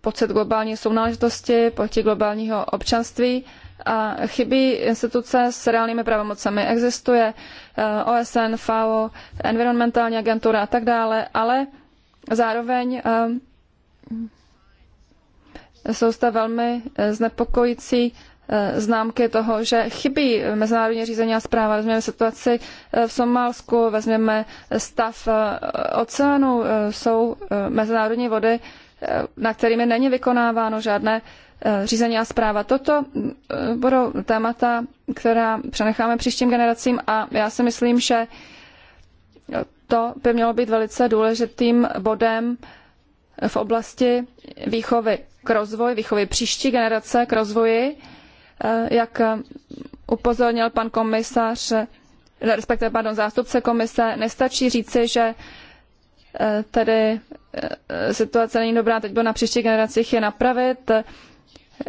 pocit globální sounáležitosti, pocit globálního občanství a chybí instituce s reálnými pravomocemi. Existuje eh, OSN, FAO, environmentální agentura a tak dále, ale zároveň eh, jsou zde velmi eh, znepokojící známky toho, že chybí mezinárodní řízení a zpráva. Vezměme situaci v Somálsku, vezměme stav oceánu, jsou mezinárodní vody na kterými není vykonáváno žádné eh, řízení a zpráva. Toto eh, budou témata, která přenecháme příštím generacím a já si myslím, že to by mělo být velice důležitým bodem v oblasti výchovy k rozvoji, výchovy příští generace k rozvoji, eh, jak upozornil pan komisař, respektive pardon, zástupce komise, nestačí říci, že tedy E, situace není dobrá, teď bylo na příští generacích je napravit.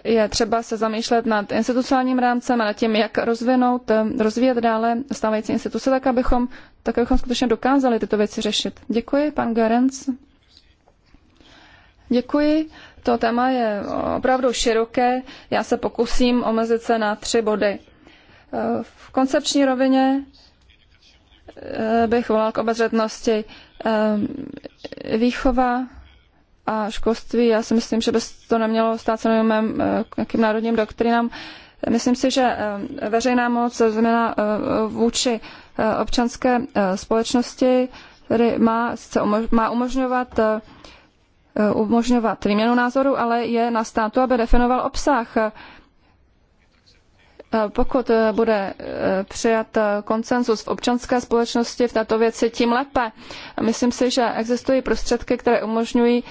Je třeba se zamýšlet nad institucionálním rámcem a nad tím, jak rozvinout, e, rozvíjet dále stávající instituce, tak abychom, tak abychom skutečně dokázali tyto věci řešit. Děkuji, pan Garenc. Děkuji. To téma je opravdu široké. Já se pokusím omezit se na tři body. E, v koncepční rovině Eh, bych volal k obezřetnosti. Eh, výchova a školství, já si myslím, že by to nemělo stát se eh, k nějakým národním doktrinám. Myslím si, že veřejná moc, zejména vůči občanské společnosti, tedy má, má umožňovat umožňovat výměnu názoru, ale je na státu, aby definoval obsah Eh, pokud eh, bude eh, přijat konsenzus v občanské společnosti v této věci, tím lépe. Myslím si, že existují prostředky, které umožňují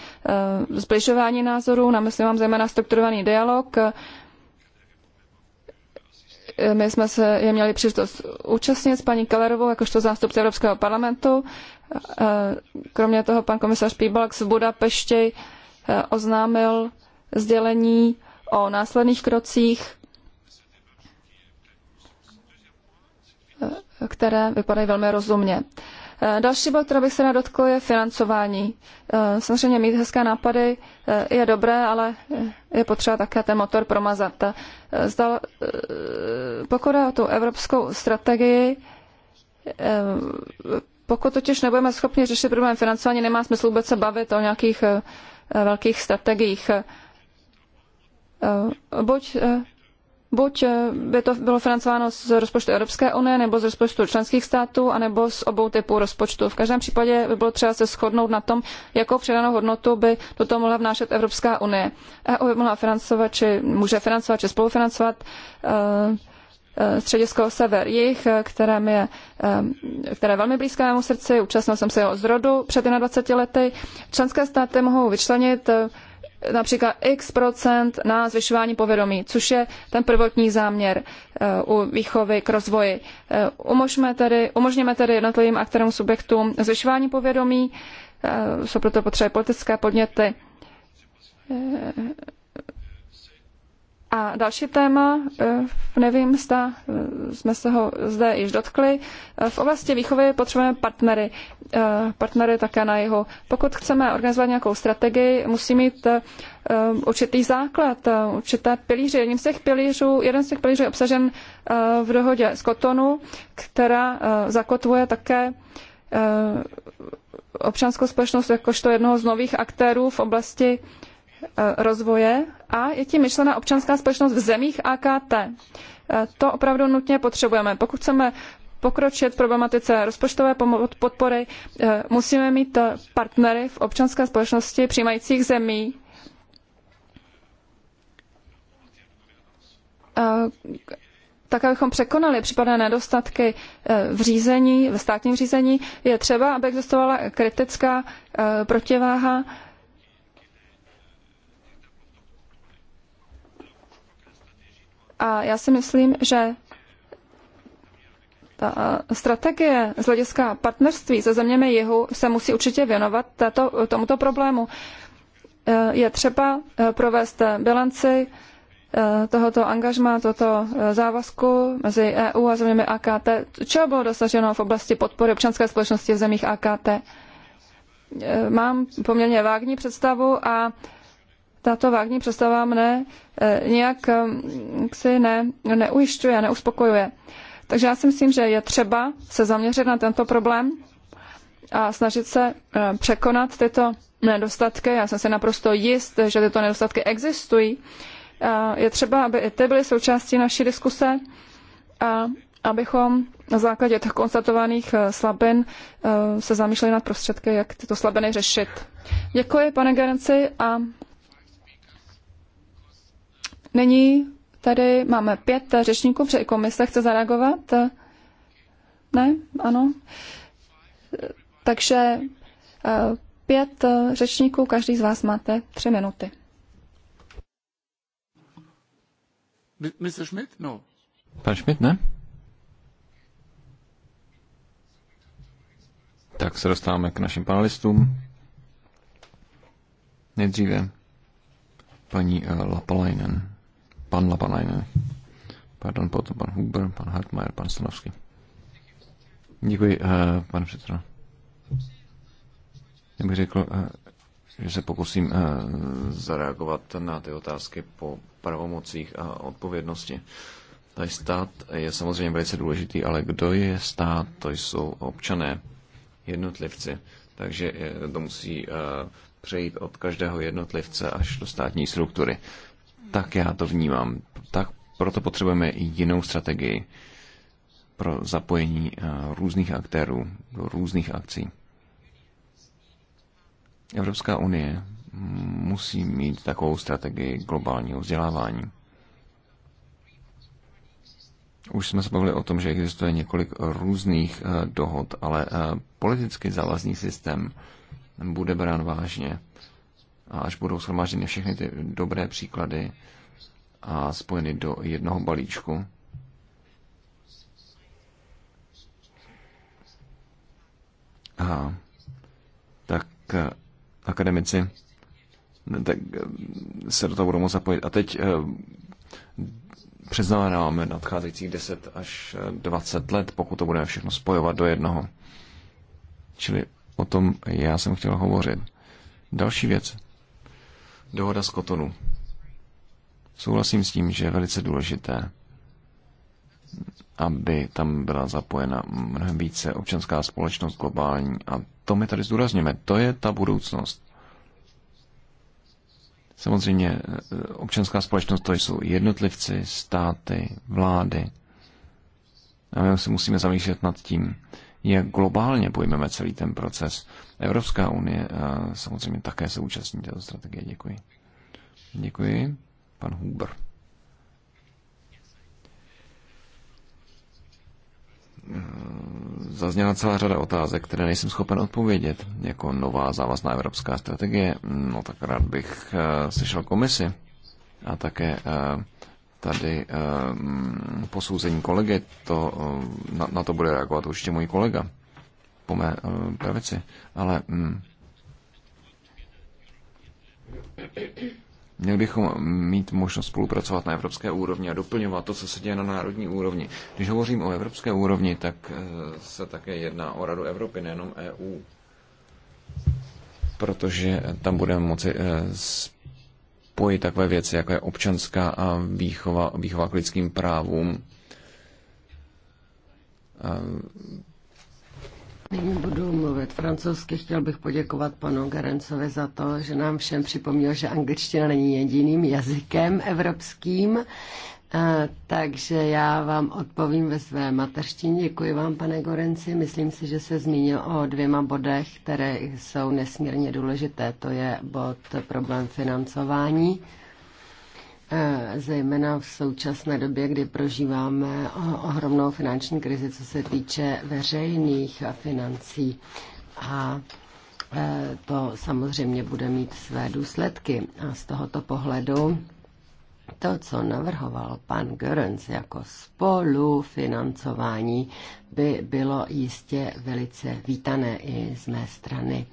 zbližování názorů, na myslím mám zejména strukturovaný dialog. My jsme se je měli příležitost účastnit s paní Kellerovou, jakožto zástupce Evropského parlamentu. Kromě toho pan komisař Píbalx v Budapešti oznámil sdělení o následných krocích které vypadají velmi rozumně. Eh, další bod, který bych se nedotkl, je financování. Eh, samozřejmě mít hezké nápady eh, je dobré, ale je potřeba také ten motor promazat. Zdal, pokud je o tu evropskou strategii, pokud totiž nebudeme schopni řešit problém financování, nemá smysl vůbec se bavit o nějakých velkých strategiích. Buď Buď eh, by to bylo financováno z rozpočtu Evropské unie, nebo z rozpočtu členských států, anebo z obou typů rozpočtu. V každém případě by bylo třeba se shodnout na tom, jakou přidanou hodnotu by do toho mohla vnášet Evropská unie. EU by mohla financovat, či může financovat, či spolufinancovat eh, eh, středisko Sever Jich, které, je, které je velmi blízké mému srdci. Účastnil jsem se jeho zrodu před 21 lety. Členské státy mohou vyčlenit například x procent na zvyšování povědomí, což je ten prvotní záměr eh, u výchovy k rozvoji. Eh, tedy, umožněme tedy jednotlivým aktérům subjektům zvyšování povědomí, eh, jsou proto potřeby politické podněty a další téma, eh, nevím, zda eh, jsme se ho zde již dotkli. Eh, v oblasti výchovy potřebujeme partnery, partnery také na jeho Pokud chceme organizovat nějakou strategii, musí mít určitý základ, určité pilíře. Jedním z těch pilířů, jeden z těch pilířů je obsažen v dohodě z Kotonu, která zakotvuje také občanskou společnost jakožto jednoho z nových aktérů v oblasti Eh, rozvoje a je tím myšlena občanská společnost v zemích AKT. Eh, to opravdu nutně potřebujeme. Pokud chceme pokročit v problematice rozpočtové podpory, eh, musíme mít partnery v občanské společnosti přijímajících zemí, tak abychom překonali případné nedostatky v řízení, ve státním řízení, je třeba, aby existovala kritická protiváha A já si myslím, že ta strategie z hlediska partnerství se zeměmi jihu se musí určitě věnovat této, tomuto problému. E, je třeba e, provést bilanci e, tohoto angažma, tohoto závazku mezi EU a zeměmi AKT. Čeho bylo dosaženo v oblasti podpory občanské společnosti v zemích AKT? Mám poměrně vágní představu a tato vágní představa mne e, nějak e, si ne, neujišťuje, neuspokojuje. Takže já si myslím, že je třeba se zaměřit na tento problém a snažit se e, překonat tyto nedostatky. Já jsem si naprosto jist, že tyto nedostatky existují. Je třeba, aby i ty byly součástí naší diskuse a abychom na základě těch konstatovaných slabin se zamýšleli nad prostředky, jak tyto slabiny řešit. Děkuji, pane Gerenci, a Nyní tady máme pět řečníků, protože i komise chce zareagovat. Ne? Ano? Takže eh, pět řečníků, každý z vás máte tři minuty. Mr. Schmidt? No. Pan Schmidt, ne? Tak se dostáváme k našim panelistům. Nejdříve paní eh, Lapalainen pan Lapanajne. Pardon, potom pan Huber, pan Hartmeier, pan Stanovský. Děkuji, eh, pane předsedo. Já bych řekl, eh, že se pokusím eh, zareagovat na ty otázky po pravomocích a odpovědnosti. Tady stát je samozřejmě velice důležitý, ale kdo je stát, to jsou občané, jednotlivci. Takže to musí přejít od každého jednotlivce až do státní struktury tak já to vnímám. Tak proto potřebujeme jinou strategii pro zapojení eh, různých aktérů do různých akcí. Evropská unie musí mít takovou strategii globálního vzdělávání. Už jsme se bavili o tom, že existuje několik různých eh, dohod, ale eh, politicky závazný systém bude brán vážně a až budou shromážděny všechny ty dobré příklady a spojeny do jednoho balíčku, a, tak eh, akademici tak eh, se do toho budou moct zapojit. A teď eh, přeznamenáváme nadcházejících 10 až 20 let, pokud to budeme všechno spojovat do jednoho. Čili o tom já jsem chtěl hovořit. Další věc. Dohoda z Kotonu. Souhlasím s tím, že je velice důležité, aby tam byla zapojena mnohem více občanská společnost globální. A to my tady zdůrazněme. To je ta budoucnost. Samozřejmě eh, občanská společnost to jsou jednotlivci, státy, vlády. A my se musíme zamýšlet nad tím, jak globálně pojmeme celý ten proces. Evropská unie eh, samozřejmě také se účastní této strategie. Děkuji. Děkuji. Pan Huber. Eh, zazněla celá řada otázek, které nejsem schopen odpovědět. Jako nová závazná evropská strategie, no tak rád bych uh, slyšel komisi a také uh, tady ehm, posouzení kolegy, to, eh, na, na to bude reagovat určitě můj kolega po mé eh, pravici, ale um, měli bychom mít možnost spolupracovat na evropské úrovni a doplňovat to, co se děje na národní úrovni. Když hovořím o evropské úrovni, tak eh, se také jedná o Radu Evropy, nejenom EU, protože tam budeme moci spojit takové věci, jako je občanská a výchova, výchova k lidským právům. A... Nyní budu mluvit francouzsky. Chtěl bych poděkovat panu Garencovi za to, že nám všem připomněl, že angličtina není jediným jazykem evropským, takže já vám odpovím ve své mateřštině. Děkuji vám, pane Gorenci. Myslím si, že se zmínil o dvěma bodech, které jsou nesmírně důležité. To je bod problém financování, zejména v současné době, kdy prožíváme ohromnou finanční krizi, co se týče veřejných financí. A to samozřejmě bude mít své důsledky. A z tohoto pohledu to, co navrhoval pan Görens jako spolufinancování, by bylo jistě velice vítané i z mé strany.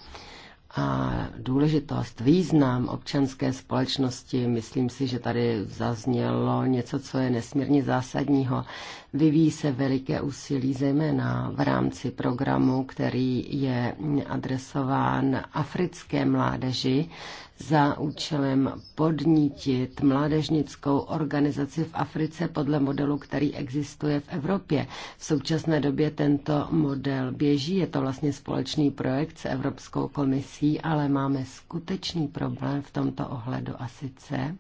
A důležitost, význam občanské společnosti, myslím si, že tady zaznělo něco, co je nesmírně zásadního. Vyvíjí se veliké úsilí, zejména v rámci programu, který je adresován africké mládeži za účelem podnítit mládežnickou organizaci v Africe podle modelu, který existuje v Evropě. V současné době tento model běží, je to vlastně společný projekt s Evropskou komisí, ale máme skutečný problém v tomto ohledu a sice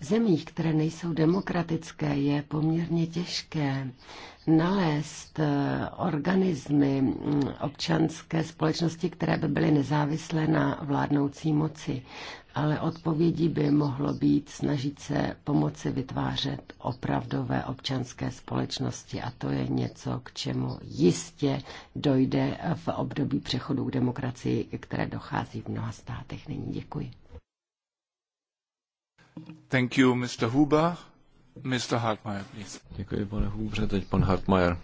zemích, které nejsou demokratické, je poměrně těžké nalézt eh, organismy mm, občanské společnosti, které by byly nezávislé na vládnoucí moci. Ale odpovědí by mohlo být snažit se pomoci vytvářet opravdové občanské společnosti a to je něco, k čemu jistě dojde v období přechodu k demokracii, které dochází v mnoha státech. Nyní děkuji. Thank you, Mr. Huber. Mr. Hartmeier, please. Děkuji, pane Hubře, teď pan Hartmeier.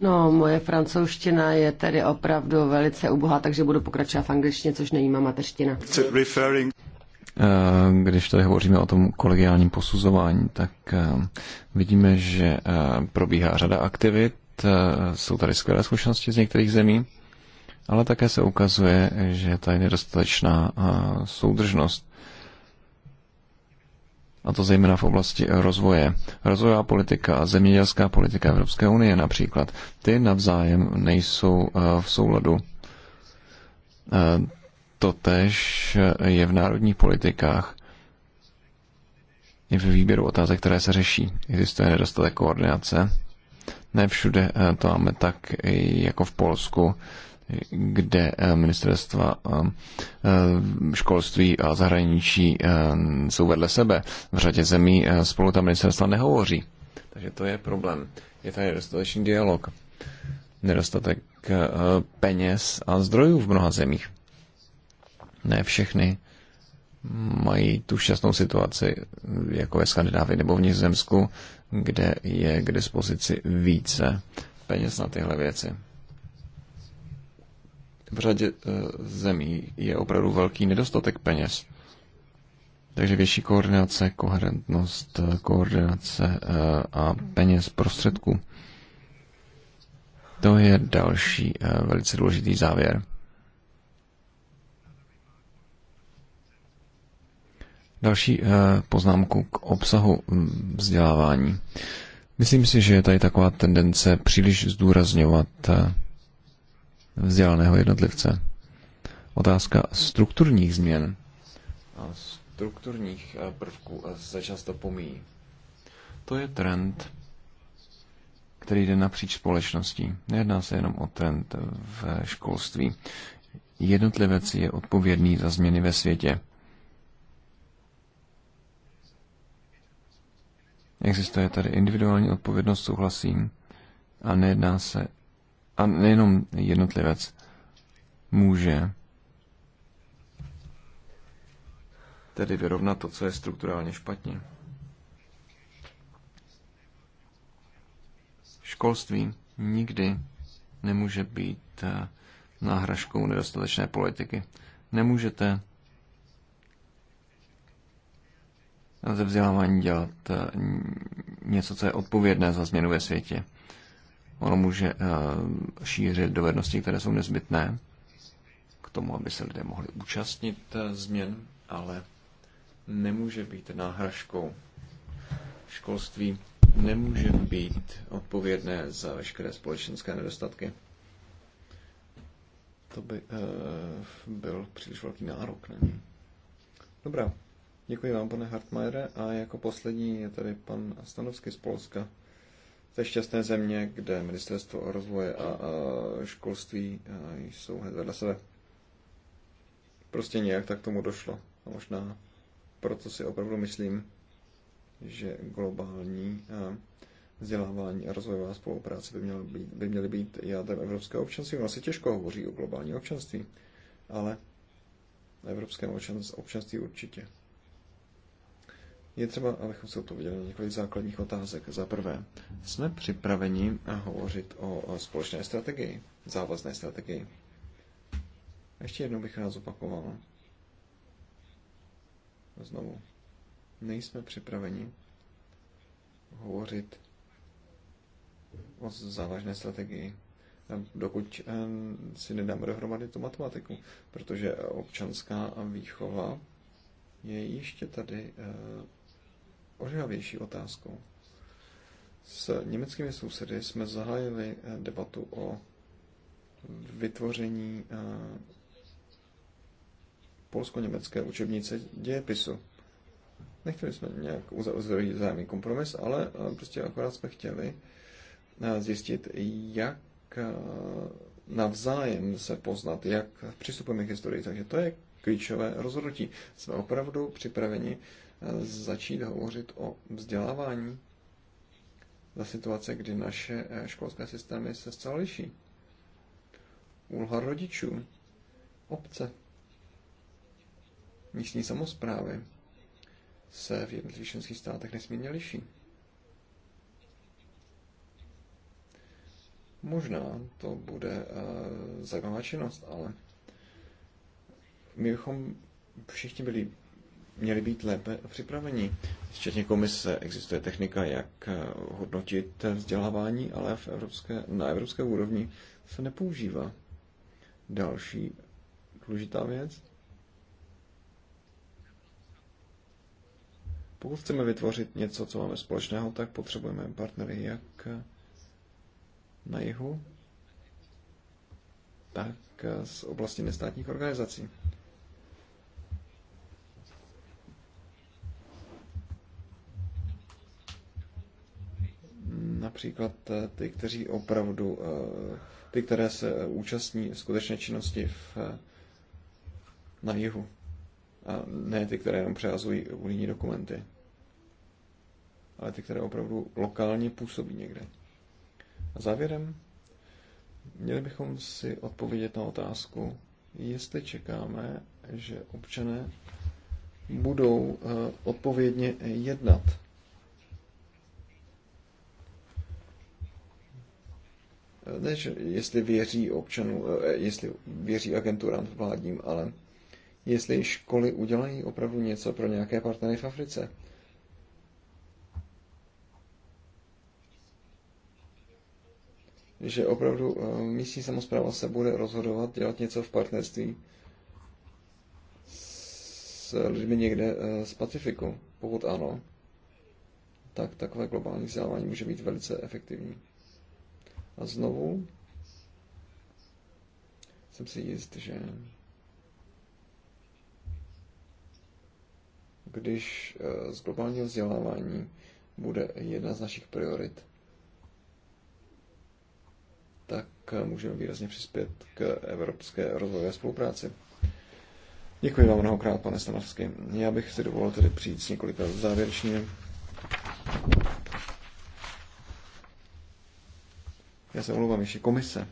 No, moje francouzština je tedy opravdu velice ubohá, takže budu pokračovat v angličtině, což není má mateřština. Eh, když tady hovoříme o tom kolegiálním posuzování, tak eh, vidíme, že eh, probíhá řada aktivit, jsou tady skvělé zkušenosti z některých zemí, ale také se ukazuje, že tady je nedostatečná soudržnost a to zejména v oblasti rozvoje. Rozvojová politika a zemědělská politika Evropské unie například, ty navzájem nejsou eh, v souladu. Eh, Totež eh, je v národních politikách i v výběru otázek, které se řeší. Existuje nedostatek koordinace. Ne všude to máme tak jako v Polsku kde eh, ministerstva eh, školství a zahraničí eh, jsou vedle sebe. V řadě zemí spolu ta ministerstva nehovoří. Takže to je problém. Je tady dostatečný dialog, nedostatek peněz a zdrojů v mnoha zemích. Ne všechny mají tu šťastnou situaci, jako ve Skandinávii nebo v Nizozemsku, kde je k dispozici více peněz na tyhle věci v řadě eh, zemí je opravdu velký nedostatek peněz. Takže větší koordinace, koherentnost, eh, koordinace eh, a peněz prostředků. To je další velice důležitý závěr. Další poznámku k obsahu mm, vzdělávání. Myslím si, že je tady taková tendence příliš zdůrazňovat vzdělaného jednotlivce. Otázka strukturních změn a strukturních eh, prvků eh, se často pomíjí. To je trend, který jde napříč společností. Nejedná se jenom o trend eh, v školství. Jednotlivec je odpovědný za změny ve světě. Existuje tady individuální odpovědnost, souhlasím, a nejedná se a nejenom jednotlivec může tedy vyrovnat to, co je strukturálně špatně. Školství nikdy nemůže být eh, náhražkou nedostatečné politiky. Nemůžete ze vzdělávání dělat eh, něco, co je odpovědné za změnu ve světě. Ono může eh, šířit dovednosti, které jsou nezbytné k tomu, aby se lidé mohli účastnit eh, změn, ale nemůže být náhražkou školství, nemůže být odpovědné za veškeré společenské nedostatky. To by eh, byl příliš velký nárok, ne? Dobrá, děkuji vám, pane Hartmajere, a jako poslední je tady pan Stanovský z Polska ze šťastné země, kde ministerstvo rozvoje a, a školství a jsou hned vedle sebe. Prostě nějak tak tomu došlo. A možná proto si opravdu myslím, že globální a vzdělávání a rozvojová spolupráce by, měla být, by měly být jádrem evropského občanství. Ono se těžko hovoří o globální občanství, ale evropském občanství určitě. Je třeba, abychom si odpověděli na několik základních otázek. Za prvé, jsme připraveni hovořit o společné strategii, závazné strategii. Ještě jednou bych rád zopakoval. Znovu. Nejsme připraveni hovořit o závažné strategii, dokud eh, si nedáme dohromady tu matematiku, protože občanská výchova je ještě tady eh, ořehavější otázkou. S německými sousedy jsme zahájili eh, debatu o vytvoření eh, polsko-německé učebnice dějepisu. Nechtěli jsme nějak uzavřít zájemný kompromis, ale eh, prostě akorát jsme chtěli zjistit, jak navzájem se poznat, jak přistupujeme k historii. Takže to je klíčové rozhodnutí. Jsme opravdu připraveni začít hovořit o vzdělávání za situace, kdy naše eh, školské systémy se zcela liší. Úloha rodičů, obce, místní samozprávy se v jednotlivých členských státech nesmírně liší. Možná to bude uh, zajímavá činnost, ale my bychom všichni byli měli být lépe připraveni. Včetně komise existuje technika, jak eh, hodnotit vzdělávání, ale v evropské, na evropské úrovni se nepoužívá. Další důležitá věc. Pokud chceme vytvořit něco, co máme společného, tak potřebujeme partnery jak eh, na jihu, tak eh, z oblasti nestátních organizací. například eh, ty, kteří opravdu, eh, ty, které se eh, účastní skutečné činnosti v, na jihu, a ne ty, které jenom přehazují unijní dokumenty, ale ty, které opravdu lokálně působí někde. A závěrem, měli bychom si odpovědět na otázku, jestli čekáme, že občané budou odpovědně jednat než jestli věří občanů, eh, jestli věří agenturám vládním, ale jestli školy udělají opravdu něco pro nějaké partnery v Africe. Že opravdu eh, místní samozpráva se bude rozhodovat dělat něco v partnerství s lidmi někde eh, z Pacifiku. Pokud ano, tak takové globální vzdělávání může být velice efektivní. A znovu jsem si jist, že když eh, z globálního vzdělávání bude jedna z našich priorit, tak eh, můžeme výrazně přispět k evropské rozvojové spolupráci. Děkuji vám mnohokrát, pane Stanovský. Já bych si dovolil tedy přijít s několika závěrečnými Já se omlouvám, ještě komise.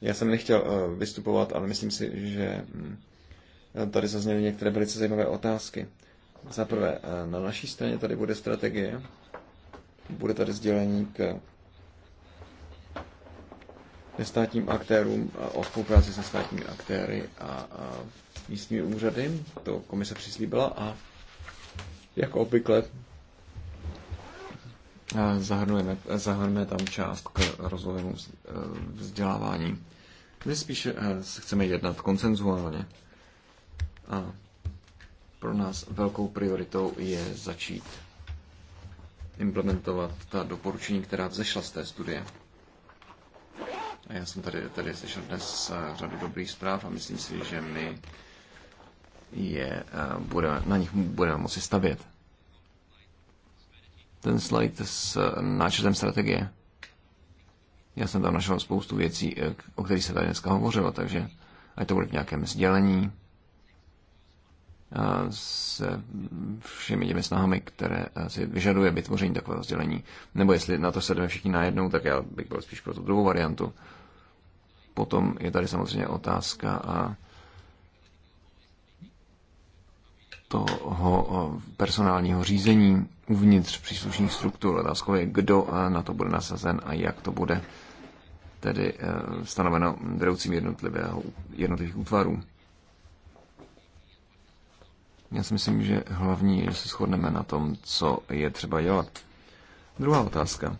Já jsem nechtěl eh, vystupovat, ale myslím si, že hm, tady zazněly některé velice zajímavé otázky. Za prvé, eh, na naší straně tady bude strategie, bude tady sdělení k nestátním aktérům o spolupráci se státními aktéry a místními úřady. To komise přislíbila a jako obvykle zahrnujeme, zahrneme tam část k rozvojovému eh, vzdělávání. My spíše eh, se chceme jednat koncenzuálně. A pro nás velkou prioritou je začít implementovat ta doporučení, která vzešla z té studie. A já jsem tady, tady slyšel dnes eh, řadu dobrých zpráv a myslím si, že my je, budeme, na nich budeme moci stavět ten slide s eh, náčetem strategie. Já jsem tam našel spoustu věcí, eh, o kterých se tady dneska hovořilo, takže ať to bude v nějakém sdělení eh, s všemi těmi snahami, které si vyžaduje vytvoření takového sdělení. Nebo jestli na to se jdeme všichni najednou, tak já bych byl spíš pro tu druhou variantu. Potom je tady samozřejmě otázka a toho personálního řízení uvnitř příslušných struktur. Otázkou je, kdo eh, na to bude nasazen a jak to bude tedy eh, stanoveno vedoucím jednotlivých útvarů. Já si myslím, že hlavní je, že se shodneme na tom, co je třeba dělat. Druhá otázka.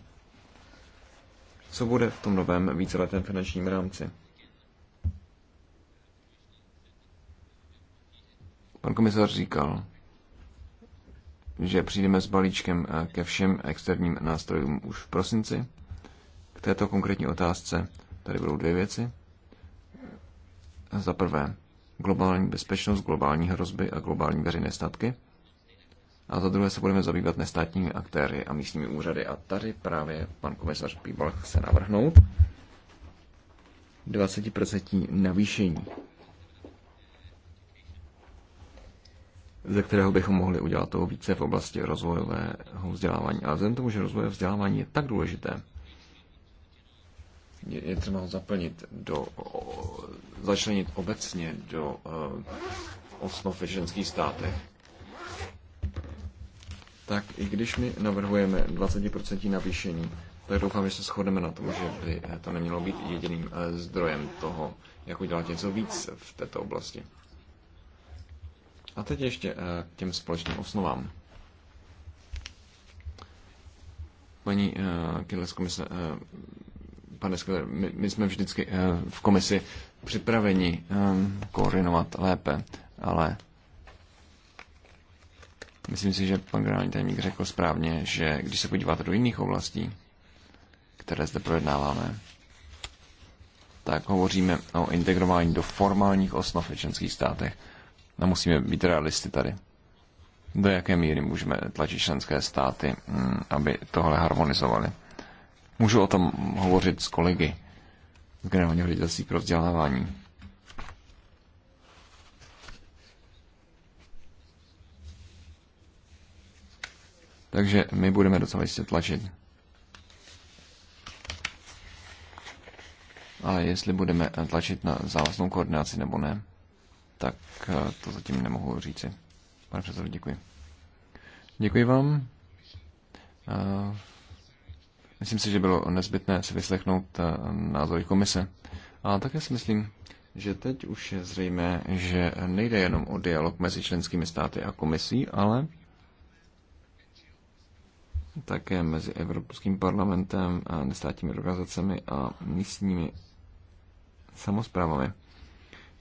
Co bude v tom novém víceletém finančním rámci? Pan komisař říkal, že přijdeme s balíčkem eh, ke všem externím nástrojům už v prosinci. K této konkrétní otázce tady budou dvě věci. Za prvé, globální bezpečnost, globální hrozby a globální veřejné statky. A za druhé se budeme zabývat nestátními aktéry a místními úřady. A tady právě pan komisař Píbal chce navrhnout 20% navýšení ze kterého bychom mohli udělat toho více v oblasti rozvojového vzdělávání. Ale vzhledem tomu, že rozvojové vzdělávání je tak důležité, je, je třeba ho zaplnit do, o, začlenit obecně do o, e, osnov ve ženských státech, tak i když my navrhujeme 20% navýšení, tak doufám, že se shodneme na tom, že by e, to nemělo být jediným e, zdrojem toho, jak udělat něco víc v této oblasti. A teď ještě eh, k těm společným osnovám. Paní eh, Kydles komise, eh, pane Skler, my, my jsme vždycky v komisi připraveni koordinovat lépe, ale myslím si, že pan generální tajemník řekl správně, že když se podíváte do jiných oblastí, které zde projednáváme, tak hovoříme o integrování do formálních osnov v členských státech. A musíme být realisty tady. Do jaké míry můžeme tlačit členské státy, mm, aby tohle harmonizovali? Můžu o tom hovořit s kolegy z Generálního ředitelství pro vzdělávání. Takže my budeme docela jistě tlačit. Ale jestli budeme tlačit na závaznou koordinaci nebo ne, tak eh, to zatím nemohu říci. Pane předsedo, děkuji. Děkuji vám. Eh, myslím si, že bylo nezbytné si vyslechnout eh, názory komise. A také si myslím, že teď už je zřejmé, že nejde jenom o dialog mezi členskými státy a komisí, ale také mezi Evropským parlamentem a nestátními organizacemi a místními samozprávami.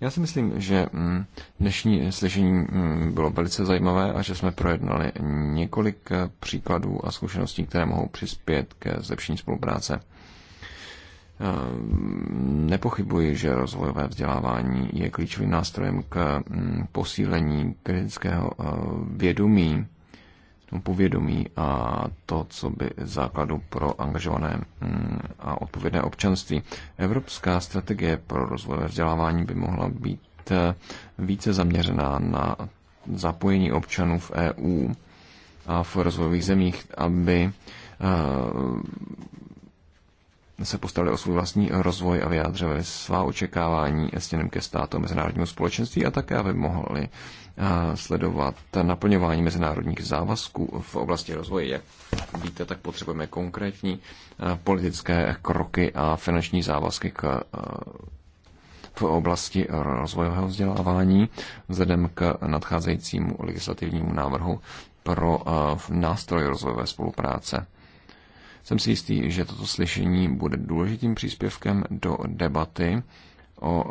Já si myslím, že mm, dnešní slyšení mm, bylo velice zajímavé a že jsme projednali několik eh, příkladů a zkušeností, které mohou přispět ke zlepšení spolupráce. Eh, nepochybuji, že rozvojové vzdělávání je klíčovým nástrojem k mm, posílení kritického eh, vědomí povědomí a to, co by základu pro angažované mm, a odpovědné občanství. Evropská strategie pro rozvoj vzdělávání by mohla být eh, více zaměřená na zapojení občanů v EU a v rozvojových zemích, aby eh, se postavili o svůj vlastní rozvoj a vyjádřili svá očekávání s ke státu a mezinárodnímu společenství a také, aby mohli sledovat naplňování mezinárodních závazků v oblasti rozvoje. Jak víte, tak potřebujeme konkrétní politické kroky a finanční závazky k v oblasti rozvojového vzdělávání vzhledem k nadcházejícímu legislativnímu návrhu pro nástroj rozvojové spolupráce. Jsem si jistý, že toto slyšení bude důležitým příspěvkem do debaty o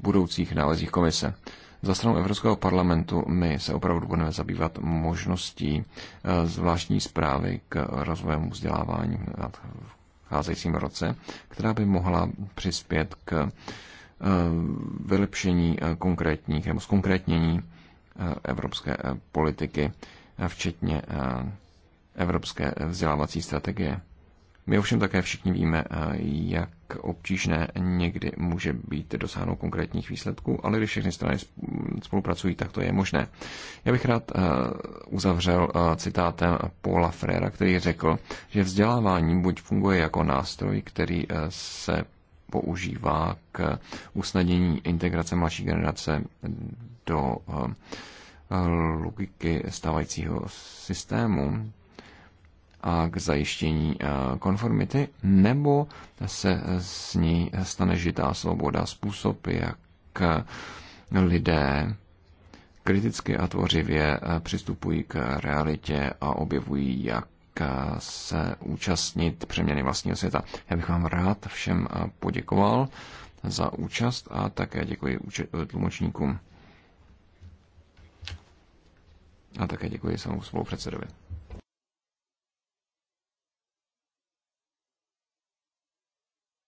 budoucích nálezích komise. Za stranou Evropského parlamentu my se opravdu budeme zabývat možností eh, zvláštní zprávy k rozvojovému vzdělávání v cházejícím roce, která by mohla přispět k eh, vylepšení eh, konkrétních nebo zkonkrétnění evropské politiky, včetně evropské vzdělávací strategie. My ovšem také všichni víme, eh, jak obtížné někdy může být dosáhnout konkrétních výsledků, ale když všechny strany spolupracují, tak to je možné. Já bych rád eh, uzavřel eh, citátem Paula Frera, který řekl, že vzdělávání buď funguje jako nástroj, který se používá k usnadnění integrace mladší generace do logiky stávajícího systému, a k zajištění eh, konformity, nebo se z ní stane žitá svoboda, způsob, jak eh, lidé kriticky a tvořivě eh, přistupují k realitě a objevují, jak se účastnit přeměny vlastního světa. Já bych vám rád všem poděkoval za účast a také děkuji tlumočníkům. A také děkuji samou spolupředsedovi.